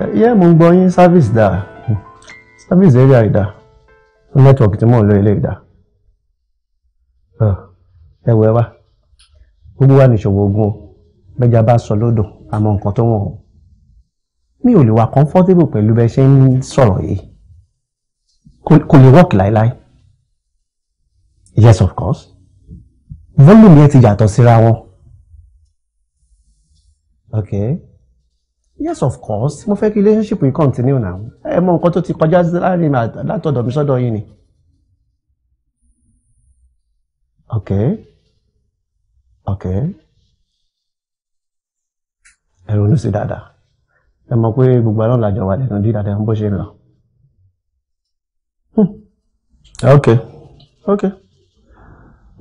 yẹ mo gbọ́ yín service da. service area ìdá network tí mò ń lò ilé ìdá ah, ẹ wẹ wá gbogbo wa níṣòwò ogun o bẹjà bá sọ lódò àmọ́ nǹkan tó wọn o mi ò lè wà comfortable pẹ̀lú bẹ ṣe ń sọ̀rọ̀ yìí kò lè work láéláé yes of course volume yẹn ti yàtọ̀ síra wọn. okay yes of course mo fẹ́ kí relationship yìí continue now ẹ mọ nǹkan tó ti kọjá láàrin látọ̀dọ̀ mi sọ́dọ̀ yín ni. ok ok ẹ ronú sí dáadáa ẹ mọ̀ pé gbogbo àlọ́ làjọ wà lẹ́nu dí dáadáa bó ṣe ń lọ. Hmm. ok ok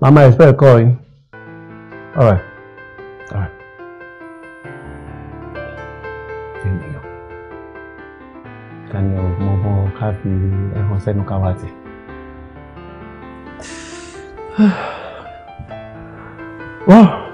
mama expect call yín all right. mẹ́ta ni ọmọ ọmọ ká fi ẹ̀hàn sẹ́nu ká Wow.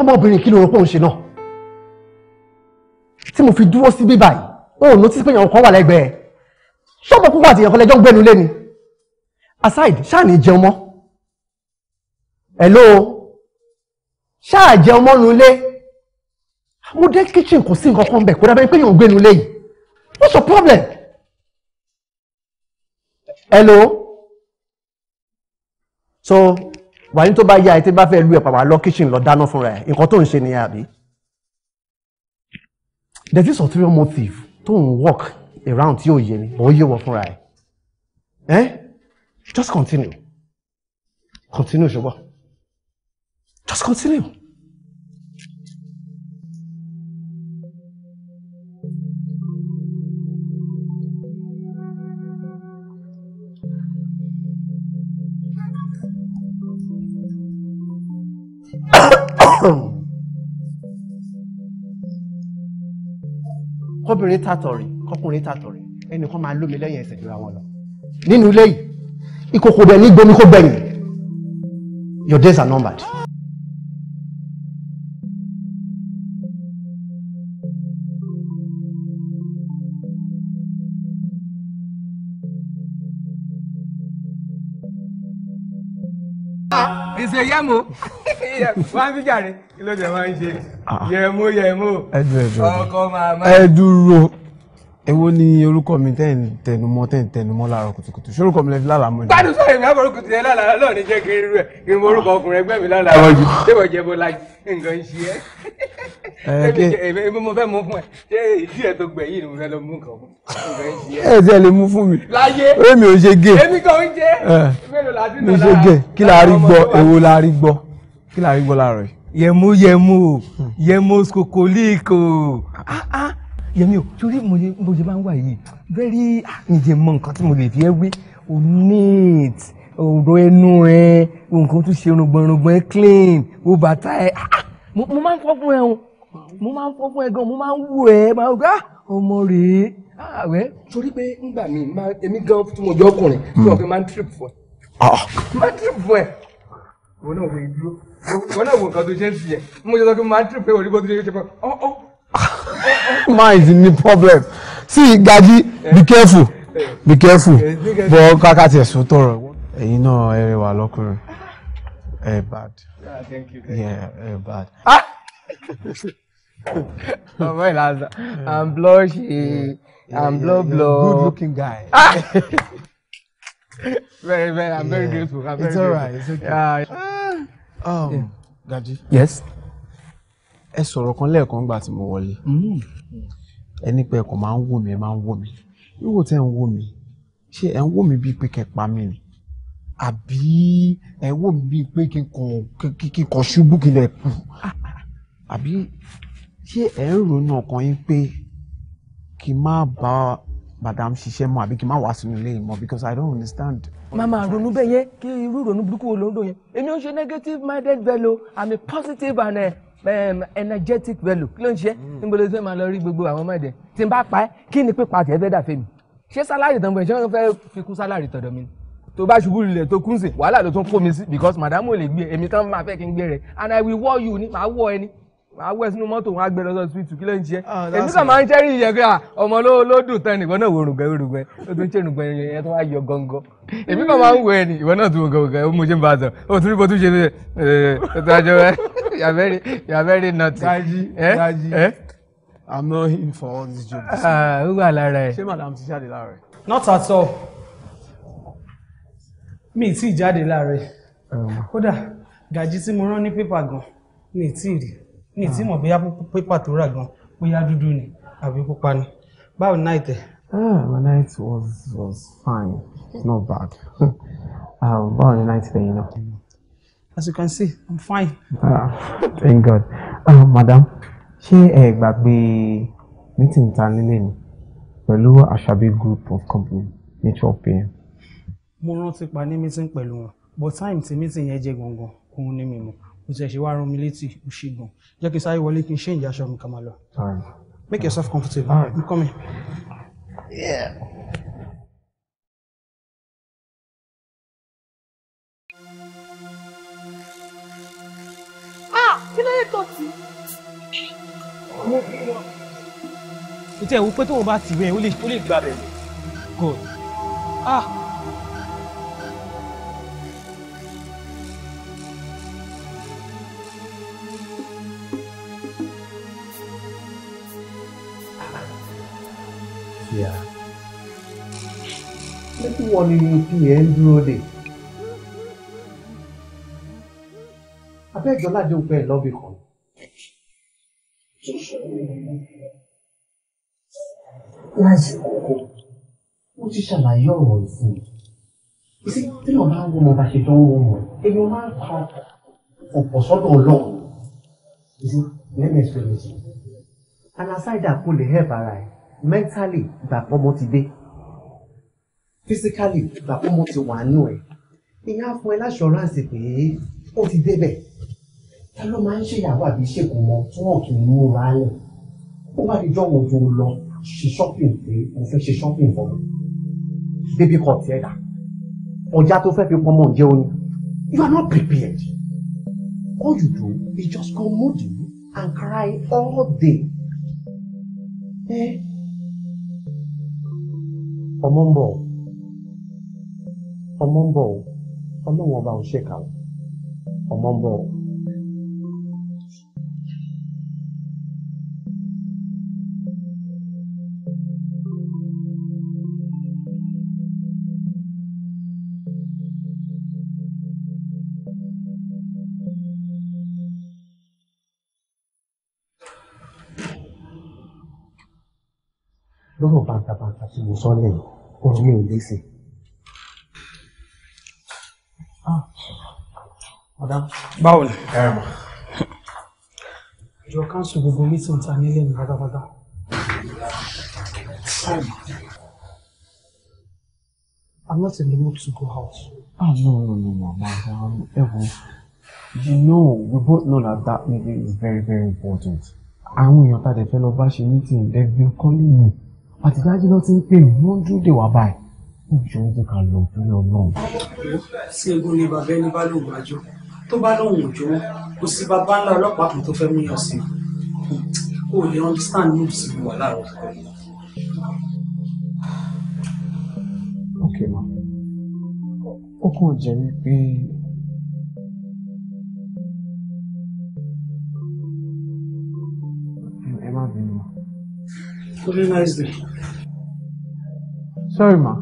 ọmọbìnrin kí ló rò pé òun ṣe náà tí mo fi dúró sí bíbá yìí ó ò notice pé èèyàn kan wà lẹ́gbẹ̀ẹ́ ṣọ́ọ̀bù púpọ̀ àti èèyàn kan lẹ́jọ́ ń gbẹ́nu lé ni aside ṣáàní jẹun mọ́ hello ṣáà jẹun mọ́nu lé mo dé kitchen kò sí nǹkan kan bẹ̀ kó dábẹ́ pé èèyàn gbẹ́nu lé yìí what's your problem hello so wà ní tó bá yá ẹ tí bá fẹ́ lu ẹ̀ pàpà lọ kíchìn lọ dáná fúnra ẹ̀ nǹkan tó ń ṣe nìyẹn àbí. there is a ulterior motive tó ń work around tí ò yé mi ò yé wọ fúnra ẹ̀ ẹ́ eh? just continue continue ṣùgbọ́n just continue. kọ́bìnrin tàtọ̀ rẹ̀ kọ́kùnrin ẹnìkan máa lómi lẹ́yìn ẹsẹ̀ jura wọn lọ nínú ilé yìí ìkòkò rẹ̀ ní gbomi kó gbẹ̀yìn your days are numbered. ìṣe yẹmo wá ń fíjàre kí ló jẹ máa ń ṣe yẹmo ah, ah. yẹmo ọkọ màmá. ẹ dúró èwo ni orúkọ mi tẹ́ ń tẹnumọ́ tẹ́ ń tẹnumọ́ láàárọ̀ kùtùkùtù ṣé orúkọ mi lè fi lálàá mọ́ ni. gbádùn sọ̀rọ̀ èmi àbọ̀rọ̀ kùtù yẹn lálàá lọ́ọ̀ ní jẹ́ kí n rú ẹ̀ kí n mọ orúkọ ọkùnrin ẹgbẹ́ mi lálàá ṣé wọ́n jẹ́ bó láyé nǹkan ń ṣe ẹ́ èmi mo fẹ́ mú fún ẹ ṣé ìdí ẹ tó gbẹ yìí ni mo fẹ́ lọ mú nǹkan fún ẹ ẹ lè mú fún mi láyé èmi ò ṣe gé èmi kan ń jẹ mélòó la dúró lára mi ò ṣe gé kí la rí gbọ́ èwo la rí gbọ́ kí la rí gbọ́ láàárọ̀ yìí. yẹmu yẹmu hmm. ah, ah, ah. o yẹmu skokoliko yẹmi o torí mo ṣe máa ń wà yìí very nìjẹ mọ nǹkan tí mo lè fi ẹ wé o neat ọ̀rọ̀ ẹnu ẹ nǹkan tó ṣe rògbòrògbò ẹ clean o bàtà ẹ mo máa ń fọ́ fún ẹ o mo máa ń fọ́ fún ẹ gan mo máa ń wù ẹ máa ń gbá ah, ọmọ rèé ààrẹ. Ah, torí pé ngbà mi èmi gan tí mo jọ ọkùnrin tí wọn fi máa ń trip fún ẹ. Ah. máa ń trip fún ẹ. wọn náà wò ó dúró wọn náà wò nǹkan tó ṣe ń tiẹ̀ mo jẹ sọ pé máa ń trip pé òrí bó ti ṣe ṣe ọ ọ. mind ni problem see gaji eh. be careful eh. be careful eh, bọ kákà tiẹ̀ sọ tọrọ ẹ̀yin náà ẹrẹ wà lọ́kùnrin ẹ bad yeah ẹ bad. Ah! ọmọ ìlànà and blush and blow blow. good looking guy. Ah! very very i'm yeah. very grateful. I'm it's right. it's okay. Yeah. Ah, um, yeah. Gaji. yes. ẹ sọ̀rọ̀ kan lẹ́ẹ̀kan gbà tí mo wọlé. Mm-hmm. ẹni pé ẹ̀kọ́ máa ń wò mí ẹ máa ń wò mí wíwò tẹ́ ń wò mí ṣé ẹ ń wò mí bíi pé kẹ́ pa mí ni àbí ẹ wò mí bíi pé kí n kàn ṣubú kí n lè kú ah. àbí ṣé ẹ ń ronú ọkàn yín pé kí n má bá madam ṣiṣẹ́ mọ́ àbí kí má wá sínú ilé yìí mọ́ because I don't understand. màmá ronú bẹ́ẹ̀ yẹn kí irú ronú burúkú wo ló ń rò èmi ò ṣe negative minded fellow I'm a positive and a, um, um, energetic fellow kí ló ń ṣe hmm. níbo ló fẹ́ máa lọ rí gbogbo àwọn ọmọ ẹ̀dẹ̀ tí n bá pa ẹ́ kí ni pípa àti ẹ fẹ́ dà fẹ́ mi ṣé sálárì tán bọ̀ ṣé wọ́n fẹ́ fi kún sálárì tọ̀dọ̀ mi tó bá ṣubú lulẹ̀ tó kún sí wàhálà ló tún kó mi sí because madam ò lè gbé èmi tán máa fẹ́ kí n gbé rẹ̀ and I will war you ni màá wọ ẹni máa wẹ̀ sínú mọ́tò wọn á gbé lọ sọ síbítù kí ló ń ṣe ah, èmi kàn máa ń ṣẹ́rí ìyẹn pé ah, ọmọ ló dùn tán nìbọn náà wo rògbẹ́ rògbẹ́ ó tún ṣe rògbẹ́ yẹn tó wá yọ gọ́ngọ́ èmi kàn máa ń wẹ̀ ni ìwọ náà tún gọ̀ gọ̀ ó mú ṣe ń bá a sọ ó tún bó tún ṣe ṣe ẹ eh, tó ajọ ẹ yàbẹ́rẹ́ nọtì. daji daji i'm not in for all these jobs, ah, ó wà lára ẹ. ṣé madam ti jáde láàárọ̀. not at all mi ì tí ì jáde láàárọ̀ oh. kódà gàjí tí mo rán ní pépà gan mi ì tí ì rí ní tí mọ̀ bóyá pípa tó rà gan bóyá dúdú ni àbí pupa ni báwo ni night ẹ. Ah, my night was was fine it's not bad ah, báwo ni night ẹ yín náà. as you can see i'm fine. ah thank god uh, madam ṣé ẹ gbàgbé meeting ta nílé ni pẹ̀lú àṣàbí group of company ní twelve pm. mo rántí pa ní meeting pẹ̀lú wọn but time tí meeting yẹn jẹ́ gangan òun ni mi mo ti ẹ̀ ṣe wá rán mi létí mo ṣe gan jẹ́ kí n sáré wọlé kí n ṣe ìjà aṣọ mi kà lọ. make yourself comfortable right. i'm coming. Yeah. ah kí ló yẹ tó ti. ìtẹ̀wò pé tóun bá ti bẹ́ẹ̀ ó lè gbà bẹ́ẹ̀. good ah. wọ́n ní ojú yẹn ń dúró dè. abẹ́jọ́ ládéhùn pẹ́ lọ́bì kan. láti kókó ó ti ṣàlàyé ọ̀rọ̀ ìfún mi tí wọ́n máa ń wọ́n bá ṣe tó ń wọ́n mọ̀ èèyàn máa ń pa ọ̀pọ̀ sọ́dọ̀ ọlọ́run lẹ́mẹ̀ sọ̀rọ̀ sí. and aside that kò lè help ara ẹ̀ mentally gbàgbọ́ mọ́ ti dé physically gbà pé mo ti wà nù ẹ ìyá fún ẹ láṣọránsì pé ó ti débẹ̀ ta ló máa ń ṣèyàwó àbí ṣègùn mọ tí wọn kì í mú ra lẹ ó bá di jọwọ tó lọ ṣe shopping pé mo fẹ́ ṣe shopping fún mi bébí kan tiẹ̀ dà ọjà tó fẹ́ fi pọnmọ́ ǹjẹ́ o ni you are not prepared all you do is just go moody and cry all day. Eh? ọmọ ń bọ̀ ọmọ ń bọ̀ o ọlọ́run ọba ò ṣèkà o ọmọ ń bọ̀ o. lọ́rọ̀ bàǹtàbàǹtà tí mo sọ lẹ́yìn òun mi ò lè sìn. madam. báwo ni. ẹ mọ̀. ìjọ káńsù gbogbo mítìn ta nílé mi pátápátá. I'm not in the mood to go out. Oh, no, no, no, no, madam. Um, Ever. You know, we both know that that meeting is very, very important. Àwọn èèyàn your father dẹ̀ fẹ́ lọ meeting, they've been calling me. But Àtìdájú ló ti ń pè mí, wọ́n dúró dè wá báyìí. Ó jọ ojú kan lọ torí ọlọ́run. Ṣé egun ni bàbá ẹni bá lòun àjọ? tó bá lóun ò kò sí bàbá ńlá ọlọ́pàá kan tó fẹ́ mú yàn sí i lè understand ní òsì wà láàárọ̀ ọkọ okay ma ó kàn jẹ́ wípé. Have a nice Sorry, ma.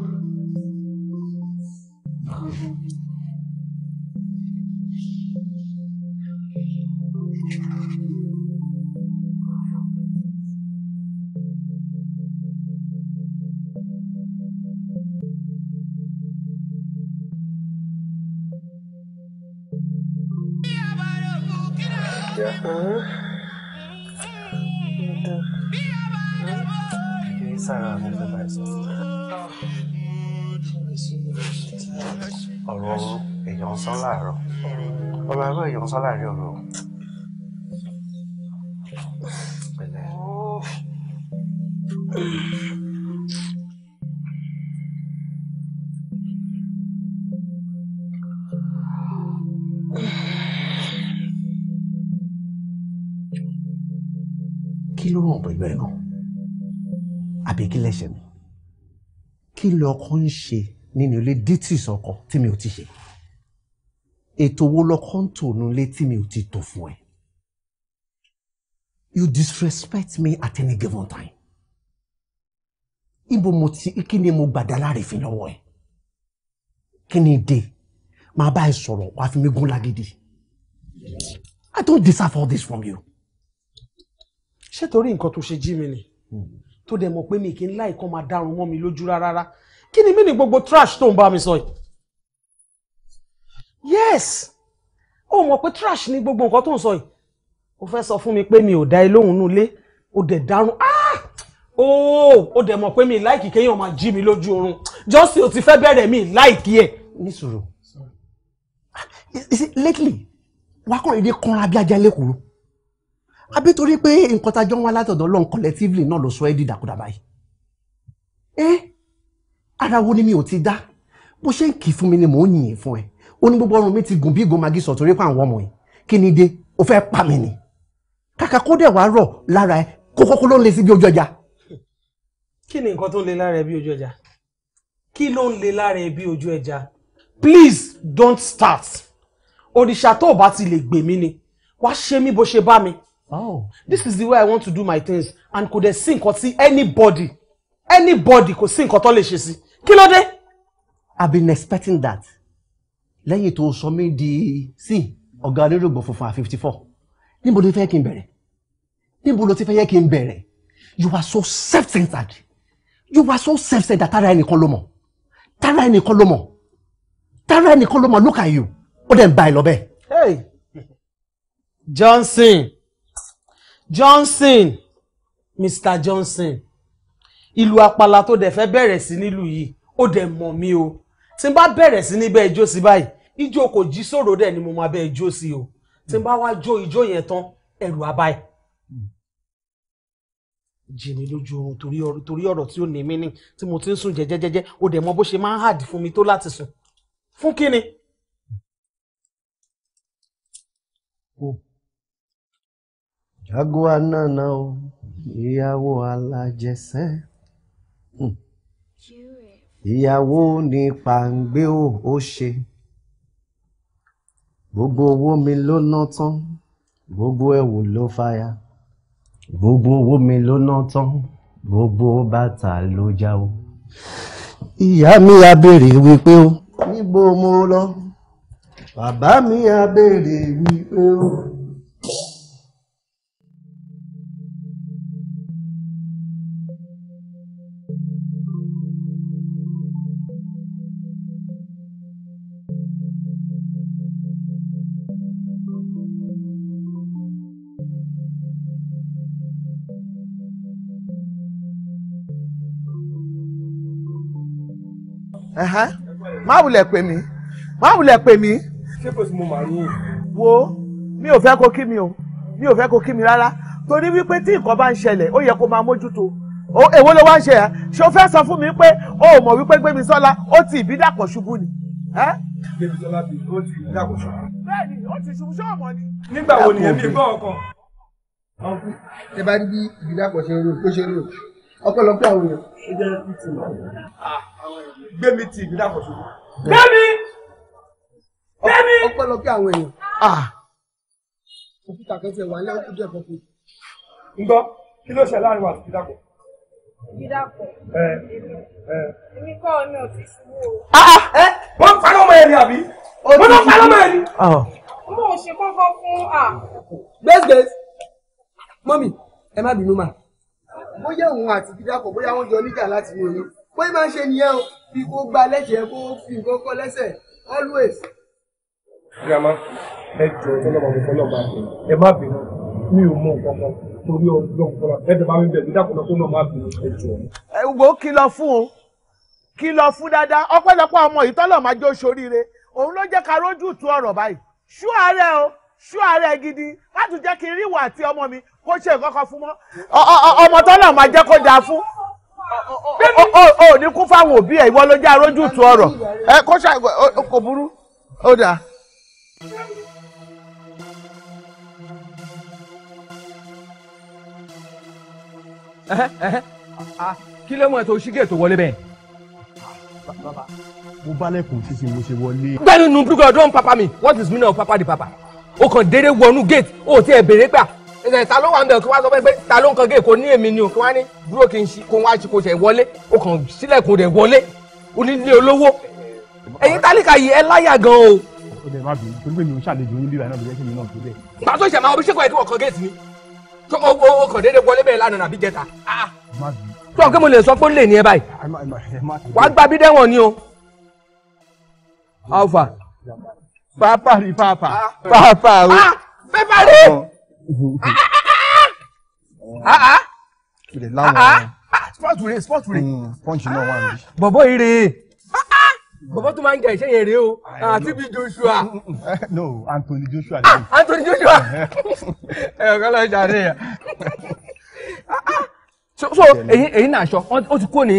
sọ láàrin ọ̀rọ̀ pẹ̀lẹ́. kí ló ràn pẹ̀lú ẹ̀ náà àbí kí lẹ́sẹ̀ mi kí lọ́kọ́ ń ṣe nínú ilé dítìs tí mi ò ti ṣe ètò wo lọkọ́ ń tònú létí mi ò ti tò fún ẹ. you disrespect me at any given time. ibo mo ti kí ni mo gbàdá láre fi lọ́wọ́ ẹ. kí ni dé máa bá ẹ sọ̀rọ̀ wá fi mí gún lágídí. I don't deserve all this from you. ṣé torí nǹkan tó ṣe jí mi ni hmm. tó dẹ̀ mọ̀ pé mi kì í láì kọ́ máa dárun mọ́ mi lójú rárá kí ni mí ni gbogbo trash tó ń bá mi sọ yìí yes ó mọ̀ pé trash ni gbogbo nǹkan tó ń sọ yìí ó fẹ́ sọ fún mi pé mi ò dá ilé òun nulẹ̀ ó dẹ̀ dárun ah! ó ó dẹ̀ mọ̀ pé mi láìkì kéèyàn máa jí mi lójú oorun jọ́sìn ò ti fẹ́ bẹ̀rẹ̀ mi láìkì ẹ̀ nísòro lately wákàn èdè kanra bí ajá lẹ́kọ̀ọ́ àbí pé nǹkan tá a jọ ń wá látọ̀dọ̀ Ọlọ́run collectively náà ló sọ ẹ́ di dàkúdà báyìí ẹ eh? ara wo ni mi ò ti dá bó ṣe ń kì í fún mi ni mò ń yìn fún ẹ ó ní gbogbo ọrùn mi ti gùn bí ìgò magi sọ torí pé àwọn ọmọ yìí kí ni dé ó fẹ́ pa mí ni kàkà kó dẹ̀ wá rọ̀ lára ẹ kó kọ́kọ́ ló ń le sí bí ojú ọjà. kí ni nǹkan tó ń le lára ẹ bí ojú ọjà kí ló ń le lára ẹ bí ojú ọjà please don't start òrìṣà tó o bá ti lè gbè mí ni wàá ṣe mí bó ṣe bá mi. Oh. This is the way I want to do my things and kò dẹ̀ sí nǹkan tí anybody anybody kò sí nǹkan tó lè ṣe sí kí ló dé. I've been expecting that lẹ́yìn tó sọ mí di sí ọ̀gá olórògbò funfun à fifty four níbo ló fẹ́ kí n bẹ̀rẹ̀ níbo ló ti fẹ́ yẹ kí n bẹ̀rẹ̀ you are so self-centered you are so self-centered tara ẹnìkan ló mọ̀ tara ẹnìkan ló mọ̀ tara ẹnìkan ló mọ̀ look at you ó dẹ̀ ń ba ẹ lọ bẹ́ẹ̀. Hey. Johnson Johnson Mr. Johnson ìlú àpàlà tó dẹ̀ fẹ́ bẹ̀rẹ̀ sí nílùú yìí ó dẹ̀ mọ̀ mí o tí n bá bẹ̀rẹ̀ sí ní bẹ́ẹ̀ jó sí báyìí ijó kò jí sòrò dẹ̀ ni mo máa bẹ́ẹ̀ jó sí o tí n bá wá jó ijó yẹn tán ẹ̀rù abáyé jìnnì lójú oorun torí ọ̀rọ̀ tí ó ní mí ní tí mo ti ń sùn jẹ́jẹ́jẹ́jẹ́ ó dẹ̀ mọ bó ṣe máa ń hàdì fún mi tó láti sùn fún kí ni. jagoa nana o ìyàwó alájẹsẹ. Hmm ìyàwó ní pàǹgbé ó ṣe gbogbo owó mi ló ná tán gbogbo ẹ̀wù ló fàya gbogbo owó mi ló ná tán gbogbo bàtà ló já o. ìyá mi á béèrè wípé o. níbo mo lọ bàbá mi á béèrè wípé o. má wulẹ̀ pè mí má wulẹ̀ pè mí. ṣé kò sí mo màá yín. wo mi ò fẹ́ kó kí mi o mi ò fẹ́ kó kí mi rárá torí wípé tí nǹkan bá ń ṣẹlẹ̀ ó yẹ kó máa mójútó èwo ló wá ń ṣe ẹ ṣé o fẹ́ sọ fún mi pé o ò mọ̀ wípé Gbémisọ́lá ó ti ìbí dàpọ̀ ṣubú ni. Gbémisọ́lá ti ó ti ìbí dàpọ̀ ṣubú. bẹ́ẹ̀ni ó ti ṣubú ṣé ọmọ ni. nígbà wo ni èmi gbọ́ ọkàn. ọkùn tẹ bá rí bí ìbí dàpọ̀ ṣe rò ó ṣe ń rò ọ̀pọ̀lọpọ̀ àwọn èèyàn ó jẹ́ fífi gbẹmí tì mí dàpọ̀ ṣubú. gbẹmí gbẹmí. ọpẹ́lọpẹ́ àwọn èèyàn ah! òkúta kẹsẹ̀ wà ní ọkùnrin ẹ̀kọ́ fún mi. ń gbọ́ kí ló ṣe láàrin wa àti dàpọ̀. dídàpọ̀ èmi kọ́ ọ náà ti ṣubú o. wọ́n ah, ah, eh? ń parọ́ ọmọ ẹni àbí wọ́n ń parọ́ ọmọ ẹni. mo ò ṣe kọ́kọ́ fún a. gbẹ́sgbẹ́s mọ́mì ẹ má bínú mà bóyá òun àti dídàpọ̀ bóyá wọ́n jọ níjà láti ní oyún bó ṣe máa ń ṣe nìyẹn o bí kò gba lẹ́jẹ̀ kó fi nǹkan kọ́ lẹ́sẹ̀ always. grandma ẹ jọ ọlọ́mọ mi fọlọ́ọ̀bá ẹ má bínú mi ò mọ nǹkan kan torí ọdún kọ́ra ẹ̀dẹ̀ bá mi bẹ̀ mí dákúnlọ tó náà má bínú ẹ jọ. ẹ wo kí lọ fún o kí lọ fún dáadáa ọpẹ́lọpẹ́ ọmọ yìí tọ́lọ̀ máa jó soríire òun ló jẹ́ ká rójú tu ọ̀rọ̀ báyìí ṣú ààrẹ o ṣú ààrẹ gidi má tún jẹ́ kí n ríwà àti ọmọ mi kó ṣe nǹkan kan fún mọ́ ọmọ tọ́lọ̀ máa jẹ́ kó dáa fún ó ní kú fáwọn òbí ẹ ìwọ ló jẹ arójú tu ọ̀rọ̀ ẹ kó ṣá kò burú ó dà. kí ló mú ẹ tó ṣí gèètò wọlé bẹ́ẹ̀. mo bá lẹ́kùn sísè mo ṣe wọlé. gbẹ́nu nu pípẹ́ ọdún papa mi what is meaning of papa di papa o kàn déédéé wọnú gate o ò tí ẹ béèrè ẹ ta ló wà ń bẹ̀ kí wọ́n sọ pé ta ló ń kan kò ní èmi ni o kí wọ́n ní dúró kí n ṣe kó wá kó ṣe wọlé ó kàn sílẹ̀kùn rẹ̀ wọlé onílé olówó ẹ̀yin tálíkà yìí ẹ láyà gan o. ó dẹ̀ má bínú torí pé mi ò ṣàlejò yín bíbá iná mi jẹ́ kí mi náà tó bẹ̀. ìgbà tó ṣe máa ọbí ṣèkọ̀ ẹ̀ kí wọ́n kan géètì ni tó o kàn déédéé wọlé bẹ́ẹ̀ lánàá àbí jẹta. tó o kí mo lè sọ pé ó lè ní ẹ báyìí o. alfa pàápàá rí pàápàá ah. pàápàá o. rí. Ah, Ah ah, tùlẹ̀ láwọn sport rẹ̀ sport rẹ̀. punch náà wà níbí. bọ̀bọ̀ yìí rèé bọ̀bọ̀ tó máa ń get iṣẹ́ yẹn rèé o àti bíi Joshua. no Anthony Joshua. Anthony Joshua ẹ ọ̀gá lọ jàre yẹn so èyí èyí náà aṣọ ó ti kó ní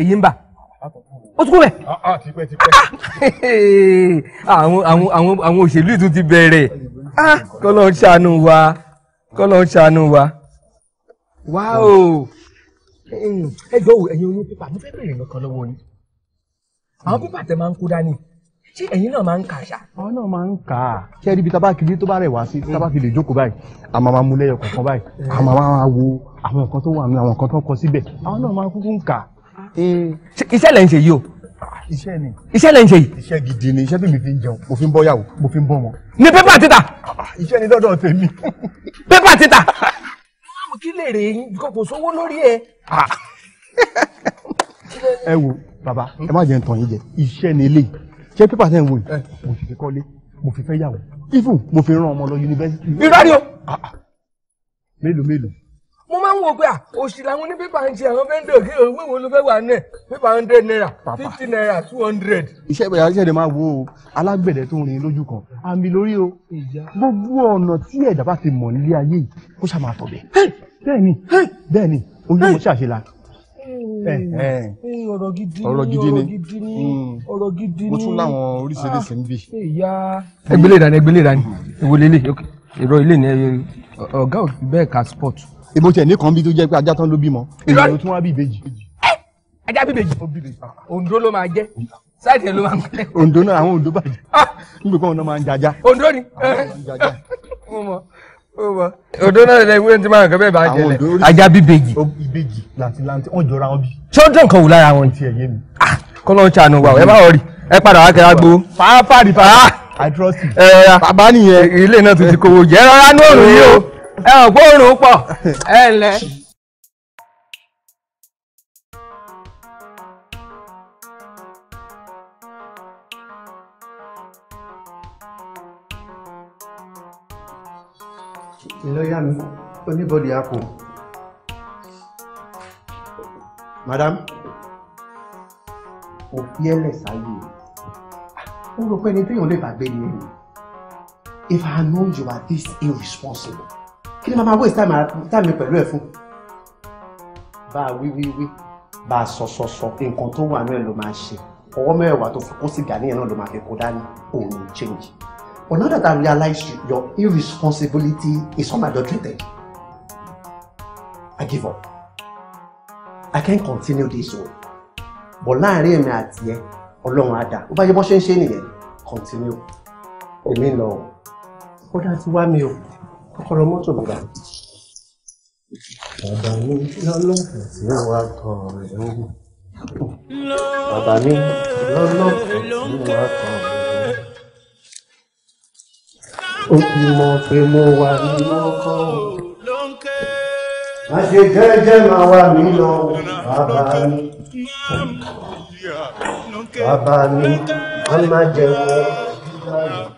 èyí ń ah, ah, ti kó ah, tipẹ́tipẹ́. àwọn àwọn àwọn òṣèlú tún ti bẹ̀rẹ̀ ah kọ́lọ́ ń ṣàánú wa kọ́lọ́ ń ṣàánú wa wá o ẹ jọ wo ẹ̀yin oní pépà mo fẹ́ bèrè nǹkan lọ́wọ́ yín àwọn pépà tẹ máa ń kó dání ṣé ẹ̀yin náà máa ń kà ṣá. àwọn náà máa ń kà á ṣé ẹni ibi tá a bá kiri tó bá rẹ̀ wá sí tá a bá fi lè jókòó báyìí a máa máa mú lẹ́yọ̀ kọ̀ọ̀kan báyìí a máa máa wo àwọn nǹkan tó wà ní àwọn nǹkan tó kọ síbẹ̀ àwọn náà máa kúkú ń kà. iṣẹ́ lẹ̀ ṣe yìí o iṣẹ́ ni iṣẹ́ lẹ̀ ń ṣe yìí. iṣẹ́ gidi ni iṣẹ́ tí mi fi ń jẹun mo fi ń bọ́ yàwó mo fi ń bọ́ wọn. ní pépà títà. Ah, iṣẹ́ ni lọ́dọ̀ tèmi. pépà títà. kí lè rè é kò sówó lórí ẹ. Ah. ẹ wo bàbá ẹ má jẹ́ ntàn jẹ iṣẹ́ ni eléyìí ṣé pépà tẹ̀ ń wò yìí mo fi kọ́lé mo fi fẹ́ yàwó even mo fi rán ọmọ lọ yunifásitì. irọ́ ni o. Ah, mélòó mélòó mo máa ń wo pé òṣì làwọn ní pépà ń ṣe àwọn vendor kí o wíwo ló fẹ́ wà náà pépà hundred naira fifty naira two hundred. iṣẹ́ ìbẹ̀rẹ̀ iṣẹ́ ìdẹ̀ máa wo alágbẹ̀dẹ tó ń rin lójú kan àmì lórí o gbogbo ọ̀nà tí ẹ̀dá bá ti mọ̀ nílé ayé yìí kó ṣáà máa tọ̀bẹ̀. bẹ́ẹ̀ni bẹ́ẹ̀ni olúwo ṣàṣelà hmm. hmm, ọ̀rọ̀ gidi ni ọ̀rọ̀ gidi ni hmm. ọ̀rọ̀ gidi ni mo tún láwọn oríṣiríṣi ah, ń ilé ni ọ̀gá òbí bẹ́ẹ̀ ka sport èmi tẹ̀ ní kan bí tó jẹ́ pé ajá tán ló bímọ ìrọ̀lù tún wá bí ìbejì. ajá bí ìbejì òǹdó ah, ló máa jẹ́ sáìtì ló máa ń pẹ́. òǹdó náà àwọn òǹdó bàjẹ́ ah. nígbà kan náà máa ń jaja. òǹdó ni mo mọ mo mọ òǹdó náà lè wé ní máa nǹkan bẹ́ẹ̀ bá jẹ lẹ. ajá bí ìbejì. ìbejì làǹtí làǹtí wọn jọra wọn bí. ṣé ó dùn kan wù lára wọn. kọ́ ah, wa ẹ bá wọ rí ẹ padà wá kẹ́ra I trust you. Eh, bàbá nìyẹn. ilé náà tún ti kówó jẹ́ rárá ní òòrùn yìí o ẹ ò gbóòórùn pọ̀ ẹ ǹlẹ́. lọ́yà mi oníbọ̀dì àpò madam kò fi ẹlẹ̀ sáyé ó rò pé ẹni téèyàn lè bàgbé ni ẹni if I know you are this irresponsible kí ló máa máa waste time mi pẹ̀lú ẹ̀ fún. bá a wí wí wí bá a sọ sọ sọ nǹkan tó wà náà ló máa ṣe ọwọ́ mẹ́wàá tó fi kó sìgá níyẹn náà ló máa fi kó dání òun ò change. But now that I realize your irresponsibility is unadulterated, I give up. I can't continue this way. But láàrin èmi àti ẹ, Ọlọ́run á dà. Ó bá yẹ bọ́ ṣe ń ṣe nìyẹn, continue. Èmi lọ. Ó dá ti wá mi o kọ́kọ́rọ́ mọ́tò mi rà. bàbá mi lọ́lọ́pẹ̀ tí ó wá tọ̀ rẹ̀ ń bàbá mi lọ́lọ́pẹ̀ tí ó wá tọ̀ rẹ̀ ń ó ti mọ pé mo wà ní lọ́kọ́. má ṣe jẹ́jẹ́ máa wà mí lọ bàbá mi. bàbá mi má má jẹ́ wọ́n.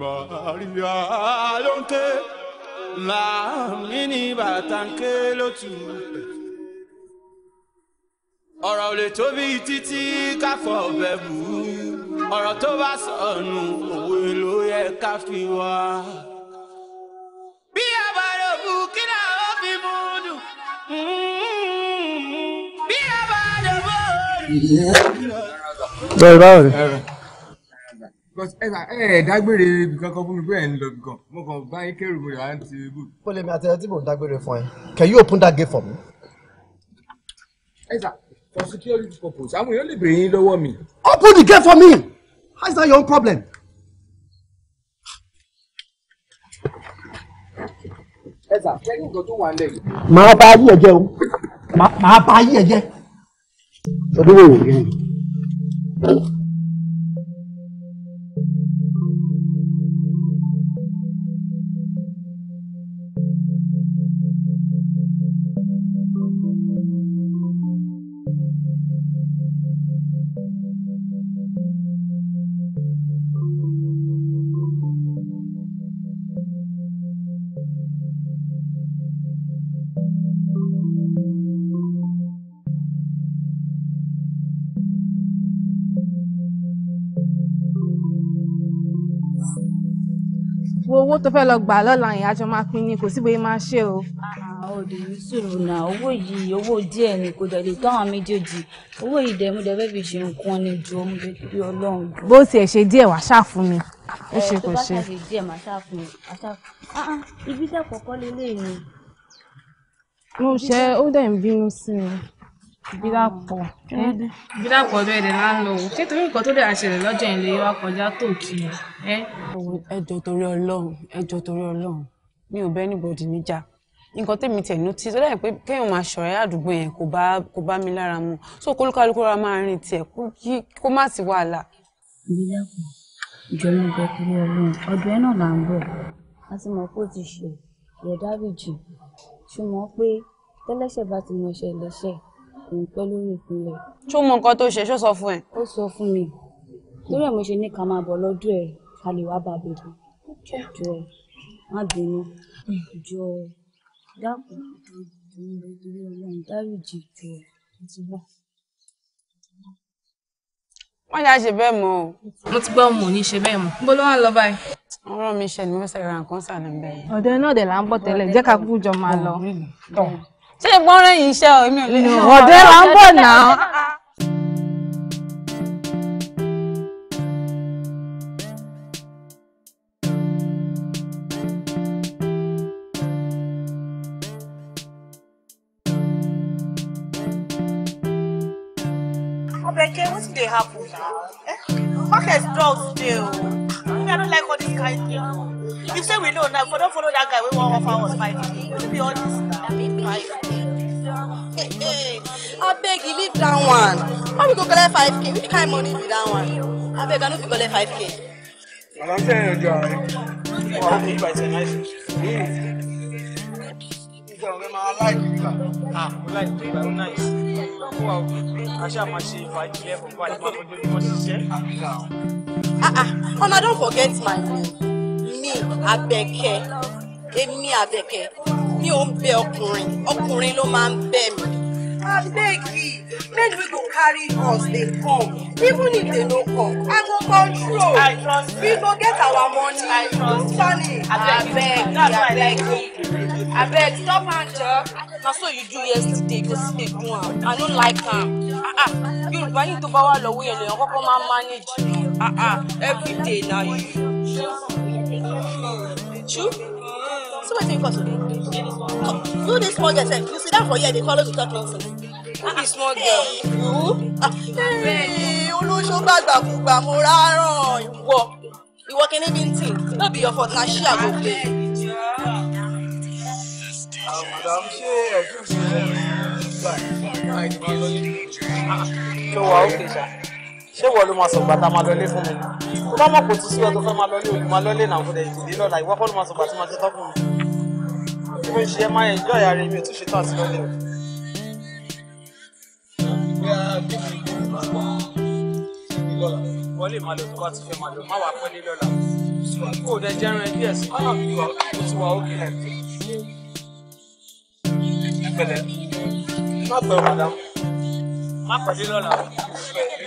Maria lonke la mini batanke lotu ọ̀rọ̀ ò lè tóbi títí káfọ̀ ọ̀bẹ bù ú ọ̀rọ̀ tó bá sọnù òwe ló yẹ ká fi wá. bí a bá lò bù kí náà ó fi mú un dùn hmm. bí a bá lò bù. bẹ́ẹ̀ báwo ni because ẹ ẹ ẹ dágbére ibìkan kan fún mi pé ẹ ń lọ ibìkan mo kàn bá yín kẹrù mi rà á ti bù. ó lè mi àti ẹ tí mò ń dágbére fún ẹ can you open that gate for me. ẹ sà for security purpose àwọn èèyàn lè béèrè yín lọ́wọ́ mi. open the gate for me how is that your own problem. ẹ sà kẹ́kẹ́ nǹkan tó wà ń lẹ̀ yìí. màá bá yí ẹ jẹ o màá bá yí ẹ jẹ. ọdún wo wò owó tó fẹ́ lọ gbà lọ́la yẹn àjọ máa pín ni kò sí bóyá máa ṣe o. òde mi sùúrù na owó yìí owó díẹ̀ ni kò dẹ̀ tán àwọn méjèèjì owó yìí dẹ̀ dẹ̀ fẹ́ fi ṣe nǹkan ni ju omi bí ọlọ́run. bó tiẹ̀ ṣe díẹ̀ wàá ṣàfún mi ó ẹ tó bá ṣàṣe díẹ̀ màá ṣàfún mi ah, ah, ibi tẹ̀ kọ̀ọ̀kan lélẹ́yìn. mo ṣe ó dẹ̀ ń bínú sí mi. Bídàpọ̀ Bídàpọ̀ bẹ́ẹ̀ dẹ̀ máa ń lọ wò ṣé torí nǹkan tó dẹ̀ àṣẹlẹ̀ lọ́jọ́ yẹn lè wá kọjá tó kì í ẹ́. ẹjọ torí Ọlọ́run ẹjọ torí Ọlọ́run mi ò bẹ anybody níjà nǹkan tèmi tẹ̀ nú tí tó dáyẹ̀ pé kéèyàn máa ṣọ̀rẹ́ àdúgbò yẹn kò bá kò bá mi lára mu so kólúkálukú ra máa rìn tiẹ̀ kó má sí wàhálà. Bídàpọ̀ ìjọba ìbẹ̀ torí Ọlọ́run ọdún ẹ náà là ń bọ̀ a ti mọ̀ pé ó ti ṣe yẹ dáríjì ṣùgbọ́n pé tẹ́lẹ́ṣẹ̀ bá ti mọ̀ ṣe lẹ́ṣẹ̀ òun pẹ́ lórí ìpínlẹ̀. ṣó mọ nǹkan tó ṣe ṣó sọ fún ẹ. ó sọ fún mi torí ẹ̀ mo ṣe ní ká máa bọ̀ lọ́dún ẹ̀ ká lè wá bá bèrè jọ ẹ má bínú jọ ẹ dákun ìdúró Ọlọ́run dáríjì jọ ẹ ti bọ̀. wọ́n ṣáà ṣe bẹ́ẹ̀ mọ́ o. mo ti gbọ́ ọmọ òní ṣe bẹ́ẹ̀ mọ́. bó ló wà lọ báyìí. ọ̀rọ̀ mi ṣẹlẹ̀ mo fẹ́ ra nǹkan sàlẹ̀ bẹ́ẹ̀. ọ̀dọ̀ iná ọ̀dẹ̀ là ń bọ̀ tẹ́lẹ̀ jẹ́ ká kú jọ máa lọ ṣé gbọ́nrẹ́ yìí iṣẹ́ o èmi ò lè. ọ̀dẹ́ là ń bọ̀ náà. we know now. If I follow that guy, we won't offer us five. We'll be all this. I beg you, leave that one. How we go collect five k Which kind of money be that one? I beg, I know no fit collect five k I'm saying, you, right. Wow, if I say nice. Yeah. Ah, like people nice. Wow, I shall my five eleven, but I'm Ah, ah, and oh, I don't forget my name. Mi Àbẹ̀kẹ́ èmi Àbẹ̀kẹ́ mi ò ń bẹ ọkùnrin ọkùnrin ló máa ń bẹ mi abeg e make we go carry us dey come even if they no come i go control I trust we go get our money I trust funny abeg abeg abeg stop am jọ na so you do yesterday go still dey do am i no like am yorùbá yìí tó bá wà lọ́wọ́ yẹn lèèyàn kọ́kọ́ máa ń manage ah, ah. everyday na you. True? see wetin you cause to do you this small girl you sit down for here dey follow me talk nonsense. who be small girl. Ah, you olùsọgbà gbàkúgbà mo rárán ìwọ ìwọ kìíní bí n tì no be your fault na she i go play. àbùdàm ah, ṣe ẹ̀jú sílẹ̀ nígbà yìí. ṣé wàá ó kè ṣé wọ́n ló máa sọ̀gbà tá a máa lọlé fún mi tó bá mọ̀ kò tún sí ọ tó fẹ́ máa lọlé òní máa lọlé náà fún ẹ̀ ìdílé lọ́la ìwọ kọ́ ló máa sọ̀gbà tí máa ṣe tán fún mi bí mo ń ṣe máa ẹ̀ jọ́ ìyá rẹ̀ mi ò tún ṣe tán àti lọlé o. wọ́n lè máa lọ tó bá ti fẹ́ máa lọ má wàá pẹ́lẹ́ lọ́la kó o dẹ jẹ́rán ẹbí ẹ̀sìn kọ́nà mi wà ó wà ó kí ẹ̀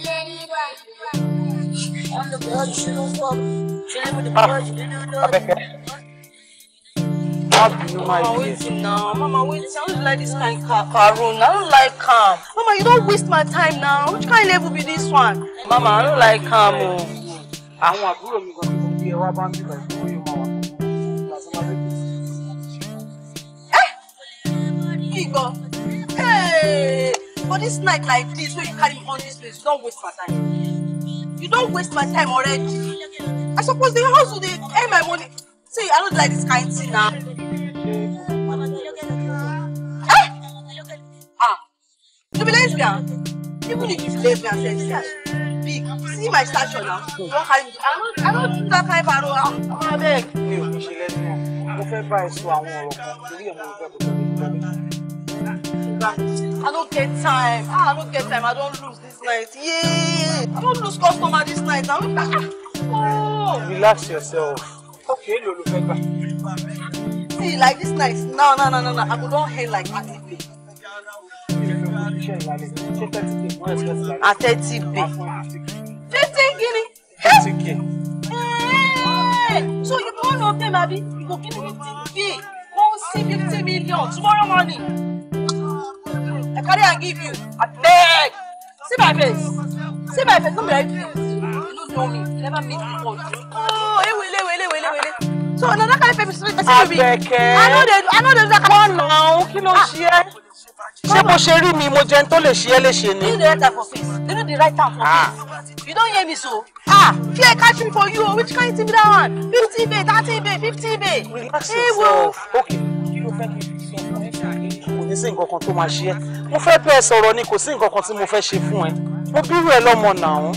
with the girl, ah. you shouldn't fuck. She with the boy, she didn't know. Mama, wait now. Mama, wait. I don't like this kind of carroon. I don't like calm. Mama, you don't waste my time now. Which kind of level be this one? Mama, I don't like calm. Oh. Àwọn àbúrò mi kan tó bí ẹ wá bá ń bí bàjẹ́ Hey! For this night like this, when you carry me on this place, don't waste my time. You don't waste my time already. I suppose they hustle, they earn my money. See, I don't like this kind of thing now. Ah, Ah, you be lesbian. Even if you be lesbian, say, see, big. See my stature now. Don't carry I don't, I don't do that kind of arrow. I ah, beg. Mi ò ṣe lesbian. Mo fẹ́ bá ẹ sọ àwọn ọ̀rọ̀ kan torí ẹ̀ mo fẹ́ kó tó back. I don't get time. Ah, I don't get time. I don't lose this night. Yeah. I don't lose customer this night. I don't. Oh. Relax yourself. Okay, Lolo Pepper. See, like this night. No, no, no, no, no. I go don't hate like anything. At 30 pay. 15 guinea. 30 guinea. So you go all of them, Abi. You go give me 15 pay. Go see 50 million tomorrow morning. I carry and give you. I beg. See my face. See my face. Don't be like you. You don't know me. You never meet me before. Oh, hey, wele, wele, wele, wele. So another kind of person is me. Abeke. I know they. I know they do that kind of. Come now, kí ló ṣe é. Ṣé mo ṣe rí mi mo jẹun tó lè ṣe é léṣe ni? You dey right for ah. face. You no dey right for face. You don hear me so? Ah, fear catch me for you o. Oh. Which kind thing be that one? Fifty bay, thirty bay, fifty bay. Relax yourself. Okay, kí ló fẹ́ kí n fi sọ fún ẹ̀ṣẹ̀ àgbẹ̀? ní sí nǹkan kan tó máa ṣe ẹ́ mo fẹ́ bẹ́ẹ̀ sọ̀rọ̀ ni kò sí nǹkan kan tí mo fẹ́ ṣe fún ẹ mo bírú ẹ lọ́mọ nàún.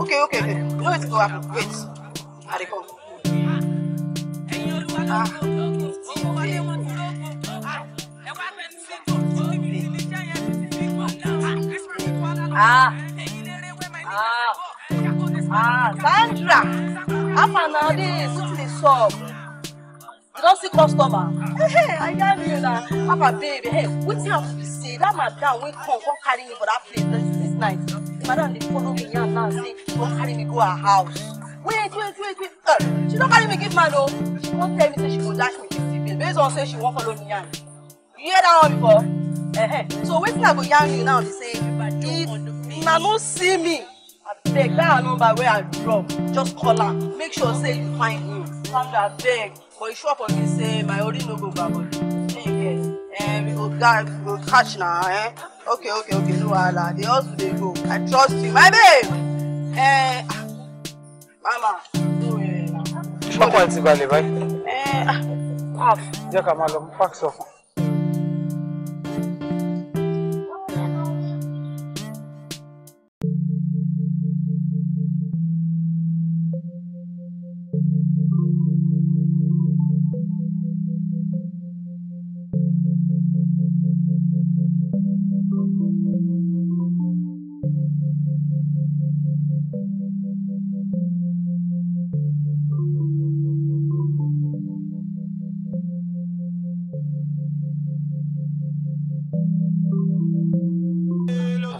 ok ok ok you know go wait i dey Ah. Ah. Ah. Ah. Sandra, how far now this? What Don't lossy customer. Hey, I hear you now. Papa, baby, hey, wetin I fit say? That madam wey come come carry me for that place this, this night. The madam dey follow me here now say she wan carry me go her house. Wait, wait, wait, wait. Uh, she don't carry me give man o. Oh. She wan tell me say she won't dash me fifty me. based on say she won't follow me here. You hear that one before? Uh-huh. So wait till I go yarn you now be say if una no see me abeg that number where I drop just call her. make sure say you find me. Sandra abeg but e sure for me say my ori no go gbabodi shey you we go catch na eh? okay okay okay no wahala the hustle dey go i trust you my babe eh, mama no eh, na. Ah. ṣé ọkọ ẹ ti balẹ̀ báyìí. jẹ́ ká máa lọ fáàkì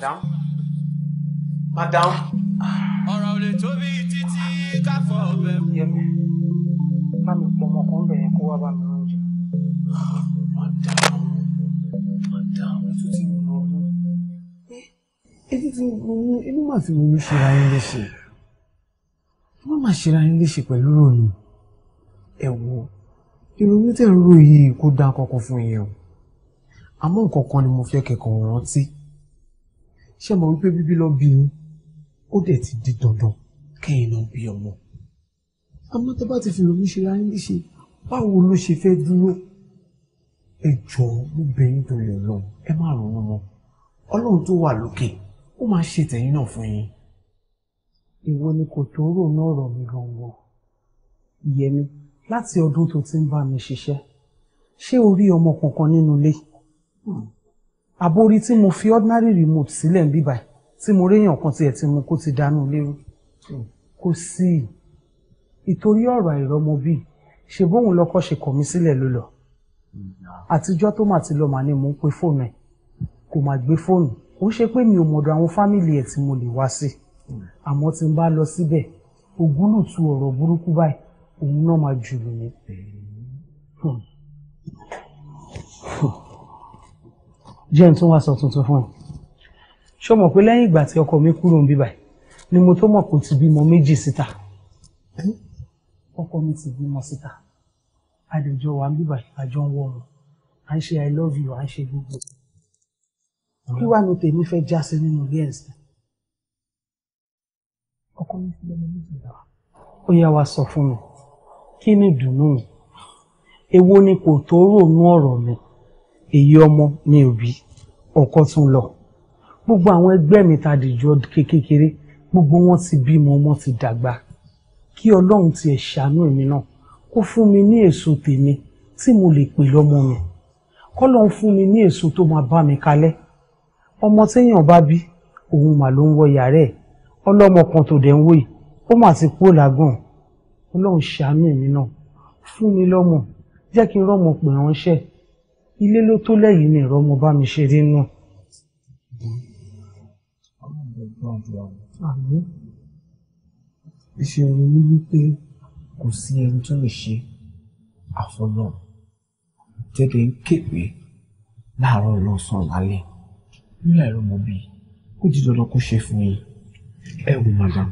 madam madam. Yemi, ò lè tóbi títí káfọ́ ọbẹ̀. yẹmi bá mi pọ ọmọ kan bẹ̀rẹ̀ kó wá bá mi rán madam madam ètò tí mo lọ mú. ètò tí mo mú inú màá fi ronú ṣe ra yín léṣe wọ́n máa ṣe ra yín léṣe pẹ̀lú ròyìn ẹ̀ wò ìrònú tẹ̀ ń ròyìn kó dá kọ́kọ́ fún yín o àmọ́ ni mo fẹ́ kẹ́kọ̀ọ́ rántí ṣé mo wípé bíbí lọ bí yín ó dẹ̀ ti di dandan kẹ́yìn náà bí ọmọ àmọ́ tó bá ti fi ronú ṣe láyé níṣe báwo ló ṣe fẹ́ dúró ẹ jọ̀ọ́ mo bẹ̀ yín torí Ọlọ́run ẹ má ronú mọ́ Ọlọ́run tó wà lókè ó máa ṣe tẹ̀yìn náà fún yín. ìwọ ni kò tó rò náà rọ̀ mí gangan yẹmi láti ọdún tó ti ń bá mi ṣiṣẹ́ ṣé o rí ọmọ kankan nínú ilé. Hmm àbórí tí mo fi ordinary remote sílẹ̀ ń bí báyìí tí mo réyàn kan tiẹ̀ tí mo kó ti dànù lérú kò sí ìtorí ọ̀rọ̀ àìrọ́mọ bíi ṣe bóun lọ́kọ́ ṣe kọ̀ mí sílẹ̀ ló lọ àtijọ́ tó mà ti lọ mà ni mò ń pe fóònù ẹ̀ kò mà gbé fóònù ó ṣe pé mi ò mọ̀dọ̀ àwọn fámìlì ẹ̀ tí mo lè wá sí àmọ́ tí n bá lọ síbẹ̀ ògúlùtù ọ̀rọ̀ burúkú báyìí òun náà máa jù mí jẹ́ n tún wá sọ tuntun fún ẹ ṣó mọ̀ pé lẹ́yìn ìgbà tí ọkọ mi kúrò ń bí báyìí ni mo tó mọ̀ kó ti bímọ méjì síta ọkọ mi ti bímọ síta àdèjọ wà ń bí báyìí àjọ ń wọ ọmọ à ń ṣe i love you à ń ṣe gbogbo kí wàá ni tèmi fẹ́ já sí nínú ilé ẹ̀sìn ọkọ mi ti bímọ méjì síta ó yá wa sọ fún mi kí ni ìdùnnú èwo ni kò tó rònú ọ̀rọ̀ mi èyí ọmọ mi ò bí ọkọ tún lọ gbogbo àwọn ẹgbẹ́ mi ta dìjọ kékeré gbogbo wọn ti bímọ wọn ti dàgbà kí ọlọ́run tiẹ̀ ṣàánú èmi náà kó fún mi ní èso tèmi tí mo lè pè lọ́mọ mi kọ́lọ́run fún mi ní èso tó máa bá mi kalẹ̀ ọmọ téèyàn bá bí òun mà ló ń wọ yàrá ẹ̀ ọlọ́mọ kan tó dẹ̀ ń wò yìí ó mà ti kú làgàn ọlọ́run ṣàánú èmi náà fún mi lọ́mọ jẹ́ kí n rọ́mọ pè ránṣẹ́ ilé ló tó lẹ́yìn ní ẹ̀rọ ọmọ bá mi ṣe rí náà. ìṣòro ni wípé kò sí ẹni tó lè ṣe àfọlọ́ tẹ́lẹ̀ ń képe láàárọ̀ lọ́sàn-án lálẹ́ nílẹ̀ ẹ̀rọ ọmọ bíi kó di dandan kó ṣe fún yín ẹ wò madam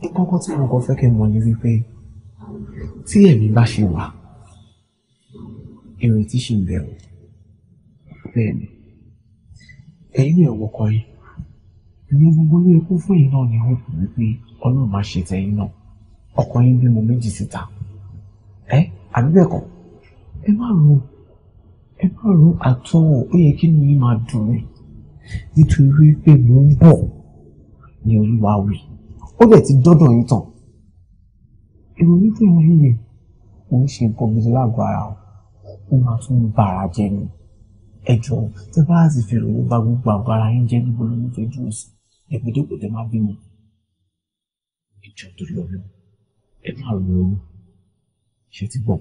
nǹkan kan tí mo kàn fẹ́ kí n mọ̀ ni wípé tí ẹ̀mí bá ṣe wà ìrètí ṣì ń bẹ o bẹ́ẹ̀ ni ẹ̀yin rẹ̀ wọkọ yìí ìyẹn gbogbo ilé epo fún yìí náà ni wọ́n pè é pé ọlọ́run máa ṣe tẹ̀yìn náà ọkọ yín bímọ méjì síta ẹ àbí bẹ́ẹ̀ kọ́ ẹ má ro ẹ má ro àtọ́ ó yẹ kí nìyí máa dùn mí nítorí pé mo ń bọ̀ ni olúwa wí ó dẹ̀ ti dọ́dọ̀ yín tán ìròyìn tí wọ́n ń lè wọ́n ń ṣe nǹkan gidi lágọ̀ọ́ ara wọn ó máa tún bàrà jẹ ni ẹ jọ tẹ bá ti fi ìròyìn bá gbogbo àgọ́ ara yín jẹ níbo ló ń fẹ́ jù sí ẹgbẹ́dẹ́gbẹ́ tẹ máa bímọ ìjọ tó lọ lọ ẹ máa ro ṣe ti bọ̀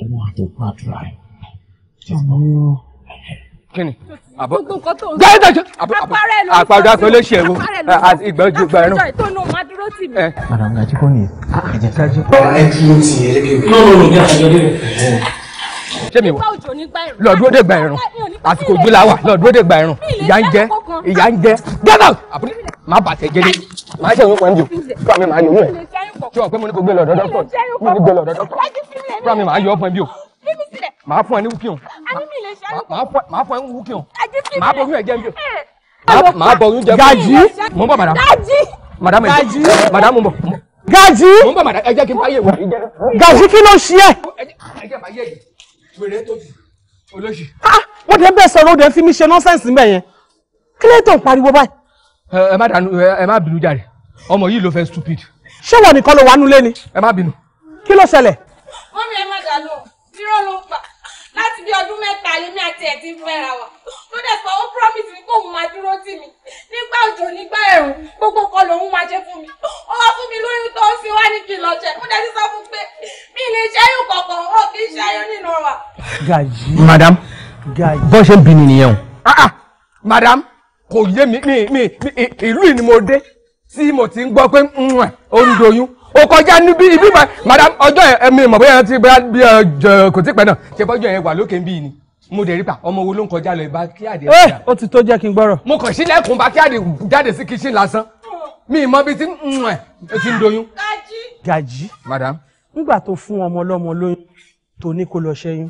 ọwọ́ àtẹ̀kọ́ àdúrà ẹ̀ ṣe ti bọ̀ kíni. gbogbo nǹkan tó ń sọ àpárá ẹ ló ìgbà ojú ìgbà ẹnu. madam gajikoni ẹ jẹ ká jẹ. ẹ dúró tì í ẹ lébí. nọ́ọ̀nù ṣé mi wọ lọ dúró dé gba ẹ̀rùn àsìkò òjò la wà lọ dúró dé gba ẹ̀rùn ìyá ń jẹ ìyá ń jẹ get out àbúrò má bàtẹ jẹlé má ṣe ìwé pọnjú fún mi máa yọ owó ẹ tí wọn pé mo ní kò gbé lọ́dọ̀ dọkítọ mo ní gbé lọ́dọ̀ dọkítọ fún mi máa yọ ọpọn bí o máa fún ẹ ní wúkìọ máa fún ẹ ní wúkìọ máa bọ oyún ẹ jẹ bí o máa bọ oyún jẹ bí o. gaji mo ń bọ̀ madam madam ẹ jẹ madam mo ń bọ̀ gaji gaji kí ló ṣe ẹ wèrè tó jù olóṣì. wọ́n dẹ̀ bẹ́ẹ̀ sọ̀rọ̀ ó dẹ̀ fi mí ṣe nọ́sẹ̀nsì mbẹ̀ yẹn kí ló tó ń pariwo báyìí. ẹ má dànù ẹ má bínú jàre ọmọ yìí ló fẹ́ stupid. ṣé wọn nìkan ló wà nulẹ̀ ni. ẹ má bínú. kí ló ṣẹlẹ̀. mọ́mí ẹ má dà lóhùn pa láti bí ọdún mẹ́ta lèmi àti ẹ̀ fẹ́ra wa ló dẹ̀ sọ ó promise mi pé máa dúró tì mí nígbà òjò nígbà ẹ̀rùn gbogbo kan lòun máa ṣe fún mi ó wá fún mi lóyún tó ń fi wá ní kí n mo dẹ̀ ti sọ fún pé mi lè ṣẹ́yún kọ̀ọ̀kan ó kì í ṣẹ́yún nínú wa. Gaji. madam bó ṣe ń bi nìyẹn o. Ah, ah, madam kò yé mi mi mi ìlú yìí ni mo dé tí mo ti ń gbọ́ pé ó ń doyún o kọjá níbí ibi madam ọjọ́ ẹ̀mí mọ̀ bóyá ti bí ẹ kò tí pẹ́ náà ṣe bọ́jọ́ yẹn wà lókè nbí ni mo dẹ̀ rí pa ọmọ wo ló ń kọjá lọ ìbá kíáde. Eh, ẹ ó ti tó jẹ́ kí n gbọ́rọ̀. mo kàn sílẹ̀kùn bá kíáde jáde sí kíṣìn lásán mi mọ bí ti ń mm, ẹ̀ ti ń doyún. gají. gají. madam. nígbà tó fún ọmọ ọlọ́mọ lóyún tó ní kó lọ ṣẹ́yún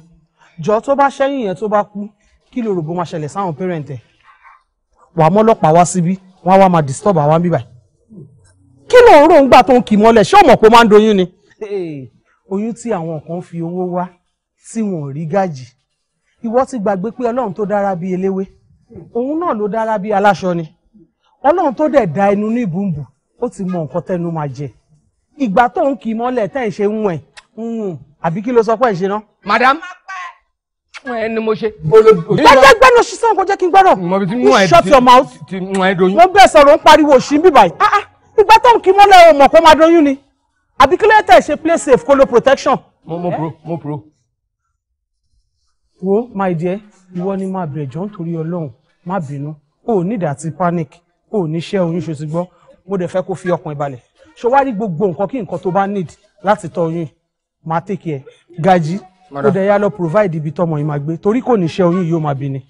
jọ tó bá ṣẹ́yìn yẹn tó bá kú kí ló rò bó máa ṣẹlẹ̀ sáwọn pẹ́rẹ́ǹtẹ̀ wàá mọ́lọ́pàá wá síbí wọ́n á wá máa disturb àwọn bíbáyìí kí ló ń rò ń gbà tó ń kì mọ́lẹ̀ ṣé ọmọ kò máa ń doyún ni. Eh, oyún tí àwọn kan fi owó wá tí wọn ò rí gàjì ìwọ ti gbàgbé pé ọlọ́run tó dára bíi eléwé òun náà ló dára bíi aláṣọ ni ọlọ́run tó dẹ̀ da ẹnu ní ìbùnbù ó ti mọ nǹkan tẹnu máa jẹ ìgbà tó ń kì mọ́lẹ̀ tẹ́ ẹ̀ ṣe ń wẹ̀ ń àbí kí ló sọ pé ẹ̀ ṣe ná. madam ẹ ni mo ṣe. jẹ́jẹ́ gbẹ́nu ṣiṣẹ́ kó jẹ́ kí n gbọ́dọ̀. shut your mouth. wọ́n bẹ̀ sọ̀rọ̀ ń bíbáyìí ìgbà tó ń kí mọ́lẹ̀ o mọ̀ pé máa doyún ni àbí kí ló ṣe play safe kó lo protection. mo mo pro mo pro. wo my dear ìwọ ni máa bẹ̀rẹ̀ jọ nítorí ọlọ́run má bínú o ò nídàá ti panic o ò ní ṣe oyún ṣe ti gbọ́ mo dẹ̀ fẹ́ kó fi ọkàn ìbalẹ̀ ṣe wá rí gbogbo nǹkan kí nǹkan tó bá need láti tọ́ oyún máa take care Gaji. ó dẹ̀ yá lọ provide ibi tọmọ yìí máa gbé torí kò ní ṣe oyún yìí ó máa bí ni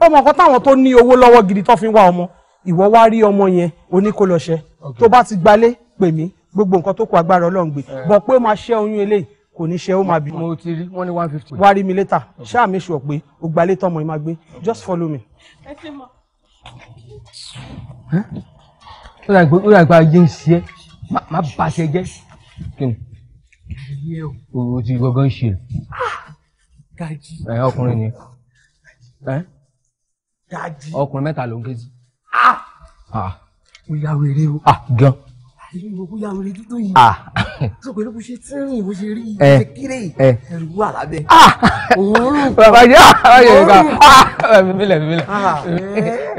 ọmọ kan táwọn tó ní owó lọ́wọ́ gidi tó fi ń wá ọmọ ìwọ wá rí ọmọ yẹn oní kó lọ ṣe tó bá ti gbalé pè mí gbogbo nǹkan tó kọ agbára Ọlọ́run gbé eh. bọ̀ pé ó máa ṣẹ́ oyún eléyìí kò ní ṣe ó máa bí. mo ti rí wọn ní one fifty. wá rí mi later ṣáà mi sọ pé o gbalé tọmọ ẹ máa gbé just follow me. ẹ ti mọ. ó dà gbọ́ ó dà gbọ́ ayé ń ṣe é má bà ṣe jẹ́ o ti gbọ́ngàn ṣe ọkùnrin ni ọkùnrin mẹ́ta ló ń ké Ah. Ah. mo ya wèrè o. Ah, gan. àyìnbó mo ya wèrè tuntun yìí. sọ pé bó ṣe tí ń rìn bó ṣe rí ibi eh. ṣe kéré yìí eh. ẹrù ah, lábẹ́. òórùn bàbá yà á yẹ ká mímílẹ̀ mímílẹ̀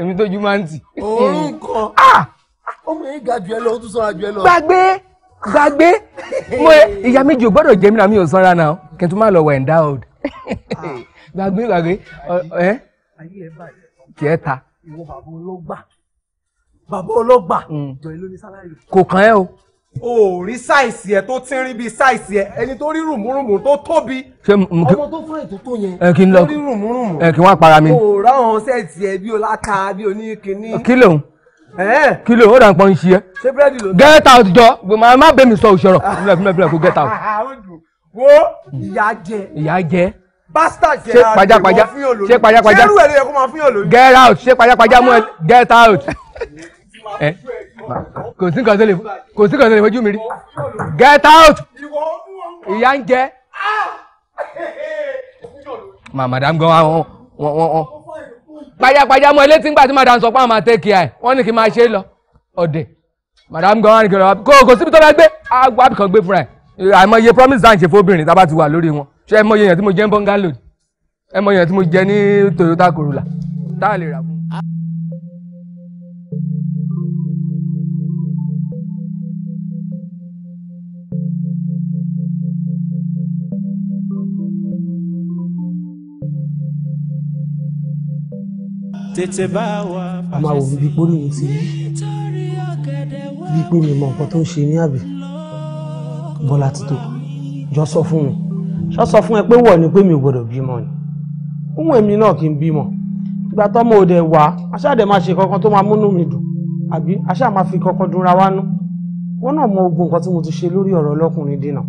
èmi tó jùmọ̀ àǹtí. òórùn ah, ọmọ eh. yẹn ga jù ẹ lọ ó tún sọ́ra jù ẹ lọ. gbàgbé gbàgbé mo ìyá méjì ò gbọ́dọ̀ jẹ́ mi náà mi ò sanra náà kí n tún má lọ wẹ̀ endowed gbàgbé gbàgbé ẹ tiẹ̀ ta ìwọ bàbá ọlọ́gbà bàbá ọlọ́gbà mm. jọ̀ọ́ ló ní sálárì. kò kàn ẹ́ o. o rí sáìsì ẹ tó tínrín bíi sáìsì ẹ ẹni tó rí rùmùrùmù tó tóbi ọmọ tó fún ètò tó yẹn tó rí rùmùrùmù. ẹ kí wọ́n para mi. o ráwọn sẹ́ẹ̀tì ẹ bí o láka bí o ní kinní. kí lòun kí ló ó dà ń pọ́n ṣí ṣé búrẹ́dì ló ń bá. get out jọ má bẹ́ẹ̀ mi sọ òṣèrò fúnlẹ̀ fúnlẹ̀ fúnlẹ̀ kó get out. wo ìyá jẹ. ìyá jẹ bastard ṣe pajápajá ṣe pajápajá get out ṣe pajápajá mú ẹ get out ẹ eh? kò sí nǹkan tó lè kò sí nǹkan tó lè fojú mi rí get out ìyá ń jẹ ah! madam gan wọn wọn wọn pajápajá mú ẹ létí ńgbà tí madam sọ pé àwọn máa take care ẹ wọn ní kí n máa ṣe é lọ ọdẹ madam gan wọn ní kí n lọ kó kò síbi tó bá gbé àwọn àbíkan gbé fúnra ẹ àìmọye promise dan ṣe fóbìnrin tá a bá ti wà lórí wọn ṣé ẹ mọ iye èèyàn tí mo jẹ́ ń bọ́ngálò ni ẹ mọ iye tí mo jẹ́ ní Toyota Corolla tá a lè rà fún un. tètè bá wa a máa wò bíi pé olóhùn ti bíi pé mi mọ nǹkan tó ń ṣe ní àbí Bọ́lá ti jọ sọ fún mi ṣọ́ sọ fún ẹ pé wọ̀ ni pé mi ò gbọ́dọ̀ bímọ ni ohun èmi náà kì í bímọ ìgbà tọ́mọ òde wà aṣáàdẹ̀ máa ṣe kankan tó máa múnú mi dùn àbí aṣáà máa fi kankan dunra wá nú wọn náà mọ ogun nǹkan tí mo ti ṣe lórí ọ̀rọ̀ ọlọ́kùnrin dènà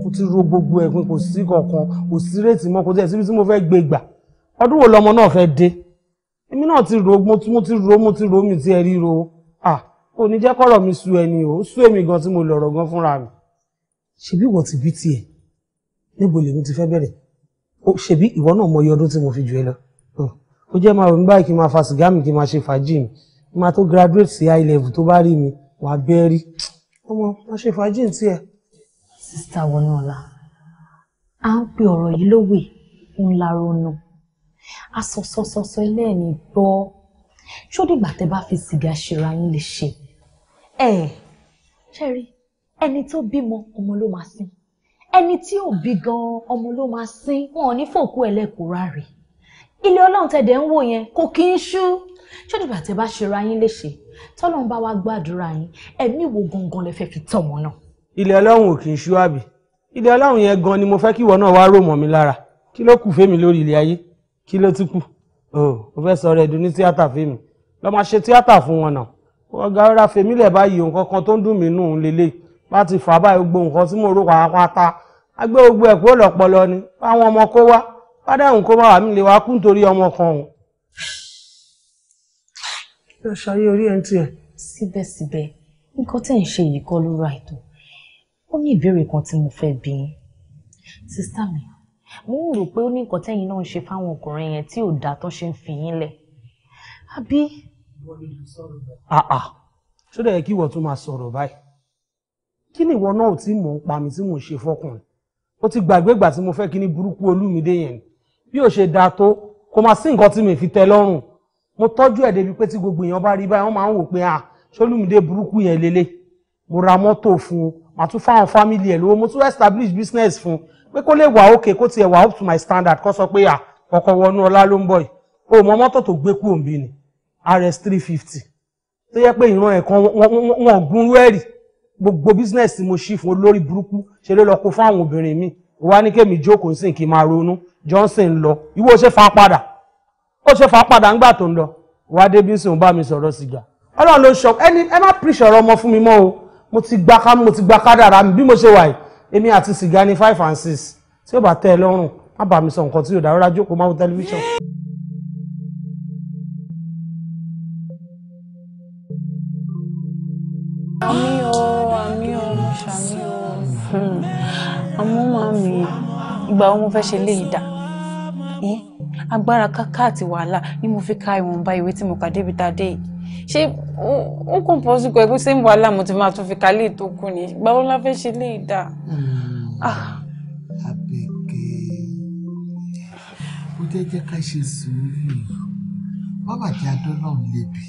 kò ti ro gbogbo ẹ̀gbin kò sí kankan kò sí rètí mọ́ kò tẹ̀ tí mo fẹ́ gbé gbà ọdún wo lọmọ náà fẹ́ dé èmi náà ti ro mo ti ro mo ti ro mi ti ẹ ríro ah kò ní jẹ́ kọ́rọ̀ mi sú ẹni o sú èmi gan tí mo lọ̀rọ̀ gan fúnra mi ṣebí wọ́n ti bí tiẹ̀ níbo lèmi ti fẹ́ bẹ̀rẹ̀ ó ṣebí ìwọ náà mọyì ọdún tí mo fi jù ẹ lọ hm. ó jẹ́ máa ròmí báyìí kí n máa fa sìgá mi kí n máa ṣe fàájì mi kí n máa tó graduate sí high level tó bá rí mi wàá bẹ́ẹ̀ ọmọ máa ṣe fàájì tí ẹ. sista Wọnúọlá à ń pe ọ̀rọ̀ yìí lówè ń lára ọ̀nà asọ̀sọ̀sọ̀sọ ilé ẹ̀ ní gbọ́ ṣó dìgbà tẹ́ bá fi sìgá ṣera yín lè ṣe ẹ̀ ṣẹ́rí ẹni tó bímọ ọmọ ló máa sìn ẹni tí ò bí gan ọmọ ló máa sín wọn ò ní fòkú ẹlẹ́kùnrà rè ilé ọlọ́run tẹ̀dẹ̀ ń wò yẹn kò kí ń ṣú ṣọ́dọ̀gbà tẹ bá ṣe ra yín léṣe tọ́lọ́run bá wá gbàdúrà yín ẹ̀mí wo gangan lẹ fẹ́ fi tọ̀ wọ́n náà. ilé ọlọ́run ò kì í ṣú àbí ilé ọlọ́run yẹn gan ni mo fẹ́ kí ìwọ náà wá rò mọ́ mi lára kí ló kù fẹ́mi lórí ilé ayé kí ló tún kù o ò fẹ́ sọ rẹ̀ dùn ní tíátà fẹ́mi lọ́ọ́ máa ṣe tíátà fún wọn náà ọ̀gá ọ̀rá fẹ́mi lẹ̀ báyìí òun kankan tó ń dùn mí nù ń lélẹ́yìí bá ti fà báyìí gbogbo nǹkan tí mo rò wá pátá agbé gbogbo ẹ̀ kúrò lọ́pọlọ ni báwọn ọmọ kó wá bá dáhùn kó má wà mí lè wá kú nítorí ọmọ kan òun. yóò ṣayé orí ẹ̀ ń tiẹ̀. síbẹ̀síbẹ̀ nǹkan tẹ̀ ń ṣe yìí kọ́ ló ra ètò ó ní ìbéèrè kan tí mo fẹ́ bi yín sísá mi mo ń rò pé ó ní nǹkan tẹ́yìn náà ń ṣe fáwọn ọkùnrin yẹn tí ò dáa tó ṣe ń fi yín lẹ̀ àbí. Ah, ah. ṣó dẹ̀ yẹ kí ìwọ tún máa sọ̀rọ̀ báyìí kí ni ìwọ náà tí mò ń pa mi tí mò ń ṣe fọkàn ó ti gbàgbé ìgbà tí mo fẹ́ kí ni burúkú olúmídé yẹn bí ó ṣe dáa tó kò máa sí nǹkan tí mi fi tẹ́ lọ́rùn mo tọ́jú ẹ̀ débi pé tí gbogbo èèyàn bá rí báyìí wọ́n máa ń wò pé à ah, ṣolúmídé burúkú yẹn lélẹ̀ mo ra mọ́tò fún un màá tún fáwọn fámìlì ẹ̀ lówó mo tún establish business fún un pé kó lè wà òkè kó tiẹ̀ wà up to my standard kó sọ pé à ah, kọ̀kọ̀ wọnú ọlá ló ń bọ̀ yìí o mọ mọ́tò tó gbé kúòmbì ni rs three fifty tó yẹ pé ìran ẹ̀ kan wọ́n gún wẹ́rì gbogbo business tí mo ṣí fún olórí burúkú ṣe ló lọ kó fún àwọn obìnrin mi wá ní kémi jókòó sí kí n máa ronú johnson lọ ìwọ ṣe fa padà ó ṣe fa padà ńgbà tó ń lọ wá débi sùn bá mi sọ̀rọ̀ sìgá ọlọ́run ló ṣọ ẹni ẹ má pìṣọ̀ ọ̀rọ̀ ọmọ fún mi mọ́ o mo ti gba ká mo ti gba kádàrá mi bí mo ṣe wà yìí èmi àti sìgá ní five and six tí ó bá tẹ́ ẹ lọ́rùn má bàa mi sọ nǹkan tí yóò dá rárá jókòó máa wo tẹlifíṣàn. ṣàmì hmm. o àmọ́ máa mi ìgbà wo mo fẹ́ ṣe lé ìdá agbára káká àti wàhálà ni mo fi ka ìwọ̀nba ìwé tí mo kà débi tá a dé yìí ṣé ó kàn pọ̀ sí pé ṣé wàhálà mo ti máa tún fi kálé tó kù ni ìgbà wo la fẹ́ ṣe lé ìdá. Àbẹ̀kẹ́ hmm. ah. ó jẹ́ jẹ́ ká ṣe sùúrù bàbá jẹ́ adọ́lọ́run lébi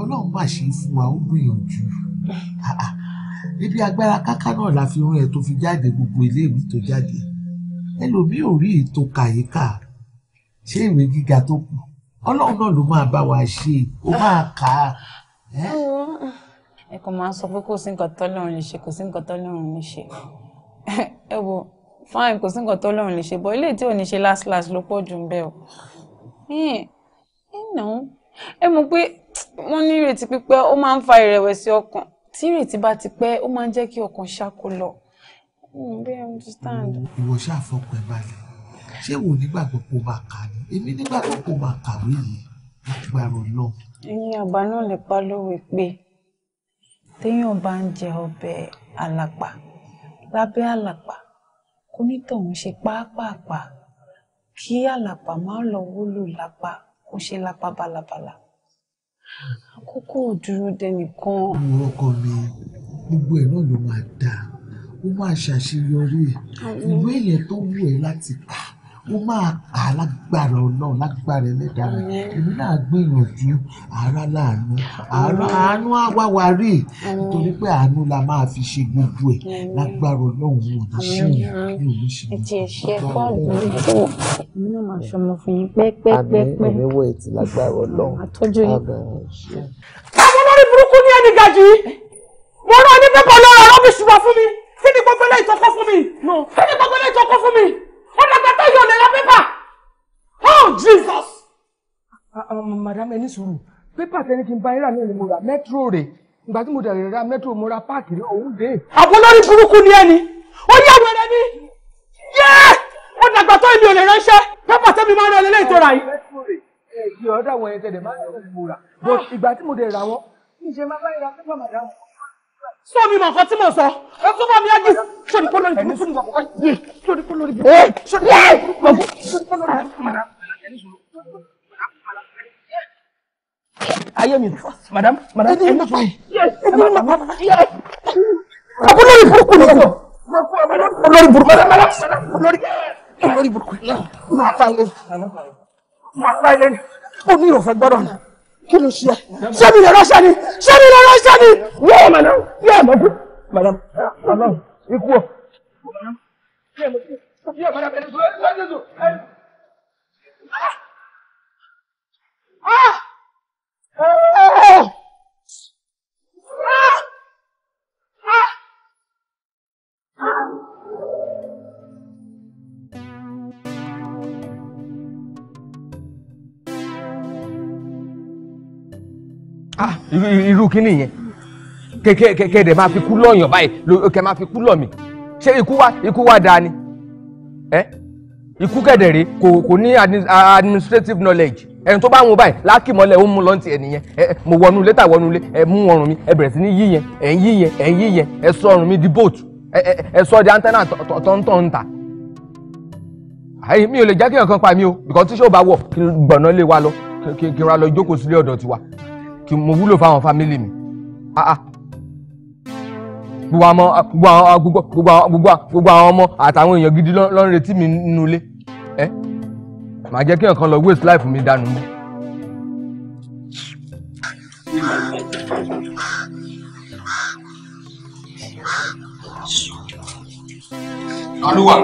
ọlọ́run bá ṣe fún wa ó gbìyànjú ibi agbára káká náà la fi rán ẹ tó fi jáde gbogbo iléèwé tó jáde ẹlòmíì ò rí ètò kàyíkà ṣé ìwé gíga tó kù ọlọ́run náà ló máa bá wa ṣe ó máa kà á. ẹ kò máa sọ pé kò sí nǹkan tọ́lọ́run lè ṣe kò sí nǹkan tọ́lọ́run lè ṣe ẹ wo fine kò sí nǹkan tọ́lọ́run lè ṣe bọ́ ilé tí ò ní ṣe last last ló pọ̀ jù ń bẹ́ẹ̀ o hmm, ẹ mọ̀ pé wọ́n ní ìrètí pípẹ́ ó máa ń fa ìrẹ̀wẹ̀sì ọkàn tí ìrètí bá ti pẹ́ ó máa ń jẹ́ kí ọkàn ṣáko lọ hmm, ìwọ ṣàfọkàn ẹ balẹ̀ ṣé wò nígbàgbọ́ kó bá kà ní èmi nígbàgbọ́ kó bá kàwé yìí gbàrọ lọ. ẹ̀yin àgbà náà lè pa lówe pé téèyàn bá ń jẹ ọbẹ̀ àlàpà lábẹ́ àlàpà kó nítọ̀hún ṣe pápápá kí àlàpà má lọ wúlò lápá kó ṣe lápá balabala àkókò dúró dẹnìkan. orúkọ mi gbogbo ẹ náà ló máa dáa ó máa ṣàṣeyọrí ẹ ìwé yẹn tó wù ẹ láti kà mo máa kà á lágbára ọlọ́run lágbára ẹlẹ́dàá mi èmi náà gbìyànjú ara láàánú àánú I nítorí pé àánú la máa fi ṣe gbogbo ẹ̀ lágbára ọlọ́run ò ní ṣe yàn ní òní ṣe. ẹ ti ẹ ṣe fọọlù mi tó èmi náà máa ṣọmọ fún yín pẹ́pẹ́pẹ́. àmì ẹ̀mí wọ ètí lágbára ọlọ́run àtọ́jú yín. mo rán ọ ní pẹ́pẹ́ ọlọ́run ọlọ́bìṣùwà fún mi kí ni gbogbo eléyìí tó fún mi kí ni gbogbo eléyìí tó fún mi ọ̀dàgbàtà yóò lè ra pépà oh jesus. Ah, ah, um, madam eni suru. pépà teni kí n ira náà ni mo ra metro rè ìgbà tí mo dẹ̀ ra metro mo ra páàkì rẹ òun dé. àbọ̀ lórí burúkú ni ẹni ó yá ni yẹ ọ̀dàgbàtà èmi ò lè ránṣẹ́ pépà tẹ́mi máa ń rẹ lélẹ́yìn tó ra yìí. ẹ̀ẹ́dì ọ̀dà wọn yẹn tẹ̀lé máa ń rẹ mo ra but ìgbà tí mo dẹ̀ ra wọn ira pépà madam sọ mi mọ nǹkan tí mo sọ ẹ tún bá mi á jì sórí kó lórí burúkú ni bàbá yìí sórí kó lórí burúkú sórí kó lórí burúkú sórí kó lórí burúkú. ayé mi madam madam ẹ ní sùn ẹ ní ma kó lórí burúkú ni sọ kó lórí burúkú madam madam kó lórí kó lórí burúkú máa fa ilé máa fa ilé ó ní ìrọ̀fẹ́ gbọ́dọ̀ náà kí ló ṣe ẹ ṣé mi lè ránṣẹ́ ni ṣé mi lè ránṣẹ́ ni wọ́n mọ̀ náà bí ẹ̀ mọ̀ fún. madam madam ikú ọ. Ah! ah irú kí nìyẹn kẹkẹ kẹkẹ dẹ máa fi kú lọ́yàn báyìí kẹ máa fi kú lọ mi ṣé ikú wa ikú wa dáa ni ẹ ikú kẹdẹ rèé kò kò ní administrative knowledge ẹni tó bá ń wo báyìí lákìmọ́lẹ̀ ó mú lọ́ntì ẹ̀ nìyẹn ẹ mo wọnú ilé tà wọnú ilé ẹ mú ọrùn mi ẹ bẹ̀rẹ̀ sí ní yí yẹn ẹ ń yí yẹn ẹ ń yí yẹn ẹ sọ ọrùn mi di boat ẹ ẹ sọ di antenna tọ̀ntọ̀n ta. mi ò lè jẹ́ kí nǹkan pa mi o because tíṣọ́ bá wọ̀ kí gbọ̀nà lè wa lọ kí n ra lọ jókòó sílé ọ̀dọ̀ tiwa kí mo wúlò fáwọn fámílì mi gbogbo àwọn gbogbo àwọn ọmọ àtàwọn èèyàn gidi ló retí mi nínú ilé ẹ eh? màá jẹ́ kí nǹkan lọ waste life mi dànù mọ́. Aluwa.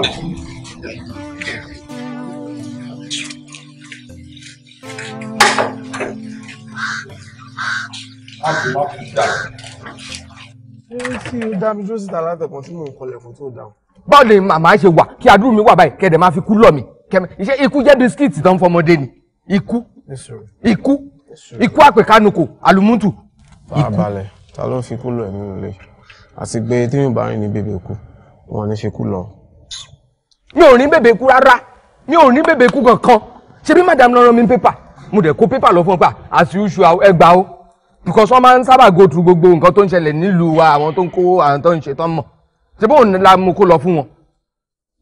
láti má fi dà. ṣé tí o dá mi dúró síta látẹ̀kùn tí mò ń kọlẹ̀ fún tó dáhùn. báwo ni màmá ṣe wà kí adúrú mi wà báyìí kẹ̀dẹ̀ máa fi kú lọ mi iṣẹ́ ikú jẹ́ bisikíìtì tán fọmọdé ni ikú ikú ikú àpèkánukò àlùmúntù. farabalẹ̀ ta ló ń fi kú lọ ẹ̀mí nílé àti pé tí mi bá rìn ní bèbè kú wọn ní ṣe kú lọ. mi ò ní bèbè kú rárá mi ò ní bèbè kú kankan ṣebí madam lọ rán mi pépà mo dẹ̀ kó pépà lọ fún ọ pa àti oṣù ẹgbàá o because wọ́n máa ń sábà go through gbogbo nǹkan tó ń ṣẹlẹ̀ nílùú wa àwọn tó ń kó àwọn tó ń ṣe tán mọ̀ ṣe bóun la mú kó lọ fún wọn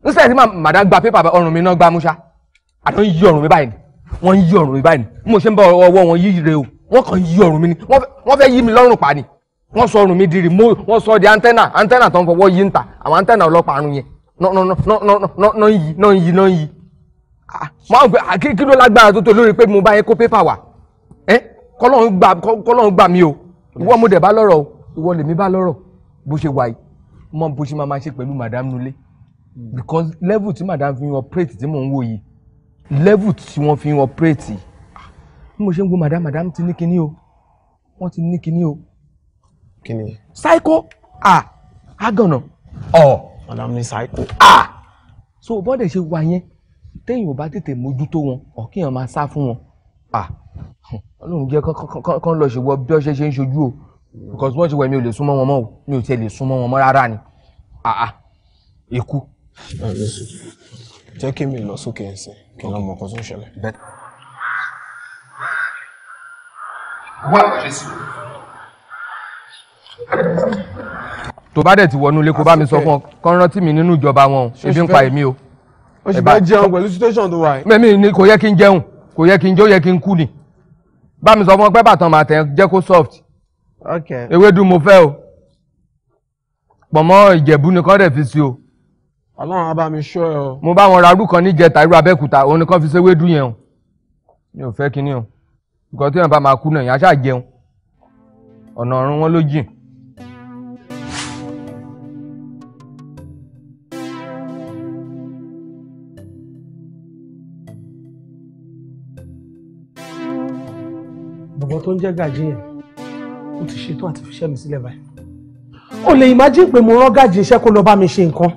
nísìlẹ̀ tí màdá gba pépà ọrùn mi náà gbá mú ṣá àtọ́ ń yí ọrùn mi báyìí wọ́n ń yí ọrùn mi báyìí mo ṣe ń bá ọwọ́ wọn yí re o wọ́n kàn yí ọrùn mi ni wọ́n fẹ́ yí mi lọ́rùn pa ni wọ́n sọ ọrùn mi di remote wọ́n sọ di antenna antenna tó ń fọwọ́ yí ń ta àwọn antenna ọlọ́pàá àrùn yẹn náà ń yí náà ń yí náà ń yí. máa ń gbé kí ló lágbára tó tó lórí pé mo bá yẹn kó pépà wá kọ́lọ́run gbà kọ́lọ́run gbà mí o ìwọ mo dẹ̀ bá lọ́rọ̀ o ìwọ lèmi bá lọ́rọ̀ bó ṣe wà yìí mo bó ṣe máa ṣe pẹ̀lú madam nulẹ̀ mm. because level tí madam fi operate tí mò ń wò yìí level tí wọ́n fi operate bí mo ṣe ń wo madam madam ti ní kinní o wọ́n ti ní kinní o. kinní. psycho ah agànà Oh, madam ní psycho ah so bọ́dẹ̀ ṣe wà yẹn téèyàn ò bá tètè mójútó wọn ọ̀ kéèyàn máa sá fún wọn ah. Ọlọ́run jẹ́ kán lọ ṣèwọ bí ọṣẹ ṣe ń ṣojú o because wọ́n ti wẹ̀ mi ò lè súnmọ́ wọn mọ́ o mi ò tiẹ̀ lè súnmọ́ wọn mọ́ rárá ni àà ikú. jẹ́ kí mi lọ sókè ẹsẹ̀ kí n lọ mọ̀ nǹkan tó ń ṣẹlẹ̀. wá àṣẹ sí tó bá dẹ̀ ti wọnú ilé kó bá mi sọ fún ọ kán rántí mi nínú ìjọba wọn o ebi ń pa èmi o. o sì fẹ́ jẹun pẹ̀lú situation tó wà yìí. mẹ́mi ni kò yẹ kí n jẹun kò yẹ kí n jẹ ó yẹ kí n kú ni bá mi sọ fún ọ pé bàtàn màtẹ jẹ́ kó soft okay ewédú mo fẹ́ o pọ̀mọ́ ìjẹ̀bú ni kán dẹ̀ fi sí o. ọlọ́run á bá mi ṣọ́ ẹ o. mo bá wọn ra arú kan níjẹta irú abẹ́kúta òun ni kán fi ṣe ewédú yẹn o mi ò fẹ́ kinní o nǹkan tí wọn bá máa kú náà yẹn á ṣáà jẹun ọ̀nà ọ̀run wọn ló jìn. ọmọ tó ń jẹ́ gàjí yẹn ó ti ṣetán àti fiṣẹ́ mi sílẹ̀ báyìí o lè imagine pé mo rán gàjí iṣẹ́ kó lọ bá mi ṣe nǹkan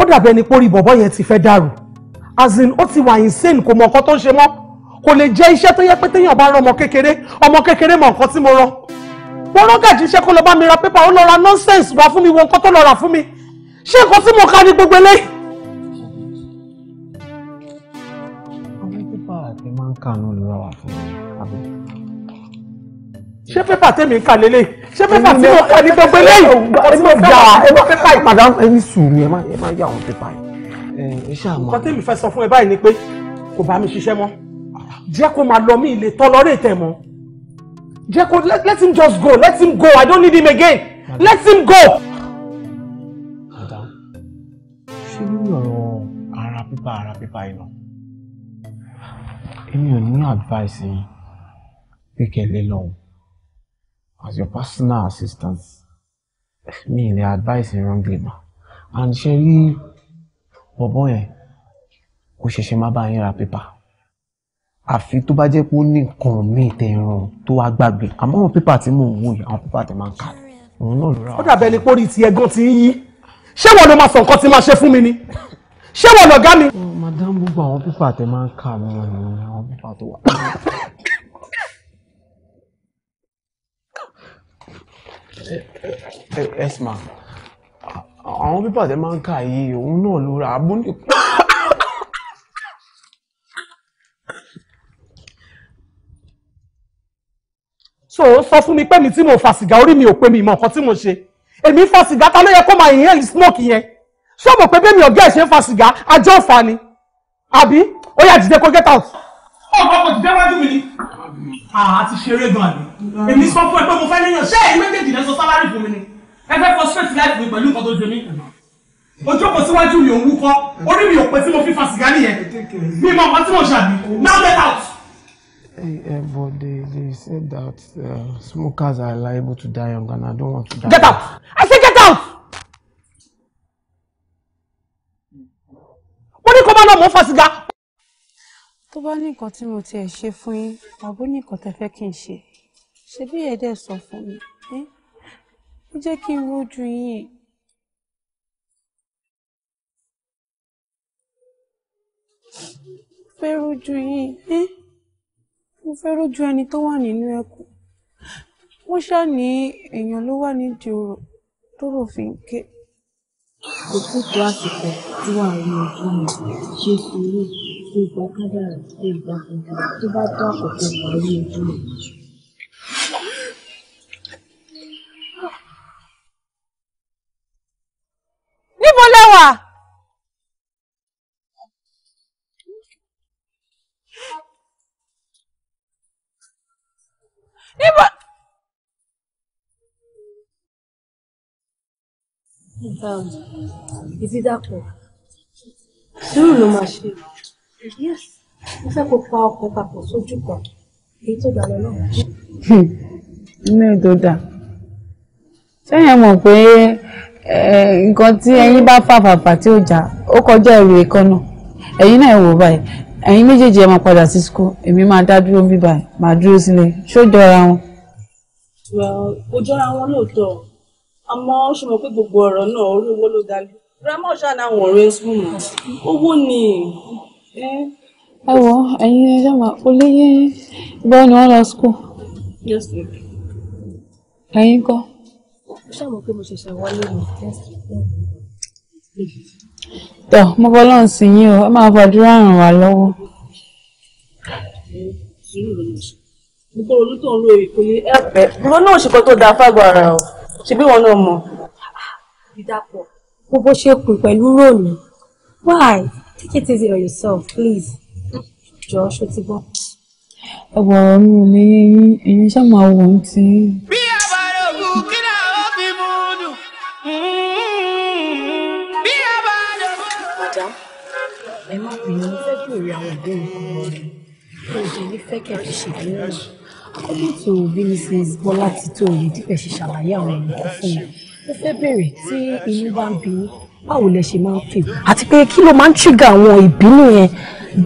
ó dàbí ẹni pórí bọ̀bọ̀ yẹn ti fẹ́ dàrú as in ó ti wà insane kò mọ nǹkan tó ń ṣe mọ́ kò lè jẹ́ iṣẹ́ tó yẹ pé téèyàn bá rán ọmọ kékeré ọmọ kékeré mọ nǹkan tí mo rán mo rán gàjí iṣẹ́ kó lọ bá mi ra pépà ó lọ ra nonsense wá fún mi wo nǹkan tó lọ rà fún mi ṣé nǹkan tí mo ka ní gbogbo eléyìí. àwọn pípa àti máa ń kànú lọ́wọ́ àfihàn ṣé pépà tèmi kà lélẹ̀ ṣé pépà tí mo kà ní gbogbo eléyìí ọtí mo gà ẹgbẹ́ pépà ìpàdà ẹni sùúrù ẹ má ẹ má yà àwọn pépà yìí. nǹkan tèmi fẹ́ sọ fún ẹ báyìí ni pé kò bá mi ṣiṣẹ́ mọ́ jẹ́ kó máa lọ mí ilé tọ́lọ́rẹ́ tẹ̀ mọ́ jẹ́ kó let him just go let him go I don't need him again let him go. ṣé lórí ọ̀rọ̀ ara pípa ara pípa iná èmi ò ní advice yìí pé kẹ́ lé lọ́hùn as your personal assistant mi lè advice wrongly ma and Sherry, rí bọ̀bọ̀ yẹn kò ṣẹ̀ṣẹ̀ má bá yín ra pépà àfi tó bá jẹ́ pé ó ní nǹkan míì tẹ̀ ràn tó wá gbàgbé àmọ́ àwọn pépà tí mò ń wò yìí àwọn pépà tẹ̀ máa ń kà òun náà ló ra. ó dàbẹ̀ ni pórí ti ẹ̀gán ti ń yí ṣé wọn ló máa sọ nǹkan tí máa ṣe fún mi ni ṣé wọn lọ̀gá mi. madam gbogbo àwọn pépà tẹ̀ máa ń kà mí àwọn pépà tó wà. yes ma àwọn pípà tẹ máa ń kà yìí òun náà ló ra abó ní. so sọ fún mi pé mi tí mo fa sìgá orí mi ò pé mi mọ nǹkan tí mo ṣe èmi fa sìgá ta ló yẹ kó máa yìn hẹ́lì smoke yẹn ṣọ́ọ̀bù pé bẹ́ẹ̀ mi ọ̀gá ẹ̀ ṣe ń fa sìgá ajọ́ ọ̀fà ni àbí ó yá dìde kó get out ọ̀pọ̀ ti déwájú mi ni. a ti ṣeré gan-an ni èmi sọ fún ẹ pé mo fẹ́ níyàn ṣé èyí méjèèjì lẹ́sọ sálárì fún mi ni ẹ fẹ́ kọ straight life mi pẹ̀lú nǹkan tó jẹ mí. ojú ọkọ̀ síwájú mi ò ń wúkọ́ orí mi ò pé tí mo fi fa sìgá nìyẹn mi mọ ọkọ tí mo ṣàbí now get out. but they, they said that uh, smokers are liable to die young and I don't want to die. Get out! I say get out! Wọ́n ní kọ́ máa ń lọ mọ́ fa sìgá tó bá ní nǹkan tí mo tiẹ̀ ṣe fún yín àbó ní nǹkan tẹ́ fẹ́ kí n ṣe ṣe bí ẹ dẹ̀ sọ fún mi ó jẹ́ kí n rójú yín. fẹ́ rójú yín mo fẹ́ rójú ẹni tó wà nínú ẹkùn wọ́n ṣáà ní èèyàn ló wà nídìí ọ̀rọ̀ tó rò fi ń ké. kò tó tó àsìkò tí wàá rí ojú mi ṣe sùúrù ẹ níbo lẹ wà. níbo. ìdí dàpọ̀ sùúrù ló máa ṣe. yes mo fẹ́ kó pa ọkọ̀ papọ̀ sójú kan èyí tó hmm. dà lọ́wọ́. inú ètò dà sẹ́yìn mọ̀ pé nǹkan tí ẹyin bá fàfàfà tí ó jà ó kọjá ẹrù náà ẹ̀yin náà wò báyìí ẹ̀yin méjèèjì ẹ máa padà sí èmi máa dá dúró bí báyìí máa dúró sílẹ̀ ṣó wọn. wọn lóòótọ́ ṣe pé gbogbo ọ̀rọ̀ náà orí owó ló dá náà rẹ́ sùn owó ni ẹ wọ ẹ̀yin ẹ sábà ó lé yé ìgbà ni wọ́n lọ school. just a bit. ẹ̀yin kọ́. ó ṣàmọ̀ pé mo ṣẹ̀ṣẹ̀ wọlé mi tọ́ mo sí yín o ẹ máa fàdúrà ràn wá lọ́wọ́. nítorí olùtọ̀ ń lo náà ṣe kan tó da fágbọ́ ara o ṣebí wọn náà mọ̀. ìdàpọ̀ bó bó ṣe kù pẹ̀lú ròònù take it easy on yourself please jọ ṣó ti gbọ́. ọ̀pọ̀ ọ̀rọ̀ mi ò lè yé yín èyí ṣáà máa wò ó ti. bí a bá lògùn kí náà mm-hmm. a bá lògùn. madam ẹ má bínú fẹ́ to bí báwo lẹ ṣe máa ń feel àti pé kí ló máa ń trigger àwọn ìbínú yẹn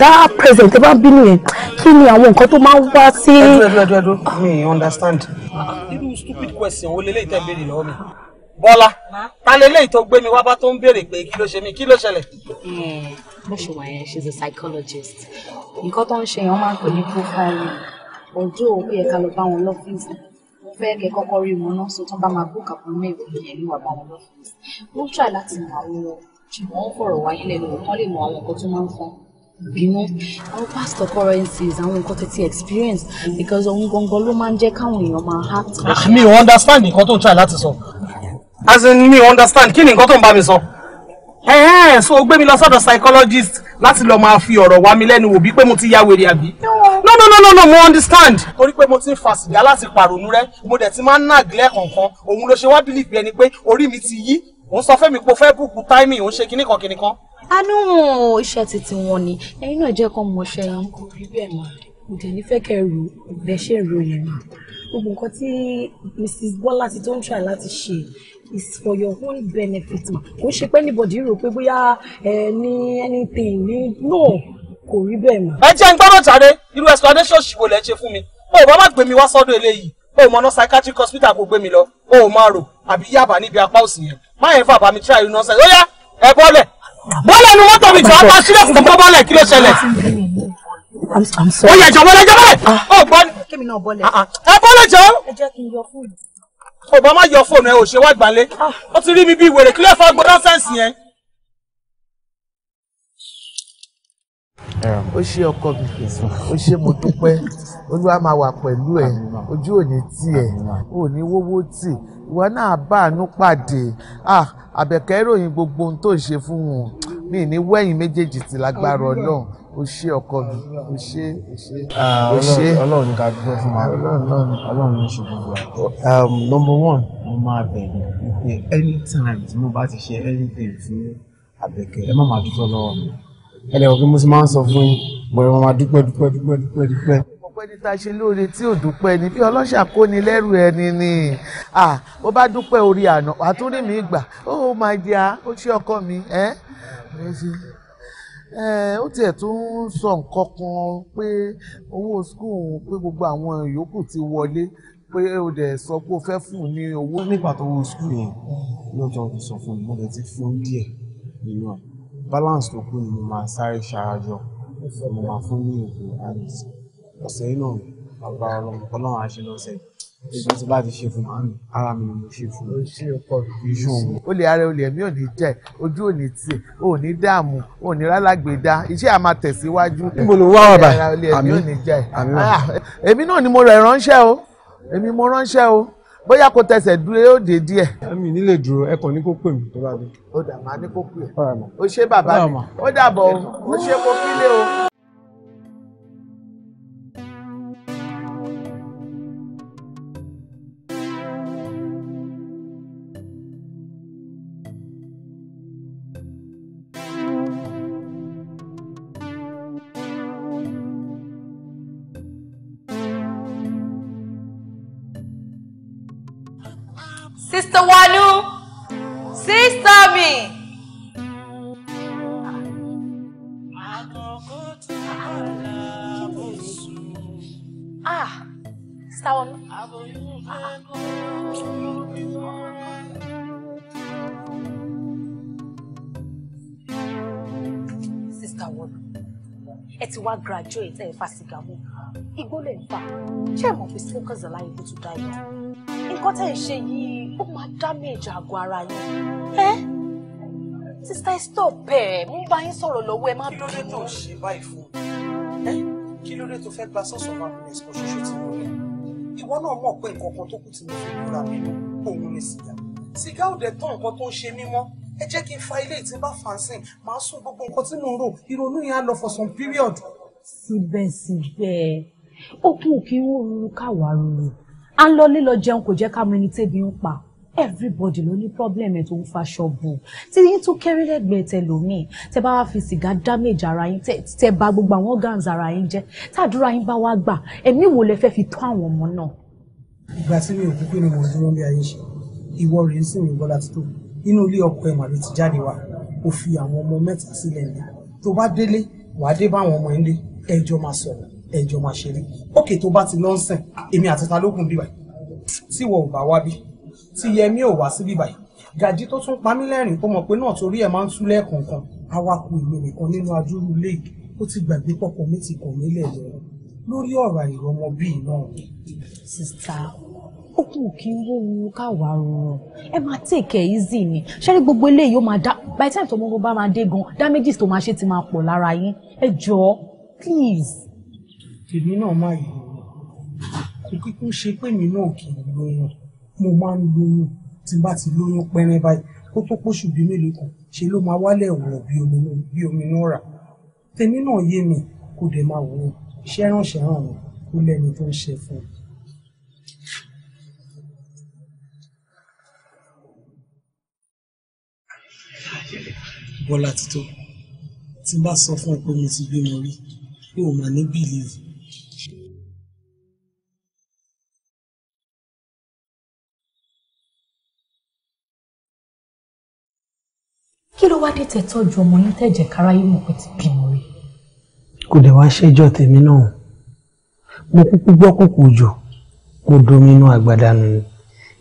dá present bá bínú yẹn kí ni àwọn nǹkan tó máa ń wá sí. irú stupid question wo leléyìí tẹ́ béèrè lọ́wọ́ mi bọ́lá ta leléyìí tó gbé mi wá bá tó ń béèrè pé kí ló ṣe mí kí ló ṣẹlẹ̀. Hmm, bó ṣe wà yẹn she's a psychologist nǹkan tó ń ṣe yẹn wọ́n máa ń pè ní profiling ọjọ́ òun yẹ ká lọ bá wọn lọ́fíìsì mo fẹ́ kẹ́ kọ́kọ́ rí wọn náà so tán bá máa book appointment yẹn ẹ̀rí wà bá wọn lọ́fíìsì wọ́n try láti mọ àwọn lọ ṣùgbọ́n wọ́n fọ̀rọ̀ wáyé lẹ́nu kán lè mọ àwọn nǹkan tó máa ń fọ́n bínú àwọn past occurrences àwọn nǹkan tó ti experience because ohun gangan ló máa ń jẹ́ káwọn èèyàn máa act. Ah, mi ò understand nǹkan tó ń try láti sọ as in mi ò understand kí ni nǹkan tó ń bá mi sọ ẹ̀ẹ́n so gbé mi lọ sọ́dọ̀ psychologist láti lọ máa fi ọ̀rọ̀ wá mi lẹ́nu wò bí pé mo ti ya wèrè àbí. no no no no no mo understand. torí pé mo ti ń fa sìgá láti pàrònú rẹ mo dẹ̀ ti máa ń nàgìlẹ̀ kankan òun ló ṣe wá bílíìfì ẹni pé orí mi ti yí òun sọ fẹ́mi pé o fẹ́ bùkún táìmì òun ṣe kíníkan kíníkan. anú iṣẹ́ titi wọn ni ẹ̀yin náà jẹ́ kó mọ ṣe yẹn. kò rí bẹ́ẹ̀ gbogbo nǹkan tí Mrs. Bọ́lá ti tó ń try láti ṣe is for your own benefit ma kò ṣe pé anybody rò pé bóyá ẹ ní anything ní no kò rí bẹ́ẹ̀ ma. ẹ jẹ́ ń gbọ́dọ̀ jàre irú explanation ṣìwò lẹ́ ṣe fún mi o ò bá má gbé mi wá sọ́dọ̀ eléyìí o ò mọ ọ̀nà psychiatric hospital kò gbé mi lọ o ò máa rò àbí yàbá níbi apá òsì yẹn má yẹn fà bá mi try irun náà sẹ́yìn ó yá ẹ bọ́lẹ̀ bọ́lẹ̀ nu mọ́tò mi jọ apá sílẹ̀ fún kọ́ bọ́lẹ̀ kí ló ṣẹlẹ̀. ó jọ wọlé jọ bọ́lẹ̀. Ah. Ah, ah. ẹ bọ́lẹ̀ jọ. ẹ jẹ́ kí n yọ fóònù ọba má yọ fóònù ẹ ò ṣe wá gbálẹ̀ ah. ó ti rí mi bí wèrè kí ló fà gbọdọ fẹǹsì yẹn. ó ṣe ọkọ mi ó ṣe mo dúpẹ́ olúwa máa wà pẹ̀lú ẹ ojú òní tiẹ̀ òní wówó tì ìwọ náà bá àánú pàdé ah, àbẹ̀kẹ́ ròyìn gbogbo ohun tó ṣe fún wọn mi ní wẹ̀yìn méjèèjì ti lágbára ọlọ́run o ṣé ọkọ mi o ṣé o ṣé ah, o ṣé Ọlọ́run ní ká dúró fún wa Ọlọ́run ní ṣe gbogbo wa. Um, number one mo máa bẹ̀rẹ̀ wípé anytime tí mo bá ti ṣe anything fún Àbẹ̀kẹ́ ẹ má máa dúpẹ́ lọ́wọ́ mi ẹ lè wọ pé mo ti máa ń sọ fún yín bọ̀dọ̀ mo máa dúpẹ́ dúpẹ́ dúpẹ́ dúpẹ́ dúpẹ́. ọ̀pọ̀ ẹni tá ṣe lóore tí ò dúpẹ́ ni bí ọlọ́ṣà kó ni lẹ́rù ẹni ni bó bá dúpẹ́ orí àná wàá tún mi gbà oh ó máa jẹ́ ó ṣe ọkọ mi ẹ́ ó tiẹ̀ tún ń sọ nǹkan kan pé owó school pé gbogbo àwọn yòókù ti wọlé pé o dẹ̀ sọ pé o fẹ́ fún un ní owó. nígbà tó wọ school yẹn lọ́jọ́ sọ fún mi mo dẹ̀ ti fún díẹ̀ nínú ẹ̀ balance tó kù ni mo máa sáré ṣarajọ mo máa fún ní òògùn àti ọ̀sẹ̀ yìí náà bàbá ọlọ́run àṣẹ lọ́sẹ̀ yìí ṣùgbọ́n tí bá ti ṣe fún mi ara mi ni mo ṣe fún mi. ṣé o pọ̀ iṣu òun. ó lè ara olè ẹ̀mí ò ní jẹ́ ojú ò ní tiẹ̀ ò ní dààmú ò ní rálágbèédá iṣẹ́ a máa tẹ̀síwájú. níbo ló wá wà báyìí àmì àmì àmì. èmi náà ni mo rẹ̀ ránṣẹ́ o èmi mo ránṣẹ́ o bóyá kò tẹsẹ̀ dúró yóò dé díẹ̀. mi nílé dúró ẹ kàn ní kó pè mí tó bá dé. ó dà máa ní kó pè é. ó ṣé bàbá mi ó dàbọ̀ ó ṣé kó kílé o. Mr. Wanu, sister me. Ah, sister Wanu. Sister Wanu, ẹ ti wá graduate ẹ̀ fásigà mú igbó lè fà ṣé ẹ mọ̀ pé to die nǹkan tẹ̀ ń ṣe ó máa damage àgọ́ ara yín ẹ́ sista stop ẹ̀ mú bá yín sọ̀rọ̀ lọ́wọ́ ẹ má bínú. kí ló dé tó ń ṣe báyìí fún mi kí ló dé tó fẹ́ gba sọ́sọ́ happiness kan ṣoṣo tí mo ní ìwọ náà mọ̀ pé nǹkan kan tó kù tí mo fi múra mi òun ni sìgá sìgá ò dẹ̀ tó nǹkan tó ń ṣe mí mọ́ ẹ jẹ́ kí n fa ilé ìtí bá fàǹsìn máa sún gbogbo nǹkan tí mo ń rò ìrònú yẹn á lọ for some period. síbẹ̀síbẹ̀ ó kún òkè ń rú káwàá rú à ń lọ lílọ jẹun kò jẹ́ ká mọ ẹni tẹ́bi ń pa everybody ló ní problem ẹ̀ tó ń fa ṣọ́ọ̀bù tí yín tún kẹ́rí lẹ́gbẹ̀ẹ́ tẹlòmíì tẹ bá wá fi sìgá damage ara yín tẹ bà gbogbo àwọn organs ara yín jẹ́ tàdúrà yín bá wá gbà ẹ̀mí wo lẹ fẹ́ fi tọ́ àwọn ọmọ náà. ìgbà tí mi ò kúkú ni mo dúró bí ayé ṣe ìwọ rèé sì rìn bọ́lá tó inú ilé ọkọ ẹ̀ màlúù ti jáde wá ó fi àwọn ọmọ mẹ́ta sílẹ̀ ní tó bá délé wàá dé bá àwọn ọmọ ilé ẹjọ́ máa sọ̀rọ̀ ẹjọ́ máa ṣeré ókè tó bá ti lọ́ńsẹ̀ èmi àti ta lókun bíbá tí ò bá wá bí tí yẹmí ò wá síbí báyìí gàdí tó tún pa mí lẹ́rìn tó mọ̀ pé náà torí ẹ̀ máa ń tú lẹ́ẹ̀kọ̀ọ̀kan awakọ̀ èmi nìkan nínú adúrú ilé ó ti gbàgbé pọ̀pọ̀ mi ti kàn nílẹ̀ lọ lórí ọ̀rọ̀ àìrọ́mọ bíi náà. sista ó kù kí n wówu káwa rọrùn ẹ máa tèkẹ́ easy ni ṣẹ́ni gbogbo eléyìí ó máa dá by the time tó mọ́gbọ́n bá máa dé gan damages tó máa ṣe ti máa pọ̀ lára yín ẹ jọ̀ọ́ please. èmi náà máa yọ̀ ọ́ kíkún ṣe pé mi náà kì í lóyún mo máa ń lóyún tí n bá ti lóyún pẹ́rẹ́ báyìí kó tó pọ̀ṣù bí mélòó kan ṣe ló máa wálẹ̀ wọ̀ bí omi náà rà tèmi náà yé mi kó dẹ̀ máa wò ó ṣẹ́ràn ṣẹ́ràn wọn kó lẹ́ni tó ń ṣe fún un. Bọ́lá Títọ́ tí n bá sọ fún ẹ pé mo ti bímọ rí yóò máa ní bìlíìfù wá dé tẹ̀ tọ́jú ọmọ yín tẹ̀jẹ̀ káráyé mọ̀ pé ti bímọ rí. kò dẹ̀ wá ṣẹ́jọ́ tèmi náà mo kúkú gbọ́ kúkú jù mo domi inú àgbàdànù ni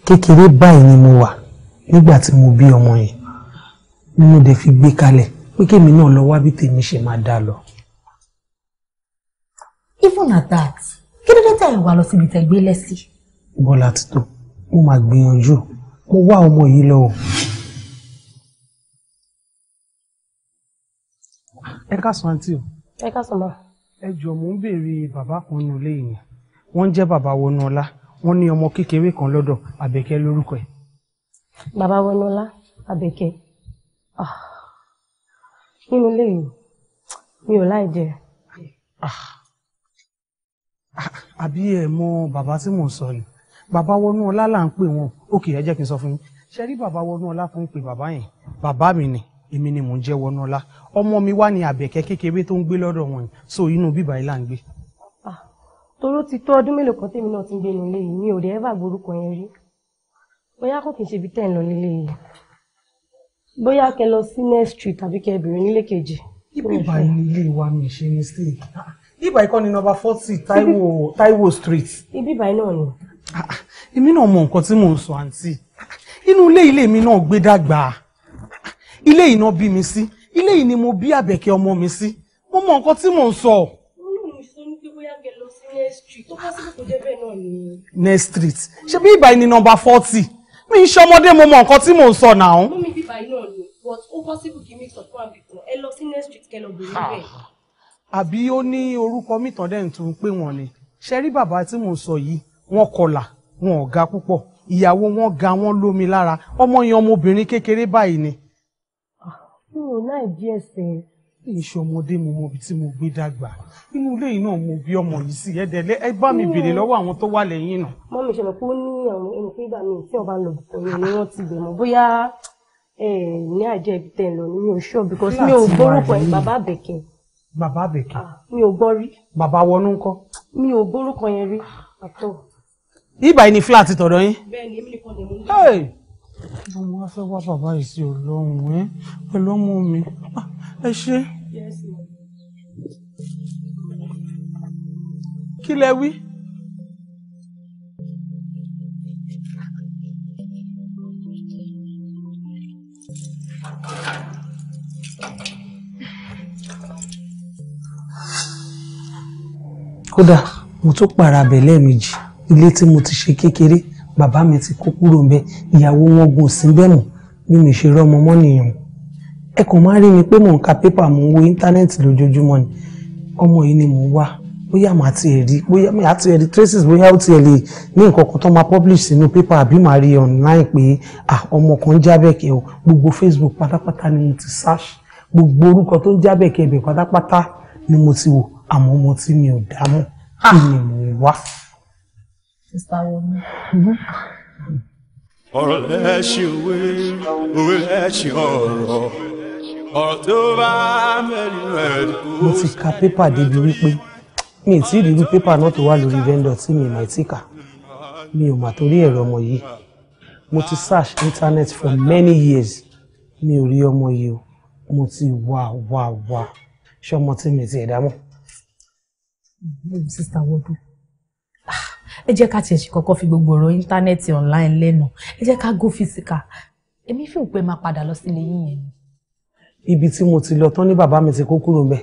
kékeré báyìí ni mo wà nígbà tí mo bí ọmọ yẹn ni mo fi gbé kalẹ̀ pé kémi náà lọ wá bí tèmi ṣe máa dá lọ. even at that kí ló dé tẹ̀ wá lọ síbi tẹ̀ gbé lẹ́sí. bọ́lá ti tó mo máa gbìyànjú mo wá ọmọ yìí lọ ẹ káàsán àǹtí o. ẹ káàsán ma. ẹ jọ mò ń béèrè bàbá kan nù lé yẹn wọ́n ń jẹ́ bàbá Wọnúọlá wọ́n ní ọmọ kékeré kan lọ́dọ̀ Àbẹ̀kẹ́ lórúkọ ẹ̀. bàbá Wọnúọlá Àbẹ̀kẹ́ ah, nínú ilé mi ò láì jẹ. Ah, ah, àbí ẹ mọ bàbá tí mò ń sọ ni bàbá Wọnúọlá là ń pè wọn òkè ẹ jẹ́ kí n sọ fún yín ṣe rí bàbá Wọnúọlá fún pé bàbá yẹn bàbá mi ni èmi ni mò ń jẹ́ wọnọlá ọmọ mi wá ní àbẹ̀kẹ́ kékeré tó ń gbé lọ́dọ̀ wọn so inú bíbá ilá ń gbé. Ah, toró ti tó ọdún mélòó kan tèmi náà ti ń gbé nílé yìí mi ò dé ẹ́fà gborúkọ yẹn rí bóyá kò kì í ṣe ibi tẹ́ ń lọ nílé yìí bóyá kẹ lọ sí next street tàbí kẹ bèrè nílé kejì. ibi ìbá ilé wa mi ṣe mistake ibà ah, ikọ́ ni nọ́mbà forty Taiwo Taiwo street. ibi ìbá náà ni. Ah, èmi náà mọ nǹkan tí mò ń sọ àǹtí inú ilé ilé mi náà gbé dàgbà ilé yìí náà bí mi sí ilé yìí ni mo bí àbẹ̀kẹ́ ọmọ mi sí mo mọ nǹkan tí mò ń sọ. next street ṣé bí ìbàyìí ni nọ́mbà forty mi ń ṣọmọdé mo mọ nǹkan tí mò ń sọ náà. mú mi bíbá iná ni but ó possible kí mix up one bìkan ẹ lọ sí next street kẹ lọ bèrè ah. àbí ó ní orúkọ mìtàn dẹ́yìn tó wọ́n ni ṣe rí bàbá tí mò ń sọ yìí wọ́n kọlà wọn ò ga púpọ̀ ìyàwó wọn ga wọn lómi lára ọmọ yẹn ọmọbìnrin kékeré báyìí ni mi ò láì bí ẹsẹ̀ ìṣọmọdé mo mọ ibi tí mo gbé dàgbà inú ilé yìí náà mo bí ọmọ yìí sí ẹdẹlẹ ẹ bá mi béèrè lọ́wọ́ àwọn tó wà lẹ́yìn náà. mọ mi ṣẹlẹ̀ pé ó ní àwọn ẹni pé ìgbà mi tí ọba lọ òye ni wọn ti bẹmọ bóyá ní àjẹ ibi lọ ní oṣù because mi ò gbórúkọ ẹ bàbá àbẹ̀kẹ́. bàbá àbẹ̀kẹ́. Ah, mi ò gbọ́ bàbá wọnú ńkọ́. mi ò gbórúkọ yẹn rí àtọ. ibà yìí ni flat tọ̀dọ̀ yín. bẹ́ẹ̀ni èmi nìkan ló wá fẹ́ wá bàbá yìí sí ọlọ́run ẹ pẹ̀lú ọmọ mi ah, ẹ ṣe. kí lẹ wí. kódà mo tún pààrà abẹ lẹ́ẹ̀mejì ilé tí mo ti ṣe kékeré bàbá mi ti kó kúrò ńbẹ ìyàwó wọn gùn sí bẹ́ẹ̀ mọ̀ bí mi ṣe rọ́mọ mọ́ nìyẹn ẹ kàn máa rí mi pé mò ń ka pépà mò ń wo íńtánẹ́ẹ̀tì lójoojúmọ́ ni ọmọ yìí ni mò ń wá bóyá màá ti rí bóyá màá ti rí traces bóyá ó tiẹ̀ lè ní nǹkan kan tó máa publish sínú pépà àbí màá rí online pé ọmọ kan Jábẹ̀kẹ́ o gbogbo Facebook pátápátá ni mo ti search gbogbo orúkọ tó ń Jábẹ̀kẹ́ ibẹ̀ pátápátá ni mo ti wò àmọ́ mo ti mi ò dámọ̀ ah! kí ni mò ń wá. Sister Wọmi. Ọ̀rọ̀ lẹ́ṣin òwe, òwe lẹ́ṣin ọ̀rọ̀. Ọ̀rọ̀ tó bá mẹ́rin rẹ̀ kú. Mo ti ka pépà débi wípé mi ì tí ì rí pépà náà tó wà lórí vendor tí mi máa ti kà. Mi ò mà torí ẹ̀rọ ọmọ yìí. Mo ti search internet for many years. Mi ò rí ọmọ yìí o. Mo ti wà wà wà. Ṣé ọmọ tí mi ti ẹ̀dá mọ̀? Sister Wọmi ẹ jẹ́ ká tiẹ̀ ṣe kọ́kọ́ fi gbogbo ọ̀rọ̀ íńtánẹ́ẹ̀tì online lẹ́nu ẹ jẹ́ ká go physical èmi fi òpè máa padà lọ sílé yín yẹn ni. ibi tí mo ti lọ tán ní bàbá mi ti kó kúrò mbẹ.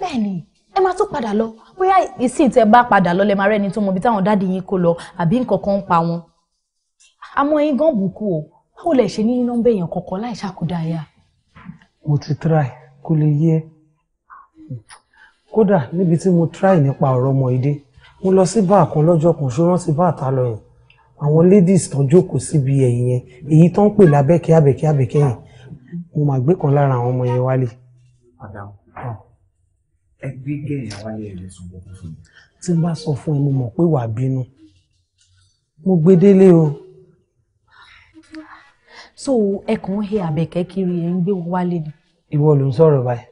bẹ́ẹ̀ni ẹ máa tún padà lọ bóyá ìsìn tẹ bá padà lọ lẹ máa rẹni tó mọ ibi táwọn dáàdi yín kó lọ àbí nǹkan kan ń pa wọn. àmọ́ ẹ̀yin gan bùkún o báwo lẹ ṣe ní nọ́mbà èèyàn kọ̀ọ̀kan láì ṣàkódáyà. mo ti try kó lè yé kódà níbi tí mo try nípa ọ̀rọ̀ ọmọ ìdí mo lọ sí báà kan lọ́jọ́ kan ṣó rántí báà ta lọ yẹn àwọn ladies tán jókòó síbi ẹ̀yìn yẹn èyí tán ń pè lábẹ́kẹ́ àbẹ̀kẹ́ àbẹ̀kẹ́ yẹn mo mà gbé kan lára àwọn ọmọ yẹn wálé. ẹ gbé gẹ̀yìn wálé ẹ̀ lẹ́sùn gbogbo fún mi. tí n bá sọ fún ẹ mo mọ̀ pé wàá bínú mo gbé délé o. so ẹ kàn ń he àbẹ̀kẹ́ kiri ẹ̀ ń gbé wálé ni. ìwọ ló ń sọ̀rọ̀ báyìí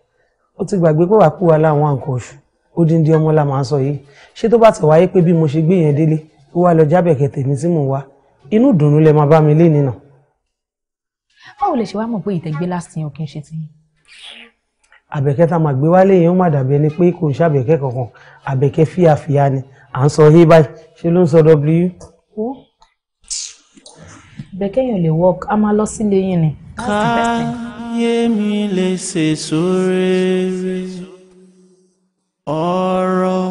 ó ti gbàgbé pé wàá kú wa láwọn nǹkan oṣù odindi ọmọ la máa sọ yìí ṣé tó bá ti wáyé pé bí mo ṣe gbé yẹn délé ó wá lọ jábẹ̀kẹ̀ tèmi tí mò ń wá inú ìdùnnú lẹ máa bá mi lé nínà. báwo lè ṣe wá mọ̀ pé ìtẹ̀gbé last year kì í ṣe tiyín. àbẹ̀kẹ́ tá a máa gbé wálé yẹn ó má dàbí ẹni pé kò ń ṣàbẹ̀kẹ́ kankan àbẹ̀kẹ́ fíàfíà ni à ń sọ hey báyìí ṣe ló ń sọ w. bẹ̀kẹ́ yẹn lè work a máa lọ sílé yín ni. káyé mi lè ṣèṣó rere ọ̀rọ̀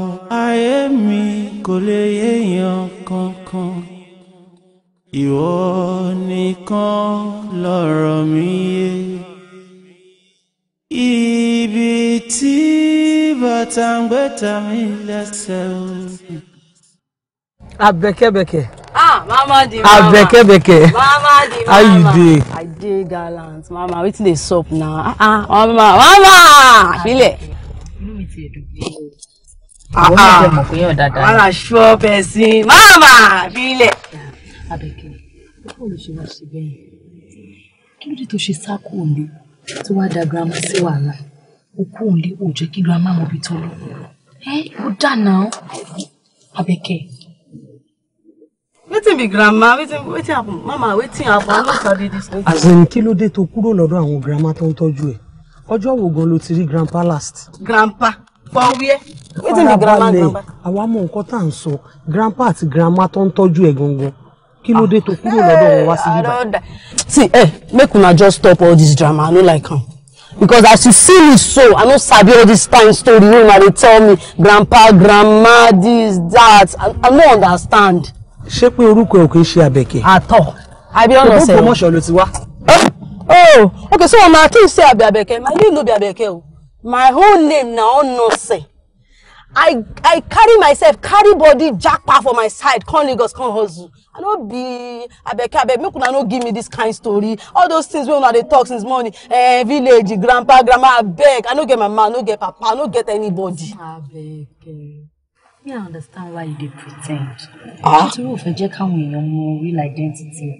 ayé mi kò lè yéèyàn kankan ìwọ nìkan lọ̀rọ̀ mi yé ibi tí bàtà ń gbé mi lẹ́sẹ̀ o. abẹ́kẹ́bẹ́kẹ́. ah mama di mama abẹ́kẹ́bẹ́kẹ́ mama di mama how you dey. i dey gallant mama wetin dey sup na ah ah mama mama filẹ fi ẹ̀dùn bí àwọn náà fẹ́ mọ̀ pé yàn dáadáa. wàhálà ṣọ́ bẹ́ẹ̀ sí i máàmá bílẹ̀. abẹ́kẹ́ púpọ̀ ló ṣe wá ṣe bẹ́yìn kí ló dé tó kúrò be grandma wetin wetin mama wetin happen i no sabi dis thing. àzẹ̀yìn kí ló dé tó kúrò lọ́dọ̀ àwọn girama tó ń tọ́jú ẹ̀ ọjọ́ wo gan ló ti rí grandpa last. grandpa for where. wetin be grandma grandpa. àwa mọ nǹkan tá à ń sọ grandpa àti grandma tó ń tọ́jú ẹ̀ gangan kí ló dé tó kúrò ah, lọ́dọ̀ wọn wá sí bíbá. see eh make una just stop all this drama i no like am because as you see me so i no sabi all this time story wey una dey tell me grandpa grandma this that i, I no understand. ṣé pé orúkọ ẹ ò kì í ṣe àbẹ̀kẹ́. àtọ̀ abiona sẹ́wọ̀n. ìbò promotion ló ti wá. oh okay so una think say abi àbẹ̀kẹ́ my name no be àbẹ̀kẹ́ o my whole name na all nonsense i i carry myself carry body japa for my side come Lagos come hustle i no be abeke abeg make una no give me this kind story all those things wey una dey talk since morning eh, village grandpa grandma abeg i no get mama i no get papa i no get anybody. Abeg me I understand why you did pretend. Ah. Ṣé o fẹ́ jẹ́ káwọn èèyàn your real identity ẹ̀?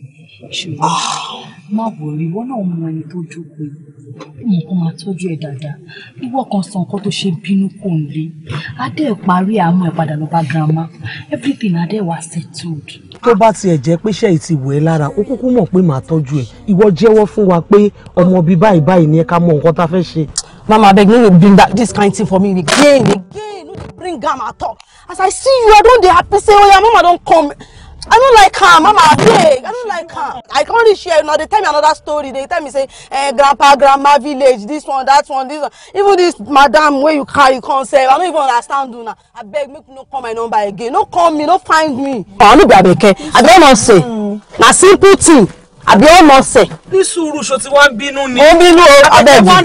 Ṣùgbọ́n ah. má wọrí, ìwọ náà mọ ẹni tó jókòó yìí. Òun kò máa tọ́jú ẹ dáadáa. Ìwọ kan sọ nǹkan tó ṣe bínú kò ń lé. Adé parí àmú ẹ̀ padà lọ bá Everything Adé wa settled. Tó bá tiẹ̀ jẹ́ pé ṣe ìtì wọ̀ ẹ́ lára, ó kúkú mọ̀ pé màá tọ́jú ẹ̀. Ìwọ jẹ́wọ́ fún wa pé ọmọ bíi báyìí báyìí ni ẹ ká mọ nǹkan tá a fẹ́ Mama abeg no bring that this kind thing for me again again bring am at all as i see you i don't dey happy say oya oh, mama don come i no like her. mama abeg i no like her. i come reach here una dey tell me another story dey tell me say eh, grandpa grandma village this one that one this one even this madam wey you carry come sef i no even understand una abeg make you no call my number again no call me no find me. ọ̀hún ni bí abẹ́kẹ́ i don know say mm. na simple thing àbí ó mọ̀ sẹ̀. ní sùúrù ṣo tí wọ́n ń bínú ni. ó ń bínú o abẹ́bí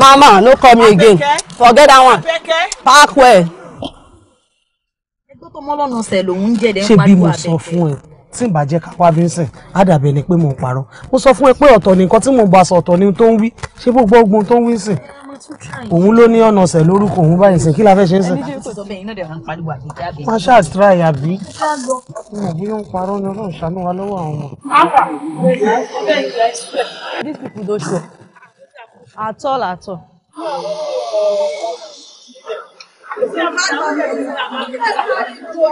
mama no call me again forget that one park well. ẹgbẹ́ tó mọ́ lọ́nà ọ̀sẹ̀ lòún jẹ́ dẹ́ ń pariwo àbẹ̀kẹ́. ṣé bí mo sọ fún ẹ tí n bá jẹ́ kápá vincent àdàbẹ̀ ni pé mo ń mo sọ fún ẹ pé ọ̀tọ̀ ni nǹkan tí mo bá sọ ọ̀tọ̀ ni tó ń wí ṣé gbogbo ogun tó ń wí sìn òun ló ní ọ̀nà ọ̀sẹ̀ lórúkọ òun báyìí sìn kí la fẹ́ ṣe ń sìn. má ṣáà tíráì àbí. mo bí wọ́n parọ́ ni ọlọ́run ṣàánú wa lọ́wọ́ àwọn ọmọ. these people don show at all at all. Thank you.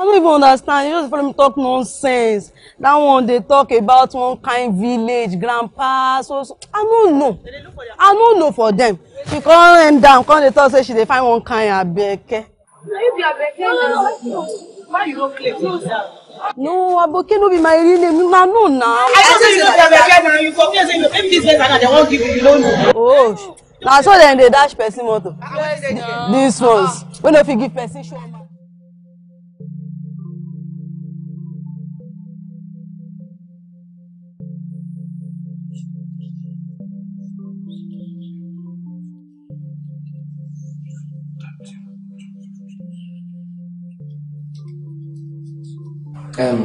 I don't even understand. You just follow me talk nonsense. That one they talk about one kind village, grandpa, so, so. I don't know. I don't know for them. She call and down, Call they talk say she dey find one kind abeke. Are you the abeke? Why you don't claim No, Aboke no be my real name. Na no na. I don't say you don't have a now. You confuse say you pay this better than they won't give you. You don't know. Oh, na so dem dey dash person motor. This ones When if you give person show.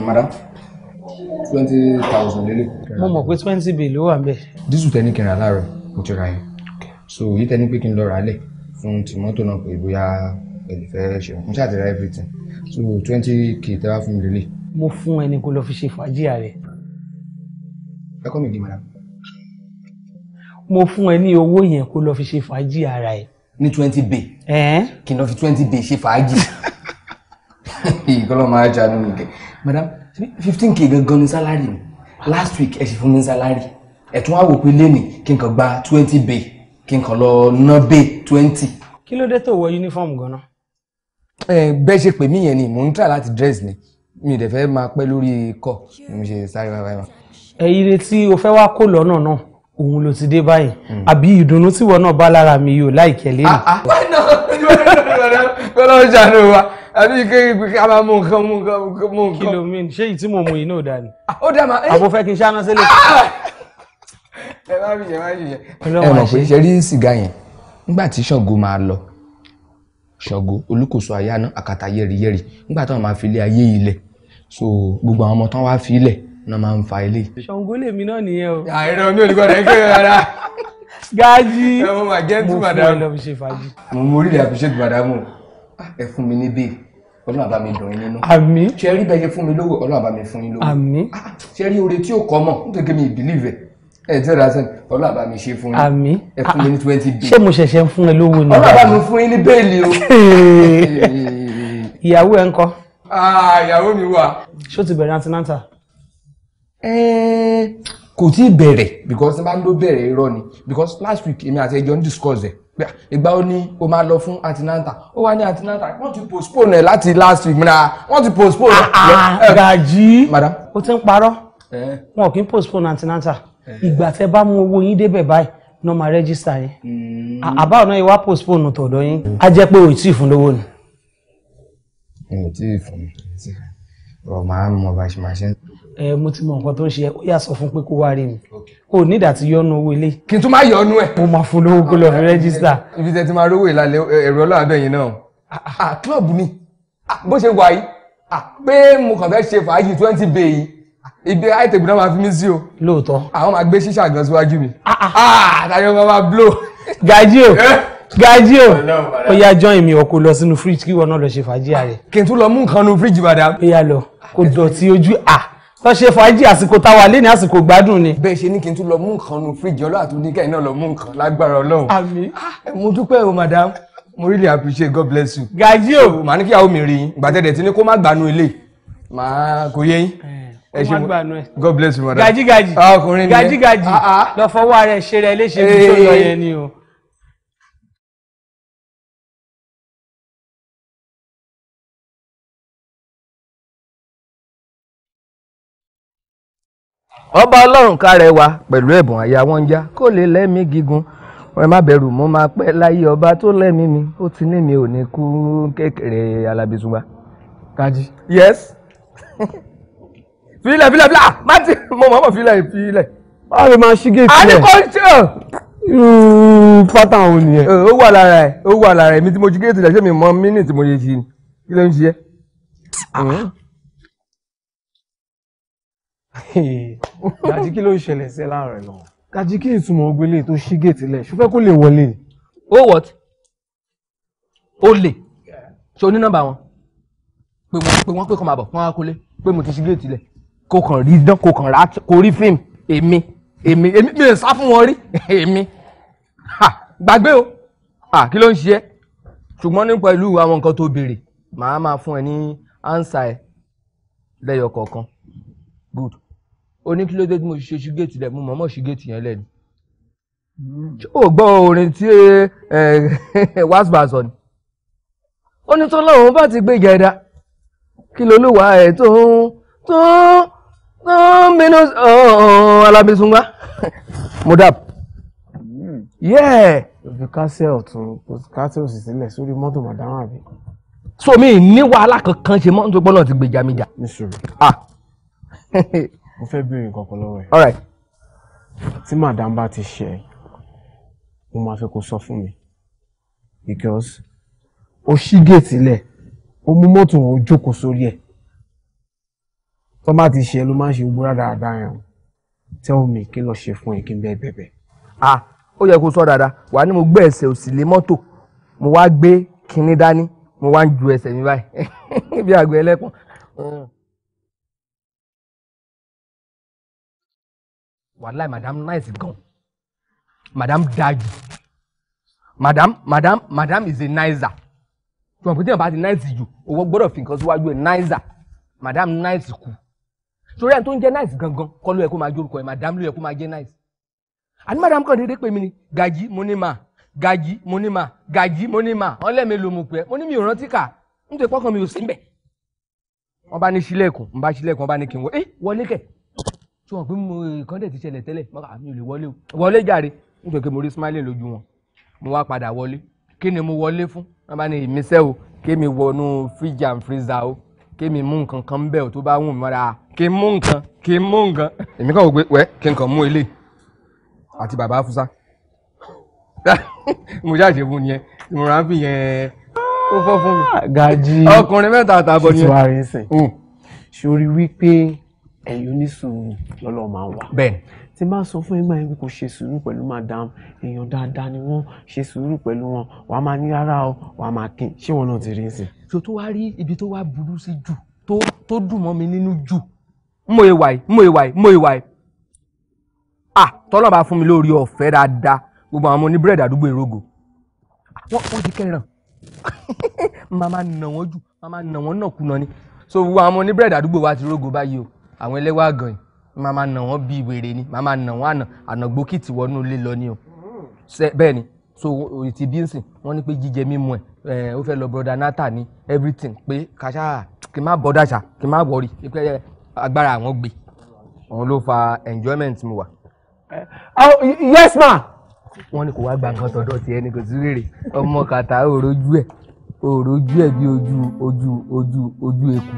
madam twenty thousand lélẹ̀. mo mọ̀ pé twenty bill ló wà bẹ́ẹ̀. dísù tẹ́ ní kí mo ti ra yẹn so èyí tẹ́ ní pé kí n lọ rà á lẹ̀ fún tìmọ́tò náà pé bóyá ẹ̀lì fẹ́ ṣe mo ṣàti ra everything so twenty k tẹ́ wá fún mi lélẹ̀. mo fún ẹni kó lọ fi ṣe fàájì rẹ. ẹ kọ́ mi di madam. mo fún ẹ ní owó yẹn kó lọ fi ṣe fàájì ara ẹ. ní twenty bay. kí n lọ fi twenty bay ṣe fàájì. kọ́lọ́ máa jáde nìkẹ́ madam fifteen k gangan ni salary mi last week ẹ sì fún mi salary ẹ tún wá wò pé lẹ́nìí kí n kàn gba twenty bay kí n kàn lọ ná bay twenty. kí ló dé tó wọ uniform gan-an. ẹ bẹ́ẹ̀ ṣe pè mí yẹn ni mò ń try láti dress ni mi ì dẹ̀ fẹ́ máa pẹ́ lórí kọ́ mo ṣe sáré báyìí báyìí. ẹ̀yin retí o fẹ́ wá kó lọ́nà náà òun ló ti dé báyìí àbí ìdùnnú tíwọ náà bá lára mi yóò láìkẹ́ lẹ́yìn. wọ́n náà wọ́n náà wọ́n náà ń ṣàánú wa àbí kí a máa mú nǹkan mú nǹkan mú nǹkan. kí ló mean ṣé ìtí mò ń mu yìí náà dà ní. Ah, ó dà máa. Eh. àbò fẹ́ kí n ṣáná sílẹ̀. Ah! ẹ má ṣe má ṣe. ẹ mọ̀ pé ṣe rí sìgá yẹn nígbà tí Ṣàngó máa lọ Ṣàngó olùkóso àyáná àkàtà yẹ́rìyẹ́rì nígbà táwọn máa fi ilé ayé yìí lẹ̀ so gbogbo àwọn ọmọ tán wá fi ilẹ̀ náà máa ń fa ilé. Ṣàngó lèmi náà nìyẹn o. àìrọ ah, mi ò ní gbọdọ̀ ẹgbẹ́ rárá. gaji mo fún ẹ lọ fi ṣe fàájì. mo mú orí rẹ̀ àfiṣẹ́ tù bàdá mọ̀ ẹ fún mi ní ọlọ́run àbá mi dùn yín nínú. àmín. ṣe rí bẹ́ẹ̀ yẹ fún mi lówó ọlọ́run àbá mi fún yín lówó. àmín. Ah, ah, ṣe rí oore tí ò kọ́ mọ̀ nítorí mi ìbílíìfẹ̀ ẹ tí ra sẹ́ni ọlọ́run àbá mi ṣe fún yín. àmín. ẹ fún mi ní ah, twenty bíi. ṣé mo ṣẹ̀ṣẹ̀ ń fún ẹ lówó ni. ọlọ́run àbá mi fún yín ní bẹ́ẹ̀lì o. ìyàwó ẹ ń kọ́. ìyàwó mi wà. ṣó ti bẹ̀rẹ̀ antinanta. Eh, kò tí ì bẹ̀rẹ̀ because máa ń ló bẹ̀rẹ̀ irọ́ ni because last week èmi àti ẹjọ́ ń discuss ẹ̀ pé ìgbà ó ní o máa lọ fún antinanta ó wá ní antinanta wọ́n ti postpone ẹ̀ láti last week mìíràn wọ́n ti postpone ẹ̀. Ah, ah, gàjí o ti ń parọ́ wọn kì í postpone antinanta ìgbà tẹ bá mú owó yín débẹ̀ báyìí ní ọmọ rẹ́gísítà yín hmm. àbá ọ̀nà ìwà postpone tọ̀dọ̀ yín á jẹ́ pé o ì tí ì fún lówó ni. mi ò tí ì fún mi ọ̀ máa ń mọ bá ṣe máa ṣe ń ẹ mo ti mọ nǹkan tó ń ṣe ẹ ó yà sọ fún pé kó wá rí mi ó ní ìdá tí yọnu owó ilé. kí n tún má yọnu ẹ. mo máa fún lówó kó lọ fi rẹ́gísítà. ibi tẹ ti máa rówó ìlàlẹ ẹ̀rọ ọlọ́àbẹ̀ yìí náà. Ah, ah, club ni ah, bó ṣe wà yìí pé mo kàn fẹ́ ṣe fàájì twenty bay yìí ibi àìtẹ̀gbọ́n náà máa fi mí sí o. lóòótọ́. àwọn máa gbé ṣíṣà gan síwájú mi. àtàyọ̀ máa máa blow. gají o eh? gají o ó yá join mi ọkọ lọ sínú fridge kí wọn náà lọ ṣe fàájì rẹ. kí n tún lọ mú nǹkan nu fridge padà. ó yá lọ kó dọ̀tí ojú à tó ṣe fàájì àsìkò táwa lé ní àsìkò gbádùn ni. bẹ́ẹ̀ ṣe ní kí n tún lọ mú nǹkan nu fíríjì ọlọ́àtún ní kẹ́hìn náà lọ mú nǹkan lágbára ọlọ́run. àmín. Ah, mo dúpẹ́ o madam mo really appreciate god bless you. gàjí o. màá ní kí àwọn mi rí i gbàtẹ́dẹ̀ tí ní kó má gbanú ilé màá kò yé yín eh, ẹ ṣe god bless you madam. gàjí gàjí gàjí gàjí lọ fọwọ́ ara ẹ̀ ṣe rẹ̀ léṣe bí eh, tó lọ yẹn ni o. ọba ọlọ́run kárẹ̀ wa pẹ̀lú ẹ̀bùn àyà wọn já kó lè lẹ́mí gígùn ẹ má bẹ̀rù mo máa pẹ́ láyé ọba tó lẹ́mí mi ó ti ní mi ò ní kú kékeré alábìsúgba. kájí. yes filẹ filẹ filẹ ah, má ti mo mọ̀ mọ̀ filẹ filẹ. báwo ni màá ṣí géètì rẹ. àní kò ṣe ọ. irú pátá òun nìyẹn. wà lára ẹ ó wà lára ẹ mi tí mo ṣí géètì rẹ ṣé mi mọ mínítì mo yẹ ṣe kí ló ń ṣe. Dàjí kí ló ń ṣẹlẹ̀ sí ẹ láàárọ̀ lọ? Dàjí kí ìtumọ̀ ogbélé tó ṣí géètì lẹ̀ ṣùgbọ́n kó lè wọlé. o oh, what? Ó lè. Ṣé o ní nọ́mbà wọn? Pé wọ́n pé wọ́n pé kọ́ máa bọ̀ wọ́n á kólé pé mo ti ṣí géètì lẹ̀. Kò kàn rí dán kò kàn rà kò rí fíìmù èmi èmi èmi mi ò sá fún wọn rí èmi. Gbàgbé o, kí ló ń ṣe ẹ́? Ṣùgbọ́n nípa ìlú àwọn nǹkan tó béèrè, màá máa fún ẹ ní ánsà ẹ lẹ́yọ kọ̀ọ̀kan. Good ó ní kí ló dé tí mo ṣe ṣúgẹ́ẹ̀tì rẹ̀ mo mọ̀ mọ́ ṣúgẹ́ẹ̀tì yẹn lẹ́nu. ó hmm. gbọ́ orin tí wasba sọ ni ó ní tó lọ́wọ́ bá ti gbé gẹ̀ẹ́dá kí ló lùwà ẹ̀ tó tó tó mínú alábísúngbá mudap. Hmm. òfin kásẹ̀ ọ̀tún kásẹ̀ òsì sílẹ̀ sórí mọ́tò màdámà bí. so mi ní wàhálà kankan ṣe mọ́tò gbọ́dọ̀ ti gbèjà mi jà mo fẹ́ béèrè kankan lọ́wọ́ ẹ̀. all right. tí madam bá ti ṣe ẹ mo máa fẹ́ kó sọ fún mi because ó ṣí géètì lẹ̀ ó mú mọ́tò ó jókòó sórí ẹ̀ tó bá ti ṣe ẹ ló máa ń ṣe gbúra dáadáa yẹn o tell me kí lọ ṣe fún ẹ kí n bẹ́ẹ̀ bẹ̀bẹ̀. ah ó yẹ kó sọ dáadáa wà á ní mo gbé ẹsẹ̀ òsì lé mọ́tò mo wá gbé kinní dání mo wá ń ju ẹsẹ̀ mi báyìí bí àgbẹ̀ ẹlẹ́kùn. Hmm. wàláì madam nice gan madam dájú madam madam madam is a nicer tí wọn kò tí wọn bá ti nice jù owó gbọ́dọ̀ fi nǹkan síwájú ẹ nicer madam nice kù torí ẹni tó ń jẹ nice gangan kọ́ ló yẹ kó máa jẹ orúkọ ẹ madam ló yẹ kó máa jẹ nice àní madam kan dédé pè mí ni gají mo ní ma gají mo ní ma gají mo ní ma ọlẹ́mi ló mu pẹ́ mo ní mi ò rántí kà nítorí pọ́kàn mi ò sí mbẹ̀ wọ́n bá ní sílẹ̀kùn ń bá sílẹ̀kùn wọ́n bá ní kí n wọ ẹ eh, wọlé kẹ̀ tí wọ́n pín mo nǹkan dẹ̀ ti ṣẹlẹ̀ tẹ́lẹ̀ mọ́kà mi ò lè wọlé o wọlé jàre nítorí pé mo rí smiley lójú wọn mo wá padà wọlé kí ni mo wọlé fún wọn bá ní ìmísẹ́ o kémi wọnú fridge and freezer o kémi mú nǹkan kan bẹ́ẹ̀ o tó bá wù mí mọ́ra kí n mú nǹkan kí n mú nǹkan èmi kàn wò pé wẹ́ kí n kàn mú ilé àti bàbá Fúsá mo ṣáà ṣe fún yẹn mo rà á fi yẹn ó fọ́ fún mi. Gaji ọkùnrin mẹ́ta àtàbọ̀ ni. sori wípé ẹ̀yin onísùúrù lọ́lọ́ máa wà. bẹ́ẹ̀ tí n bá sọ fún ẹgbẹ́ yẹn kò ṣe sùúrù pẹ̀lú madam èèyàn dáadáa ni wọ́n ṣe sùúrù pẹ̀lú wọn wàá máa ní rárá o wàá máa kí ṣé wọn náà ti rí sí. so tó wá rí ibi tó wá burú sí jù tó tó dùn mọ́ mi nínú jù mo ìwà yìí mo ìwà yìí mo ìwà yìí ah tọ́lọ́ bá fún mi lórí ọ̀fẹ́ dáadáa gbogbo àwọn ọmọ oníbírẹ̀dì àdúgbò ìrógò wọ́n ti kẹ́ràn màmá nà wọ́n jù màmá nà nà kùnà so gbogbo àwọn ọmọ oníbírẹ̀dì àdúgbò wa ti àwọn ẹlẹ́wà gan-an máa máa nà wọ́n bíi wèrè ni máa máa nà wọ́n àná ànàgbó kìtì wọnú ilé lọ ni o bẹ́ẹ̀ ni so ti bí nsìn wọ́n ní pé jíjẹ mímu ẹ̀ eh, ó fẹ́ lọ broda nata ni everything pé kàṣà kì má bọ́ dàṣà kì má wọ̀rí pé eh, agbára àwọn gbé òun ló fa enjoyment mi wà. Eh, oh, yes ma. wọ́n ní kò wá gba nǹkan tọ̀dọ̀ tiẹ̀ ní kò sí rèrè ọmọ kàtà òrojú ẹ̀ òrojú ẹ̀ bí ojú ojú ojú ojú eku.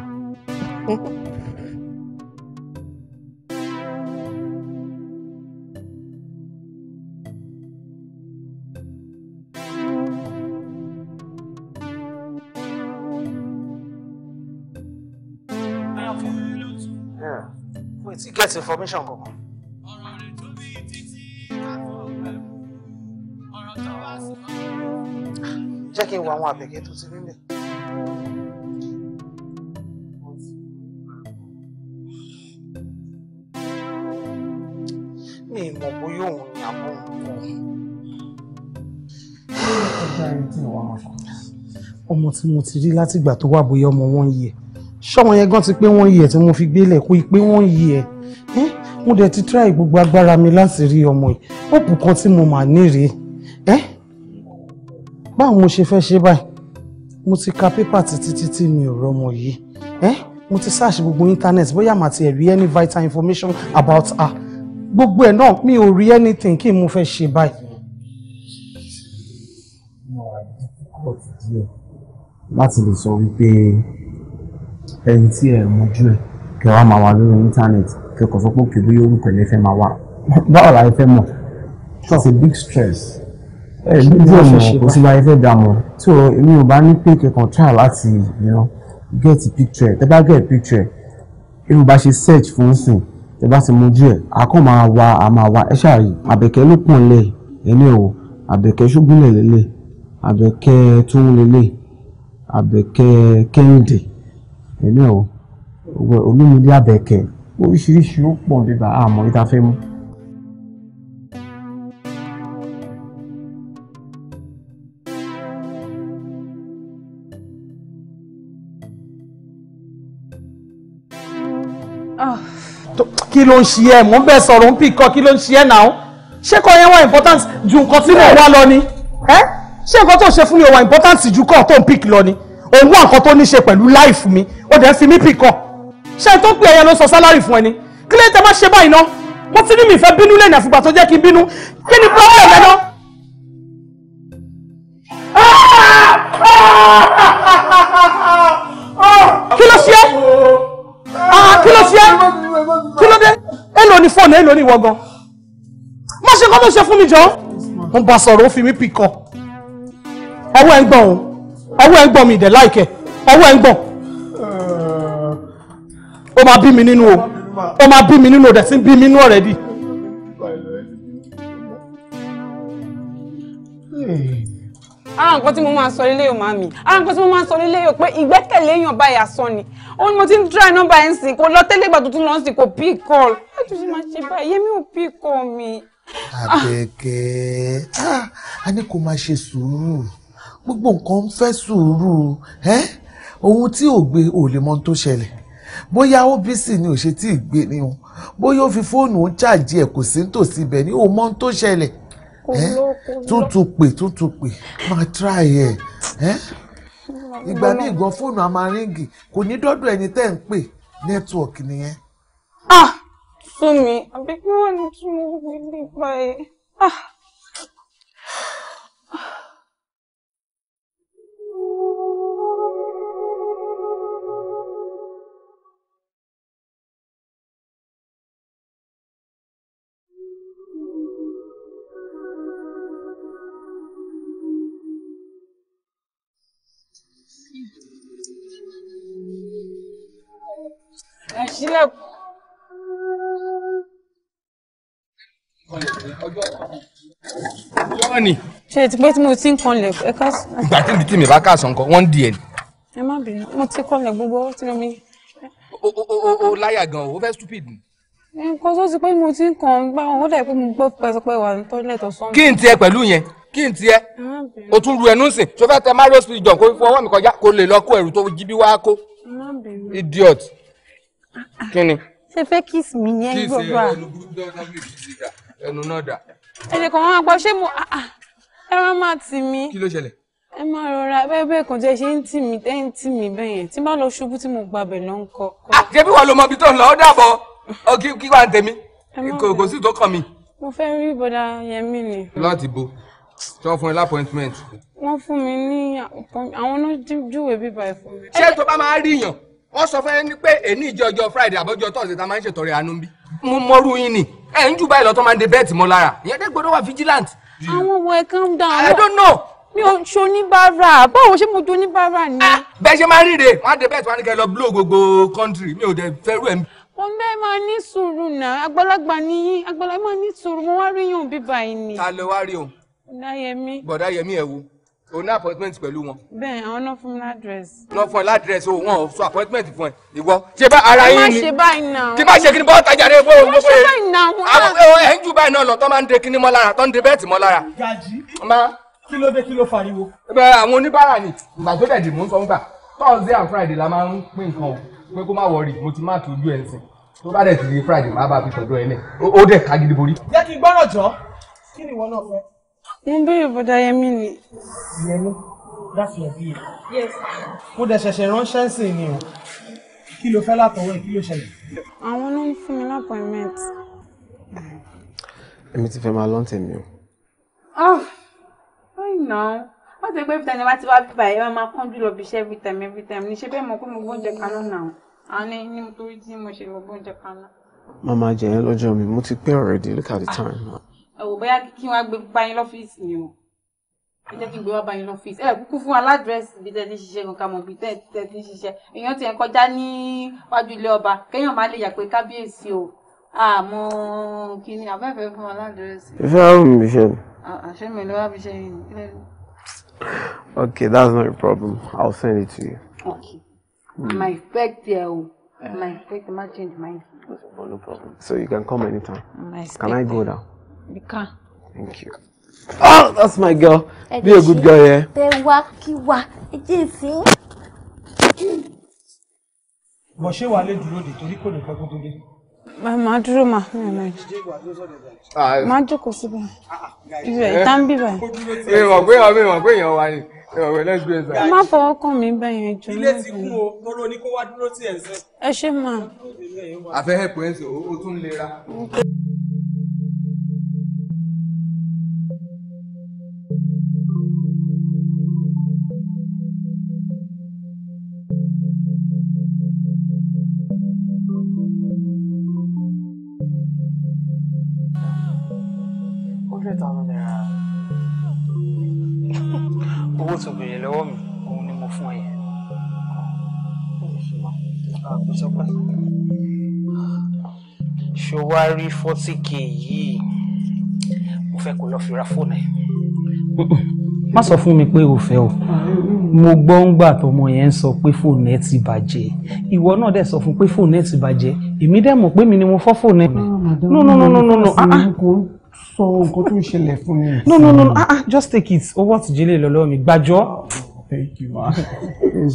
get information kankan. jẹ́ kí n wo àwọn àbẹ̀kẹ́ tó ti rí mi. mi mọ̀ bóyá òun ni àbọ̀ òun. ọmọ tí mo ti rí látìgbà tó wà bóyá ọmọ wọn yìí ẹ ṣọmọ yẹn gan ti pé wọn yìí ẹ tí mo fi gbélé kó i pé wọn yìí ẹ mo dẹ̀ ti try gbogbo agbára mi láti rí ọmọ yìí hope kan tí mo mà ní rèé ẹ́ báwo mo ṣe fẹ́ ṣe báyìí mo ti ka pépà títí títí mi ò rọmọ yìí ẹ́ mo ti search gbogbo internet bóyá màá ti rí any vital information about her gbogbo ẹ̀ náà mi ò rí anything kí n mo fẹ́ ṣe báyìí. láti lè sọ wípé ẹni tí ẹ mójú ẹ kẹwàá máa wà lórí íńtánẹ́ẹ̀tì ẹ kò fọ́ pé òkè bóyá orúkọ yẹn máa wá báwo la ẹ mọ̀ it's a big stress. ẹ lójú ọ̀nà kò sí láyé fẹ́ dààmú so èmi ò bá ní pé kẹkàn try láti you know, get picture tẹ bá get picture èmi ò bá ṣe search fún sìn tẹ bá ti mú díẹ̀ àkọ́ máa wá a máa wá ẹ ṣáàyè àbẹ̀kẹ́ ló pọ̀ lẹ̀ ẹni ò àbẹ̀kẹ́ ṣógúnlẹ̀ lélẹ̀ àbẹ̀kẹ́ tó ń lélẹ̀ àbẹ̀kẹ́ kẹ́hìndé ẹni ò olúmídé àbẹ̀kẹ́ oríṣiríṣi ó pọ̀ níbà àmọ́ ìta fẹ́ mú. Ah. kí ló ń ṣe ẹ mò ń bẹ sọ̀rọ̀ ń pì kọ́ kí ló ń ṣe ẹ náà ṣé kọ́ yẹn wá important ju nǹkan tí mò ń wá lọ ni ṣé nǹkan tó ṣe fún mi ò wá important ju kọ́ tó ń pì lọ ni òun wá nǹkan tó ní ṣe pẹ̀lú life mi ó dẹ̀ ń fi mí pì kọ́ ṣé tó pè ẹyẹ ló sọ sálárì fún ẹni kí lè tẹ má ṣe báyìí ná mo ti ní mi fẹ́ bínú lẹ́yìn àfìgbà tó jẹ́ kí n bínú kí ni problem ẹ ná. kí ló ṣe ah, kí ló ṣe kí ló dé èlò ni fóònù èlò ni ìwọ gan má ṣe kọ́ tó ṣe fún mi jọ mo bá sọ̀rọ̀ ó fi mí pìkọ́ ọwọ́ ẹ̀ ń gbọ̀n ọwọ́ ẹ̀ ń gbọ̀n mi ìdẹ̀ láìkẹ́ ọwọ́ ẹ̀ ń gbọ̀n ó máa bí mi nínú o ó máa bí mi nínú o dẹ̀ sí bí mi nínú already. ara nǹkan tí mo máa sọ lílé yòó màmí ara nǹkan tí mo máa sọ lílé yòó pé ìgbẹ́kẹ̀lé èèyàn báyà sọ ni òun ni mo ti ń dry number ẹ̀ ń sìn kò lọ tẹ́lẹ̀ ìgbà tuntun lọ ń sìn kò pick call láti fi máa ṣe báyìí yẹmi ò pick call mi. àbẹ̀kẹ́ a ní kó máa ṣe sùúrù gbogbo nǹkan ń fẹ́ sùúrù ohun tí ò gbé ò lè mọ ohun tó ṣẹlẹ̀ bóyá ó bísí ni ò ṣe tí ì gbé ni o bóyá ó fi fóònù ó ṣàjì ẹ̀ kò sí nítòsí ibẹ̀ ni òun mọ ohun tó ṣẹlẹ̀ tuntun pè tuntun pè máa try ẹ̀ ìgbà míì gan fóònù a máa ríngì kò ní dọ́dọ̀ ẹni tẹ́ ń pè nẹ́tíwọ̀kì nìyẹn. ah sumi àbí kí wọ́n ní kí mo gbé nípa ẹ̀ ah. sílẹ̀kùn. Jọ́ọ̀nì. Ṣé ti pé tí mo ti ń kanlẹ̀ ẹ ká sùn? Ìgbà tí mi tí mi bá kà sàn kan, wọ́n ń di ẹ̀. Ẹ má bínú, mo ti kanlẹ̀ gbogbo owó tí mi. O o o láyà gan-an, o fẹ́ stupid ni. Nǹkan tó ti pé mo ti ń kàn gbá wọn, ó dà pé mo gbọ́ pẹ́sọpẹ́ wà ní tọ́lẹ̀ tó sọ́n. Kí n tiẹ̀ pẹ̀lú yẹn? Kí n tiẹ̀? O tún ru ẹnu sìn, ṣo fẹ́ tẹ Mario Spirit jọ̀ kó fọwọ́ mi kọjá kó lè lọ kó ẹ̀rù tó jí bí wá kó. Idiot kí ni. ṣe fẹ́ kiss mi yẹn gbọ́dọ̀ à. ẹnu náà dà. ẹnì kan máa gbọ́ ṣé mo ah, ah, ẹran máa tì mí. kí ló ṣẹlẹ̀. ẹ máa rọra bẹ́ẹ̀ bẹ́ẹ̀ kàn jẹ́ ṣe ń tì mí ẹ̀ ń tì mí bẹ́ẹ̀ yẹn tí bá lọ ṣubú tí mo gba bẹ̀ lọ ń kọ. àjẹbí wà ló mọ ibi tó ń lọ ó dàbọ̀ kí wàá tẹ̀mí kò sí tó kàn mí. mo fẹ́ rí bọ́dà Yẹmí ni. láti bo tí wọ́n fún ẹ lápọ́ìntmẹ́ǹtì. wọ́n fún mi ní àwọn náà júwèé bíbá ẹ̀ fún mi. ṣé tó bá máa rí yàn wọ́n sọ fún ẹni pé èní ìjọjọ friday àbọ̀jọ thursday ta máa ń ṣètọrẹ àánú bí. mo mọrú yín ni ẹ ń jù báyìí lọ́tọ́ máa ń de bẹ́ẹ̀tì mọ́ lára ìyẹn dẹ́ gbọ́dọ̀ wà vigilant. àwọn ọmọ ẹ calm down. I don't know. mi ò ṣe oníbàárà báwo ṣe mo do oníbàárà ni. Ah, bẹ́ẹ̀ ṣe máa ríre wọ́n á de bẹ́ẹ̀tì wọ́n á ní kẹ́ lọ blow gbogbo country mi ò dẹ̀ fẹ́ rú ẹ̀ wọn bẹ́ẹ̀ máa ní sùúrù náà àgbàlagbà nìyí àgbàlagbà máa ní sùúrù mo wá rí yàn bíbá yìí ni. ta ló wá rí òun. bọ̀dá yẹmi. bọ̀dá yẹmi ẹ̀ wo o ní appointment pẹ̀lú wọn. bẹ́ẹ̀ àwọn náà fún mi ládírẹ́sì. lọ fún ẹ ládírẹ́sì o wọn ò sọ appointment fún ẹ ìwọ. ṣe bá ara yín ni kí má ṣe kí ni bọ́ọ̀ tajà rẹ fún owó pé àwọn ẹ̀ ń jù báyìí náà lọ tó máa ń de kíní mọ́ lára tó ń de bẹ́ẹ̀tì mọ́ lára. gaji kí ló dé kí ló fariwo. bẹ́ẹ̀ àwọn oníbàárà ni ìgbà tó dẹ̀ dì mú sọ ń mo ń béèrè bọ́dá yẹmí ni. yẹmí that's your bill. yes. mo dẹ̀ ṣẹ̀ṣẹ̀ ránṣẹ́ sí ni o kí ló fẹ́ látọwọ́ ẹ̀ kí ló ṣẹlẹ̀. àwọn ló ń fún mi lápọ̀ìmẹ́ǹt. èmi ti fẹ́ máa lọ́n tèmi o. ah i know wọ́n ti pé every time ẹ bá ti wá bíbá ẹ máa kánjú lọ bí iṣẹ́ every time every time ní ṣe bẹ́ẹ̀ mọ̀ pé mo gbọ́njẹ kaná náà àní ní mo torí tí mo ṣe lọ gbọ́njẹ kaná. màmá jẹ́ ẹ lọ́jọ́ mi mo ti pẹ́ already look at the time ẹ wò kí wọ́n gbé bá yín ni o ẹ jẹ́ kí n gbé wá bá yín ẹ kúkú fún wa ládírẹ́sì bí tẹ́ ti ń ṣiṣẹ́ nǹkan mọ̀ bí tẹ́ ti ń ṣiṣẹ́ èèyàn ti ẹ̀ kọjá níwájú ilé ọba kéèyàn má lè yà pé kábíyèsí o àmọ́ kí ni àbẹ́fẹ́ fún wa ládírẹ́sì. ìfẹ́ àwọn mi ṣe ni. àṣẹ mi ló wá fi ṣe yìí nílẹ̀ ni. Okay, that's not a problem. I'll send it to you. Okay. Mm. My effect there. My effect eh. might change my. No problem. So you can come anytime. My can I go now? You can. Thank you. Oh, that's my girl. Be a good girl, yeah. Bewa kiwa. Ejesi. Bó ṣe wà lè dúró dè torí kò lè pẹ́ kó tó dé. Ma, dúró mà fún mi náà. Má jókòó síbẹ̀. Ibẹ̀ ìta ń bíbà. Ẹ mọ̀ pé ọmọ ìmọ̀ pé èèyàn wà ní ẹ̀rọ ẹlẹ́gbẹ̀ẹ́ sá. Má fọwọ́ kàn mí bẹ́yẹn jù. Ilé ti kún o, lọ́rọ̀ oníkó wá dúró tí ẹ̀ ń sẹ́. Ẹ ṣé mà. Àfẹ́ hẹ̀pù ẹ̀ sọ, ó tún lera. àgbẹ̀sọ́pẹ́ ṣó wá rí forty k yìí mo fẹ́ kó lọ́ọ́ fi ra fóònù ẹ̀. má sọ fún mi pé o fẹ́ o mo gbọ́ ń gbà tọmọ yẹn ń sọ pé fóònù ẹ ti bàjẹ́ ìwọ náà dẹ̀ sọ fún pé fóònù ẹ ti bàjẹ́ èmi dẹ̀ mọ̀ pé mi ni mo fọ́ fóònù ẹ. Ah, no no no no no no ah ah sọ nǹkan tó ń ṣẹlẹ̀ fún mi. no no no ah ah just take it owó àtijọ́ lè lọ mi gbàjọ́. Ah, thank you ma.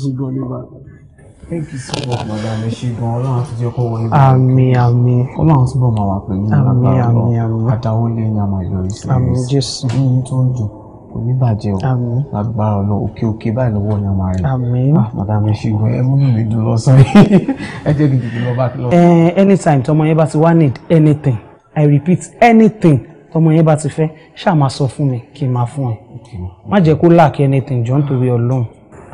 thank you so much madam ẹ ṣé gan ọlọ́run àti tí ọkọ wọlé. àmín àmín ọlọ́run túbọ̀ máa wà pẹ̀lú àmín àmín àmín àdáwọ́ lé ní àmà ìlọrí sí i àmín jésù yíyí tó ń dùn kò ní bàjẹ́ o àmín agbára ọlọ òkè òkè báyìí lọ́wọ́ ni àmà rẹ̀ àmín ah, madam ẹ ṣé gan ẹ múnú mi dùn lọ́sàn-án ẹ jẹ́ kí kìkì lọ́ba kí lọ. anytime tọmọ yẹn bá ti wá need anything i repeat anything tọmọ yẹn bá ti fẹ́ ṣáà máa sọ fún mi kí n máa fún ẹ má jẹ́ kó lack anything jọ nítorí ọlọ́run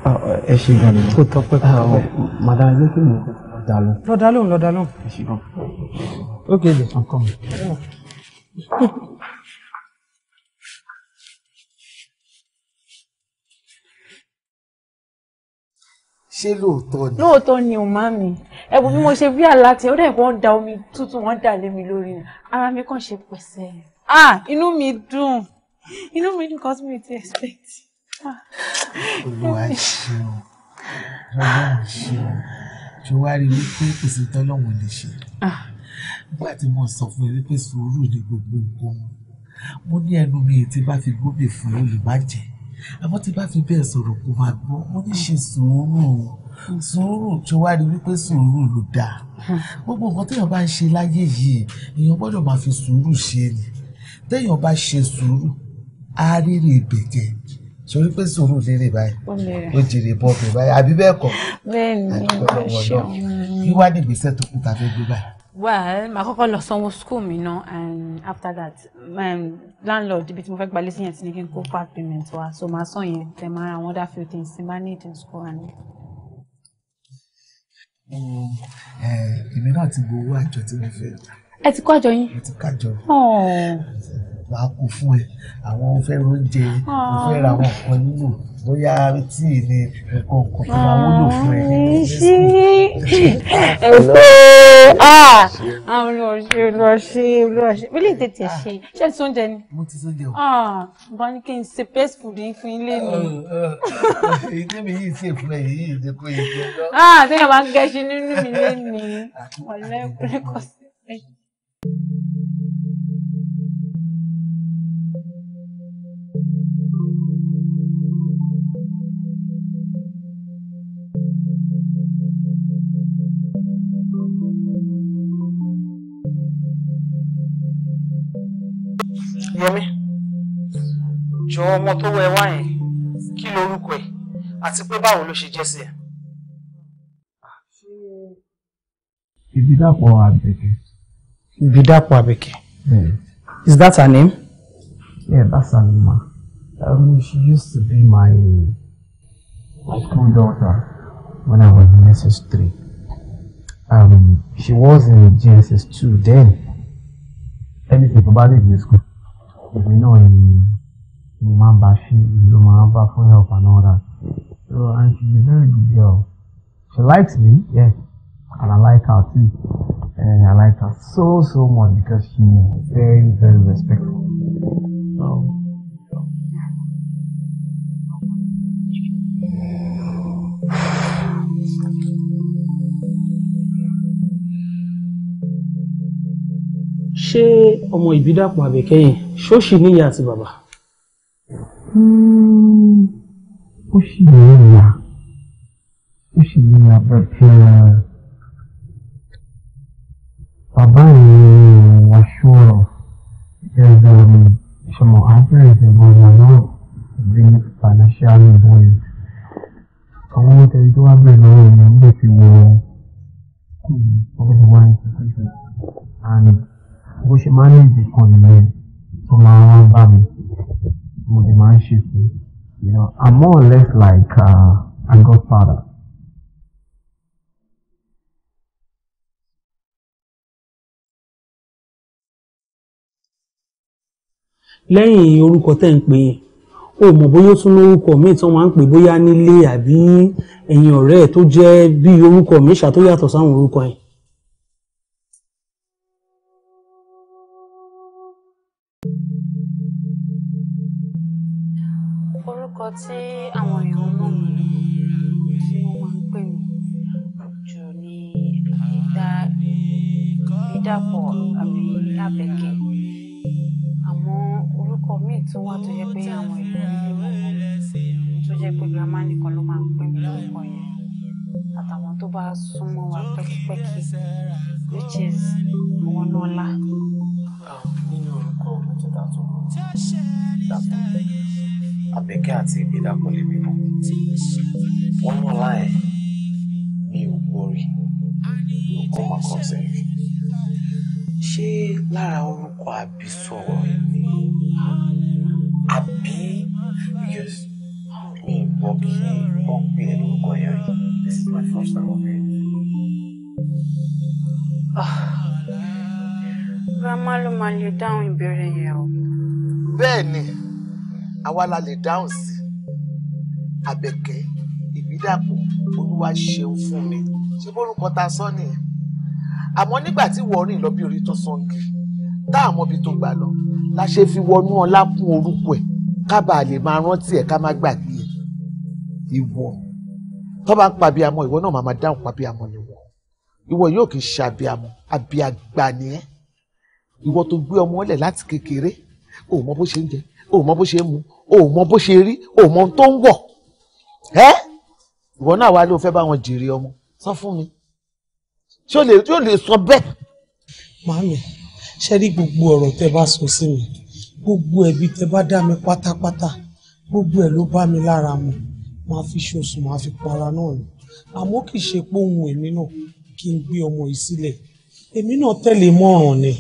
Ah, ẹ ṣe gan ni. Ah, kò tọpẹ́ kọ madam ẹgbẹ kí ni lọdà lóhùn. lọdà lóhùn lọdà lóhùn. ẹ ṣe gan. ok le kan kọ mi. ṣé lóòótọ́ ni. lóòótọ́ ni o máa mi ẹ̀bùn bí mo ṣe bí àláti ó dẹ̀ wọ́n da omi tútù wọ́n dà lé mi lórí ni ara mi kàn ṣe pẹ̀sẹ̀. ah inú mi dùn inú mi dùn cause mi ti expect olúwa ah. nígbà tí mo sọ fún ẹ wípé sùúrù ni gbogbo nǹkan mo ní ẹnu mi tí bá fi gbóbi fún olùbàjẹ́ àmọ́ tí bá fi bẹ́ẹ̀ sọ̀rọ̀ kó máa gbọ́ mo ní ṣe sùúrù sùúrù tí wàá rí wípé sùúrù ló dáa gbogbo nǹkan téèyàn bá ń ṣe láyé yìí èèyàn gbọ́dọ̀ máa fi sùúrù ṣe ni téèyàn bá ṣe sùúrù á rí rè bẹ̀jẹ̀ sórí pé sùúrù lérè báyìí ó jèrè bọ́ọ̀bù báyìí àbí bẹ́ẹ̀ kọ́ bẹ́ẹ̀ni ó ṣeun kí wá ní ìgbésẹ̀ tó kù tá a fẹ́ gbé báyìí. well màá kọ́kọ́ lọ sanwó school mi ná and after that um, landlord ibi tí mo fẹ́ gbalẹ̀ sí yẹn ti ní kí n kó part payment wa so màá san yẹn tẹ̀ máa ra àwọn other few things tí n bá need in school and èmi náà ti gbowó àjọ tí mo fẹ́. ẹ ti kó àjọ yín. ẹ ti kájọ wàá kó fún ẹ àwọn ó fẹ́ oúnjẹ ó fẹ́ ra àwọn nǹkan nílò bóyá tíì ni nǹkan kò tó máa wúlò fún ẹ. ṣí ẹ pé àwọn olùrànṣẹ́ olùrànṣẹ́ olùrànṣẹ́ wílé tètè ah. ṣe ṣé ti oúnjẹ ni. mo ti sóúnjẹ o. bá ah, ní kí n ṣe best food yín fún ilé mi. ìdí eh, eh, mi yìí ṣe fún ẹ yìí ìdí kò yẹ kí n lọ. sẹ́yìn bá ń gẹṣin nínú mi lé mi ọ̀lẹ́kùnrin kọ̀ọ̀sì. Yẹmí jọ ọmọ tó wẹ wá yẹn kí lorúkọ ẹ̀ àti pé báwo ló ṣe jẹ́ sí ẹ. Ìbídàpọ̀ Àbẹ̀kẹ́. Ìbídàpọ̀ Àbẹ̀kẹ́. Hmm. Is that her name? Yeah, that's her name ma. Um, she used to be my my school daughter when I was in ss three. Um, she was in GSS2 then. Anything for body in school èmi náà ni mo máa ń bá ṣe ló máa ń bá fún help and all that so and she is a very good girl she likes me yeah and I like her too and eh, I like her so so much because she is very very respectful. Um, so. ṣé ọmọ ìbídàpọ̀ àbẹ̀kẹ́yìn ṣóṣì níyà àti bàbá. Hmm, ó sì níyà ó sì níyà bàtí uh, bàbá yìí wà ṣọ́ọ̀rọ̀ ẹ̀rọ mi ṣọmọ abẹ́rẹ́ ìjọba ọmọ náà bí financial boys àwọn ọmọ tó wá bẹ̀rẹ̀ lọ́wọ́ ìyẹn ń bẹ̀ fi wọ ọ́n kó wọ́n ń um, ṣe and bó ṣe máa ń ní ìdí kan nìyẹn tó máa ń bá mi mo dẹ̀ máa ń ṣe fún you know I'm more or less like uh, a godfather. lẹ́yìn orúkọ tẹ́ ń pè ó mọ̀ bóyá ó tún lórúkọ míì tán máa ń pè bóyá nílé àbí ẹ̀yìn ọ̀rẹ́ tó jẹ́ bí orúkọ mi ṣàtó yàtọ̀ sáwọn orúkọ yẹn. tó wà tó yẹ pé àwọn ìlú orílẹ̀-èdè tó jẹ́ pé girama nìkan ló máa ń pè mí lórúkọ yẹn àtàwọn tó bá súnmọ́ wa pẹ́kípẹ́kí which is wọn lọ́la. nínú orúkọ olóòtú dàtọ̀ dàtọ̀ àbẹ̀kẹ́ àti ìgbédàpọ̀ lè bímọ wọn lọ́la ẹ̀ mi ò gbórí ló ṣé lára orúkọ àbísọ̀rọ̀ ni àbí because mi ì gbọ́ kí wọ́n pè é lórúkọ yẹn rí this is my first time of it. Ah. grandma ló máa lè dáhùn ìbéèrè yẹn o. bẹ́ẹ̀ ni àwa la lè dáhùn sí àbẹ̀kẹ́ ìbídàpọ̀ olúwa ṣeun fún mi ṣé bórúkọ ta sọ nìyẹn àmọ́ nígbà tí wọ́n lọ bí orí tó sọ́ńgì tá àmọ́ ibi tó gbà lọ la ṣe fi wọnú ọlá kún orúkọ ẹ̀ ká bàa lè máa rántí ẹ̀ ká má gbàgbé ẹ̀ ìwọ tó bá ń pa abiyamọ ìwọ náà máa máa dáhùn pa abiyamọ ni wọ ìwọ yóò kì í ṣe abiyamọ abiyagbà ni ẹ ìwọ tó gbé ọmọ lẹ̀ láti kékeré o mọ bó ṣe ń jẹ o mọ bó ṣe ń mu o mọ bó ṣe rí o mọ ohun tó ń wọ̀ ẹ ìwọ náà wá ló fẹ́ bá wọn jèrè ọmọ sọ fún mi ṣé o lè sọ bẹ́ẹ̀. màámi ṣe rí gbogbo ọ̀rọ̀ tẹ́ bá sọ sí gbogbo ẹ̀bi tẹ́ bá dá mi gbogbo ẹ ló bá mi lára mu máa fi ṣoṣù máa fi para náà ni àmọ́ kì í ṣe náà kí n gbé ọmọ yìí sílẹ̀ èmi náà tẹ̀lé mọ́ràn ni.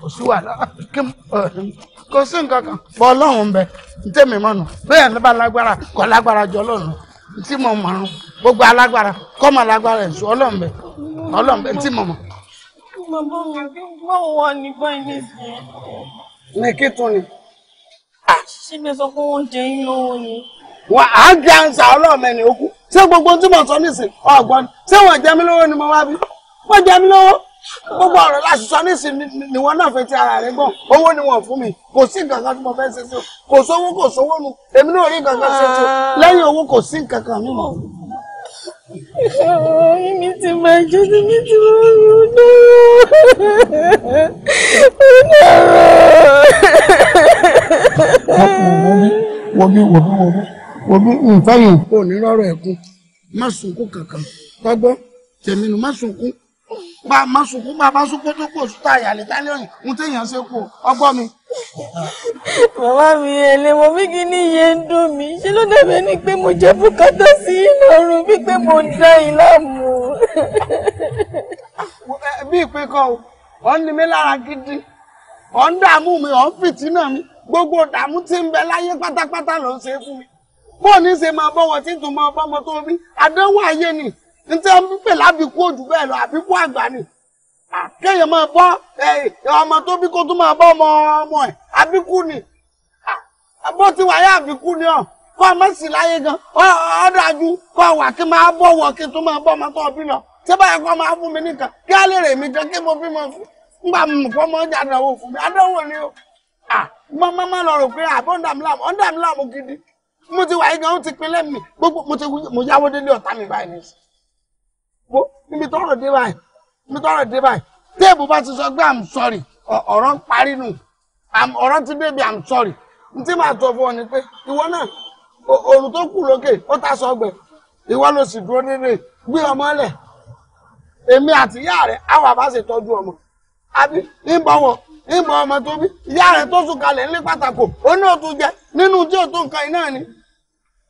kò sí wàhálà kò sí nǹkan kan ní ọlọ́run tí mo gbogbo alágbára kọ́ Ọlọ́run bẹ tí mo mọ. bàbá mi báwo wà ní báyìí nísìnyí. ní kí tún ni. ṣé mi sọ pé wọ́n jẹ yín lọ́wọ́ ni. wà á jẹ àǹsà Ọlọ́run ẹni òkú ṣé gbogbo tí mo sọ nísìn ọgbọ́n ṣé wọ́n jẹ mí lọ́wọ́ ni mo wá bí wọ́n jẹ mí lọ́wọ́ gbogbo ọ̀rọ̀ láti sọ nísìn ni wọ́n náà fẹ́ ti ara rẹ̀ gbọ́n owó ni wọ́n fún mi kò sí nǹkan kan tí mo fẹ́ ṣe sí o kò sówó kò sówó nu èmi náà rí nǹkan kan ṣe sí o ah. lẹ́yìn owó kò sí nǹkan kan mímọ́. Èmi ti bàjẹ́ tí mi ti máa ń ronú. Wọ́bí wọ́bí wọ́bí wọ́bí nǹkan yìí. O ní rọrọ ẹ̀kún, má sunkún kankan. Tọ́gbọ́, tẹ̀mínú má sunkún bá a máa sunkún bá a bá sunkún tó pò sùtà àyàlẹ tálẹ òyìn ohun téèyàn ṣe kù ọgbọ́n mi. bàbá mi ẹlẹ́wọ̀n mi kì í ní iye ń dùn mí ṣé ló dẹ̀bẹ̀ ni pé mo jẹ́ bùkátà sí ìlọrun bíi pé mo ń dá yín láàmú. bí ìpè kan o ò ń ni mí lára gidi ò ń dààmú mi ò ń fìtínà mi gbogbo ìdààmú tí ń bẹ láyé pátápátá ló ń ṣe fún mi bóun ní ṣe máa bọ́wọ́ tí tún máa bọ́mọ tó rí ayé ni níta ń pè lábìkú òjò bẹ́ẹ̀ lọ àbíkú àgbà ni kéèyàn máa bọ́ ọmọ tó bí kó tún máa bọ́ ọmọ ọmọ ẹ̀ àbíkú ni bó ti wáyé àbíkú ni ọ kọ́ ọmọ sì láyé gan ọ̀dájú kọ́ wà kí máa bọ̀ wọ̀ kí tún máa bọ́ ọmọ tó bí lọ tí báyìí kọ́ máa fún mi nìkan kí á lè rè mí kan kí mo fi mọ fún ngbà mọ̀ fọ́ mọ́ ọjà àdánwò fún mi àdánwò ni o mọ́ mọ́ mọ́ lọ rò pé àbọ̀ ọ̀dàmúlàmù ọ̀dàmúlàmù gidi mo ti wáyé gan ó ti pinlẹ̀ mi gbogbo mo ti mo yáwó délé ọ̀tá mi báyìí nìyí wo níbi tọrọ dé báyìí níbi tọrọ dé báyìí téèbù bá ti sọ pé i'm sorry ọ̀rọ̀ ń parí nù ọ̀rọ̀ ti débi i'm sorry n tí màá tọ́ fún ọ ni pé ìwọ náà òòrùn tó kù lókè ó ta sọgbẹ ìwọ ló sì dúró nílé gbé ọmọ lẹ èmi àti ìyá rẹ àwọn àbá ṣe tọ́jú ọmọ àbí ìbọn wọn ìbọn ọmọ tó bí ìyá rẹ tó sùn kalẹ̀ ní pàtàkó ó ní òtún jẹ nínú tí òtún kan iná ni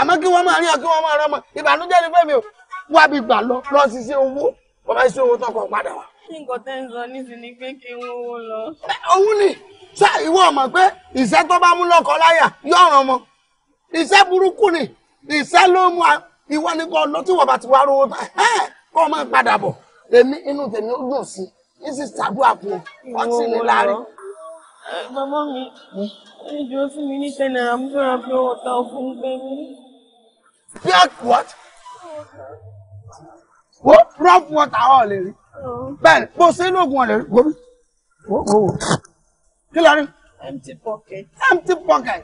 àmọ́ kí wọ́n máa rí ọ kí wọ́n máa rọmọ ìbànújẹ́ ni fẹ́mi o wá bí gbà lọ lọ ṣiṣẹ́ owó bàbá ṣiṣẹ́ owó tọkọ padà wá. nǹkan tẹ́ ń sọ nísìnyí pé kí n wó lọ. òun ni ṣá ìwọ mọ̀ pé ìṣẹ́ tó bá mú a láyà yóò ràn mọ́ ìṣẹ́ burúkú ni ìṣẹ́ ló mú ìwọ ni kò lọ tí wọ́n bá ti wá rówó kó máa padà bọ̀ èmi inú tèmi ó dùn sí i ní sì tàbí àpò ọtí ni láàrin. bàbá mi ìjọ sí mi ní tẹnara mo pé ọ̀tá ọ̀fun gbẹ Pure what? What? rough water ọ̀ lè rí. Bẹ́ẹ̀ni, bó ṣe inú oògùn ọ̀lẹ̀ rí. Gomi. Kí lọ rí? Empty pocket. Empty pocket.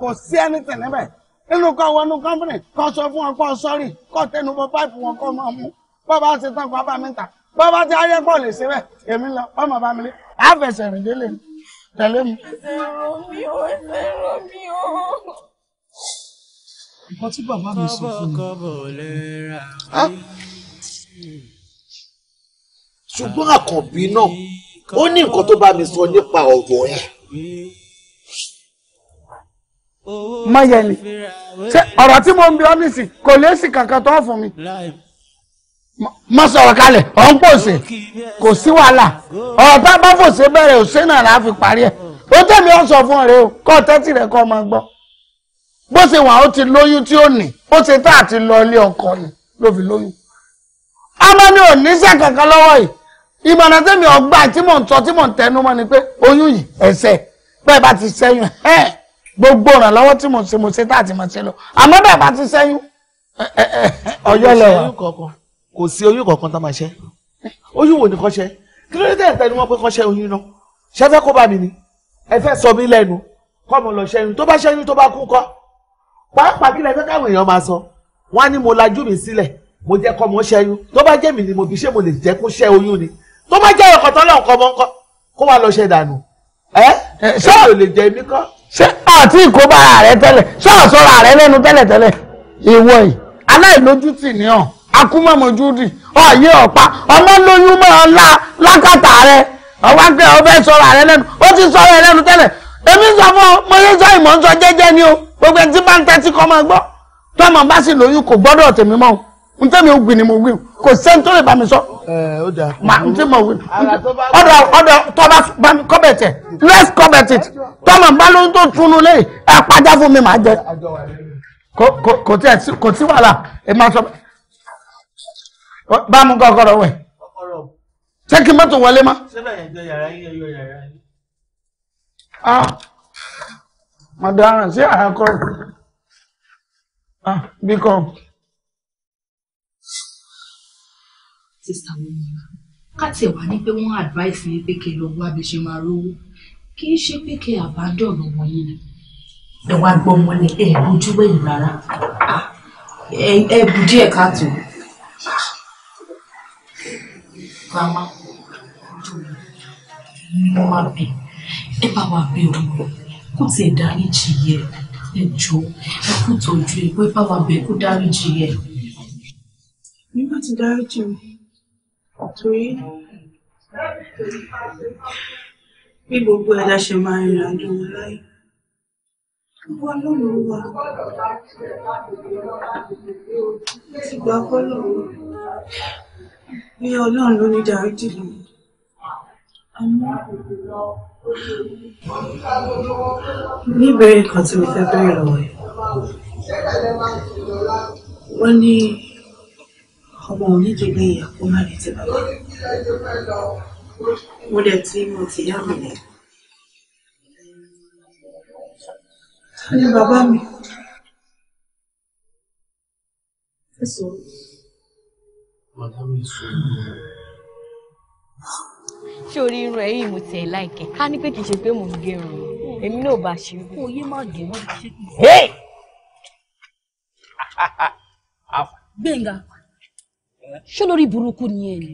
Kò sí anything níbẹ̀. Inú kan wọnú company kan sọ fún wọn kọ́ sọ́rí kọ́ tẹnu bọ páìpù wọn kọ́ máa mú. Bọ́ba ṣe tán kọ́ bá mi ta. Bọ́ba ti ayé pọ̀ lè ṣe bẹ́ẹ̀. Èmi lọ, ọmọ bá mi lé. Àfẹsẹ̀rìn délé tẹ̀lé mi. Ẹsẹ̀ rọ̀ mí o, ẹsẹ̀ rọ̀ mí o nǹkan tí bàbá mi sọ fún mi. Ah! ṣùgbọ́n àkànbí náà ó ní nǹkan tó bá mi sọ nípa ọ̀rọ̀ ẹ̀. Máyẹ̀lì ṣé ọ̀rọ̀ tí mo ń bi ọ́mísì kò lésì kankan tó fún mi. Má sọ̀rọ̀ kalẹ̀ ọ̀ ń pòsè kò sí wàhálà ọ̀rọ̀ tá a bá fòsè bẹ̀rẹ̀ òṣè náà la parí ẹ̀ ó tẹ̀lé ọ̀sọ̀ fún ọ̀rẹ́ o kọ́ tẹ́tì rẹ̀ kọ́ ọmọ gbọ́ bó ṣe wà ó ti lóyún tí ó nì bó ṣe tá àti lọ ilé ọkọ ni ló fi lóyún ọmọ mi ò níṣẹ́ kankan lọ́wọ́ yìí ìmọ̀ràn tẹ́mi ọgbà tí mò ń sọ tí mò ń tẹnu mọ́ ni pé oyún yìí ẹ̀ṣẹ̀ bẹ́ẹ̀ bá ti ṣẹ́yún ẹ̀ gbogbo ìrànlọ́wọ́ tí mo ṣe mo ṣe tá àti mo ṣe lọ àmọ́ bẹ́ẹ̀ bá ti ṣẹ́yún ọyọ́ lẹ́wà kò sí oyún kankan tá máa ṣe oyún wo ni kò ṣe kí ló dé tẹ̀ tẹnu mọ́ pé kò ṣe oyún náà ṣe kó bá mi ni ẹ fẹ́ sọ mí lẹ́nu kọ́ mo lọ ṣẹ́yún tó bá ṣẹ́yún tó bá kú kọ́ pàápàá kí lẹ fẹ́ káwọn èèyàn máa sọ wọ́n á ní mo lajú mi sílẹ̀ mo jẹ́ kọ́ mọ́ ṣẹ́yún tó bá jẹ́ mi ni mo fi ṣé mo lè jẹ́ kó ṣẹ́ oyún ni tó bá jẹ́ ọkọ̀ tán lọ́nkọ́ mọ́ ńkọ́ kó wá lọ ṣe dànù ẹ ṣé o lè jẹ mí kọ́. ṣé àti ìkóbá rẹ tẹ́lẹ̀ ṣé ọ̀sọ́ra rẹ lẹ́nu tẹ́lẹ̀ tẹ́lẹ̀ ìwọ yìí aláìlójútì ni ọ́ akúmọ̀mọ̀júdì ọ̀yẹ́ ọ̀pá ọmọ lóyún mọ́ ọ lá lákàtà rẹ ọwọ́ pé ọbẹ̀ sọ̀rọ̀ rẹ lẹ́nu ó ti sọ̀rọ̀ rẹ lẹ́nu tẹ́lẹ̀ èmi sọ fún ọ mo yé sọ ìmọ̀ ń sọ jẹ́jẹ́ ni o gbogbo ẹni tí bá ń tẹ́tí kọ́ máa gbọ́ tó ọmọ bá sì lóyún kò gbọ́dọ̀ tèmi mọ́ n tẹ́mi ò gbìn ni mo gbìn kò sẹ́ni tó lè bá mi sọ. ma n tí mo wí ọ̀dọ̀ ọ̀dọ̀ tó bá bá mi comment it let's comment it tó ọmọ bá lóyún tó túnú lé ẹ pàjá fún mi màá jẹ kò tí kò tí wàhálà ẹ máa sọ bá mu kọ́kọ́rọ́ wẹ̀ ṣé kí mọ́tò wọlé má. ṣé bẹ́ẹ̀ yẹn jẹ yàrá yín yọ yàrá yín ah ọ̀daràn sí àràkọ ah bíkọ. sista wọnyọla ká tiẹ̀ wá ní pé wọ́n advice yín pé kí ẹ lọ wá bí ṣe máa rówó kì í ṣe pé kí ẹ abandon ọmọ yín ni. ẹ wá gbọ́ ọmọ ni ẹ bójú wẹ̀yìn rárá ah, ẹ bù díẹ̀ káàtó. grandma mo máa bẹ̀rẹ̀ ẹ bá wa bẹ òun kó tiẹ̀ dáríjì yẹ ẹ jọ ẹ kó tọ́jú ẹ pé bá wa bẹ kó dáríjì yẹ. mi má ti dáríjì o torí bí gbogbo ẹ̀dá ṣe máa ń rìn àjò wọn láyé wọ́n lọ́rùn wa ti gbà kọ́ lọ́rùn ní ọlọ́run ló ní dáríjì lọ́wọ́ àmọ́ ní ìbéèrè kan tí mo fẹ́ bẹ̀rẹ̀ lọ́wọ́ ẹ̀ wọ́n ní ọmọ onídìrí ìyàpọ̀ má ní ti bàbá mo dẹ̀ tí ti yá mi lẹ̀ ta ni bàbá mi ẹ sórí irun ẹ yìí mo tiẹ̀ láìkẹ́ ká ní pé kì í ṣe pé mò ń gẹrun èmi náà bá ṣe wí. kò yé má gé wọn ṣe kì í ṣe. gbẹ̀ngà ṣé lórí burúkú ni ẹ ní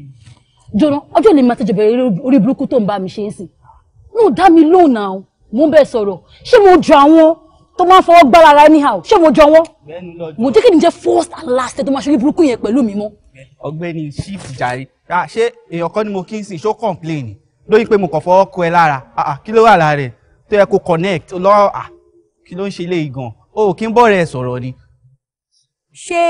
jọ̀rọ̀ ọjọ́ lè máa tẹ̀jọ̀ bẹ̀rẹ̀ orí burúkú tó ń bá mi ṣe é sìn. mo dá mi lóhùn náà mo ń bẹ̀ sọ̀rọ̀ ṣé mo jọ àwọn tó máa ń fọwọ́ gbára ara anyhow ṣé mo jọ wọ́n mo jẹ́ kí ni jẹ́ first and last ẹ̀ tó máa ṣe orí burúkú yẹn pẹ̀lú mi mọ́. ọ̀gbẹ́ni chief jare ṣé èèyàn kan ni mo kí n sìn ṣó complain lórí pé mo kàn fọwọ́ kọ ẹ lára kí ló wà lára rẹ̀ tó yẹ kó connect lọ kí ló ń ṣe eléyìí gan o kí n bọ̀ sọ̀rọ̀ ni. ṣé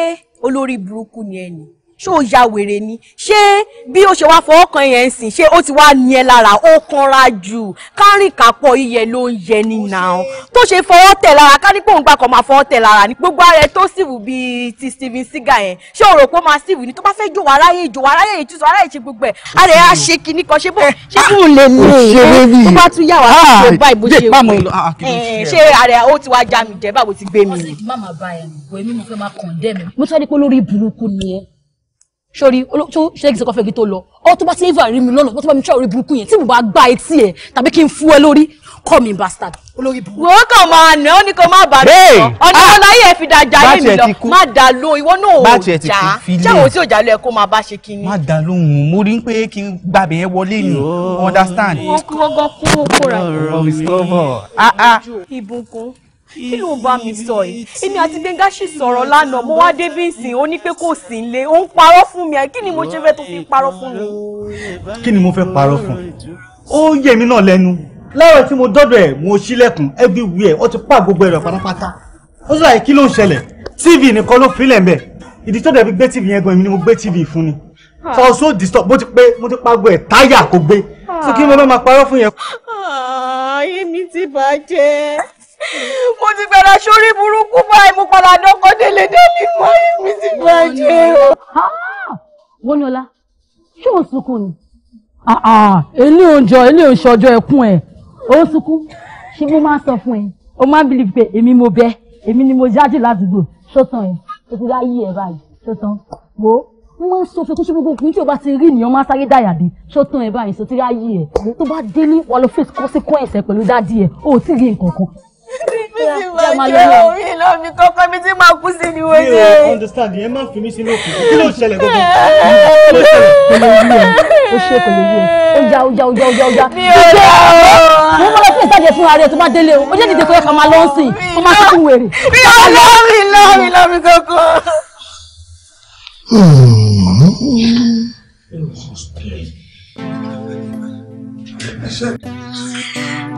olórí burúkú ni ẹ nìyí ṣé o ya wèrè ni ṣé bí o ṣe wá fọwọ́ kan yẹn ń sìn ṣé o ti wá ní ẹ lára ó kanra jù kárìn kápọ̀ iyẹ̀ ló ń yẹ ní nàá tó ṣe fọwọ́ tẹ̀ lára ká ní pé òun gbà kan máa fọwọ́ tẹ̀ lára ní gbogbo ara ẹ tó sìwù bíi ti Steven Seagal yẹn ṣé o rò pé ó máa sìwù ni tó bá fẹ́ jò wá ráyè jò wá ráyè ìtúsọ ráyè ṣe gbogbo ẹ̀ ara ẹ̀ á ṣe kinní kan ṣé bó ṣé kò lè ní èyí tó bá tún yà wá sí ìgbà ìbò ṣe wù ah, ṣé ara ẹ̀ ó ti wá já mi jẹ́ báwo ti gbé mi. mo sọ sori tó ṣẹ́gi sẹ́kọ́ fẹ́gi tó lọ ọ tó bá ti eva rí mi lọ́nà tó bá mi tí ọ̀rẹ́ burúkú yẹn tí mo bá gba etí ẹ̀ tàbí kí n fú ẹ lórí call me bastard olórí burúkú. wọ́n kàn máa nà ọ́ ní kò má bàa lọ ọ̀nà ọláyé ẹ̀ fi da ja yé mi lọ má da lo ìwọ náà ò já já òun tí ò já lọ ẹ kó máa bá ṣe kí ni. má da lóhùn mo rí pé kí n gbàgbé yẹn wọlé ni understand. wọ́n ọgọ́ kú ó kóra kí ló ń bá mi sọ yìí èmi àti Gbẹ́ngà sì sọ̀rọ̀ lánàá mo wá débi ìsìn ó ní pé kò sí nílé ó ń parọ́ fún mi kí ni mo ṣe fẹ́ tó fi parọ́ fún mi. kí ni mo fẹ́ parọ́ fún ó yé mi náà lẹ́nu láwọn tí mo dọ́dọ̀ ẹ̀ mo ṣílẹ̀kùn everywhere ó ti pa gbogbo ẹ̀rọ pátápátá ó sọ àyè kí ló ń ṣẹlẹ̀ tv nìkan ló filẹ̀ mbẹ̀ ìdí tó dẹ̀bi gbé tv yẹn gan èmi ni mo gbé tv fún ni for ah. so disturb bó ti pé mo ti pa gbogbo ẹ̀ táyà kò gbé so kí mo fẹ́ máa parọ́ fún yẹn. Ah, ayé mi ti bàjẹ́ mo ti gbàdá sórí burúkú báyìí mo padà dọ́kọ́ délé délé mọ́ mi ti bàjẹ́ o. Ah! wọnọlá ṣé o sunkún ni. Ah, ah, èlé òǹjọ èlé òǹṣọjọ ẹkún ẹ ó sunkún ṣé mo máa sọ fún ẹ o máa bìlìfù pé èmi mo bẹ èmi ni mo jáde ládùúgbò ṣótán ẹ o ti dá yí ẹ báyìí ṣótán wo wọ́n sọ fún kúṣe gbogbo òkùnrin tí o bá ti rí nìyẹn máa sáré dáyà dé ṣótán ẹ báyìí sotí ráyè ẹ tó bá délé wà lọ face consequence ẹ pẹ̀lú dádì ẹ o ò tí ì rí nǹkan kan jẹ́ máa lọ orí lọ mi kọ́kọ́ mi tí máa kú sí ni wọ́n ṣe. mi ò understand ẹ má fi mí sínú òkú kí ló ṣẹlẹ̀ gbogbo kí ló ṣẹlẹ̀. o ṣe kò lè yé o ya o ya o ya o ya o ya. mi ò lọ mo mọ lọ fún ìtajà fún ààrẹ tó bá délé o ojú ìdìbò yẹn kan máa lọ sí i ó máa tún wèrè. mi ò lọ mi lọ mi lọ mi kọ́kọ́. Thank you.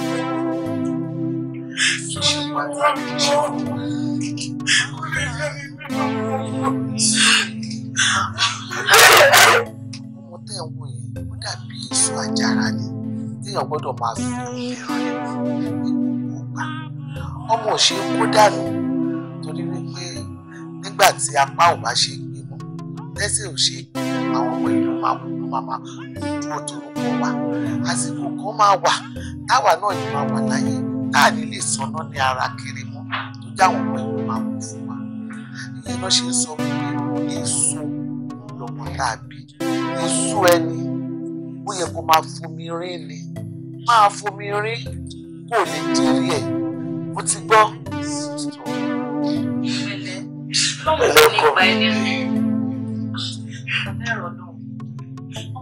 ọmọ tẹ́ ẹ̀ wọ yẹn dàbí èso àjàrà ni téèyàn gbọ́dọ̀ máa fi ìlera ọmọ ò kó dànù torí wípé nígbà tí apá ò bá ṣe gbé mọ́ tẹ́sẹ̀ ò àwọn ọmọ ìlú máa wù máa dúró tó orúkọ wa àsìkò kan máa wà táwa náà yìí máa wà láyé táà lè sọnà ní ara kiri mọ́ tó jáwọn ọmọ ìlú máa wù fún wa ìyẹn náà ṣe sọ pé èso lọmọ tàbí èso ẹni ó yẹ kó máa fomi rín ni máa fomi rín kó lè dérí ẹ mo ti gbọ́. báwo ni nípa ẹni rí? ẹ̀rọ náà.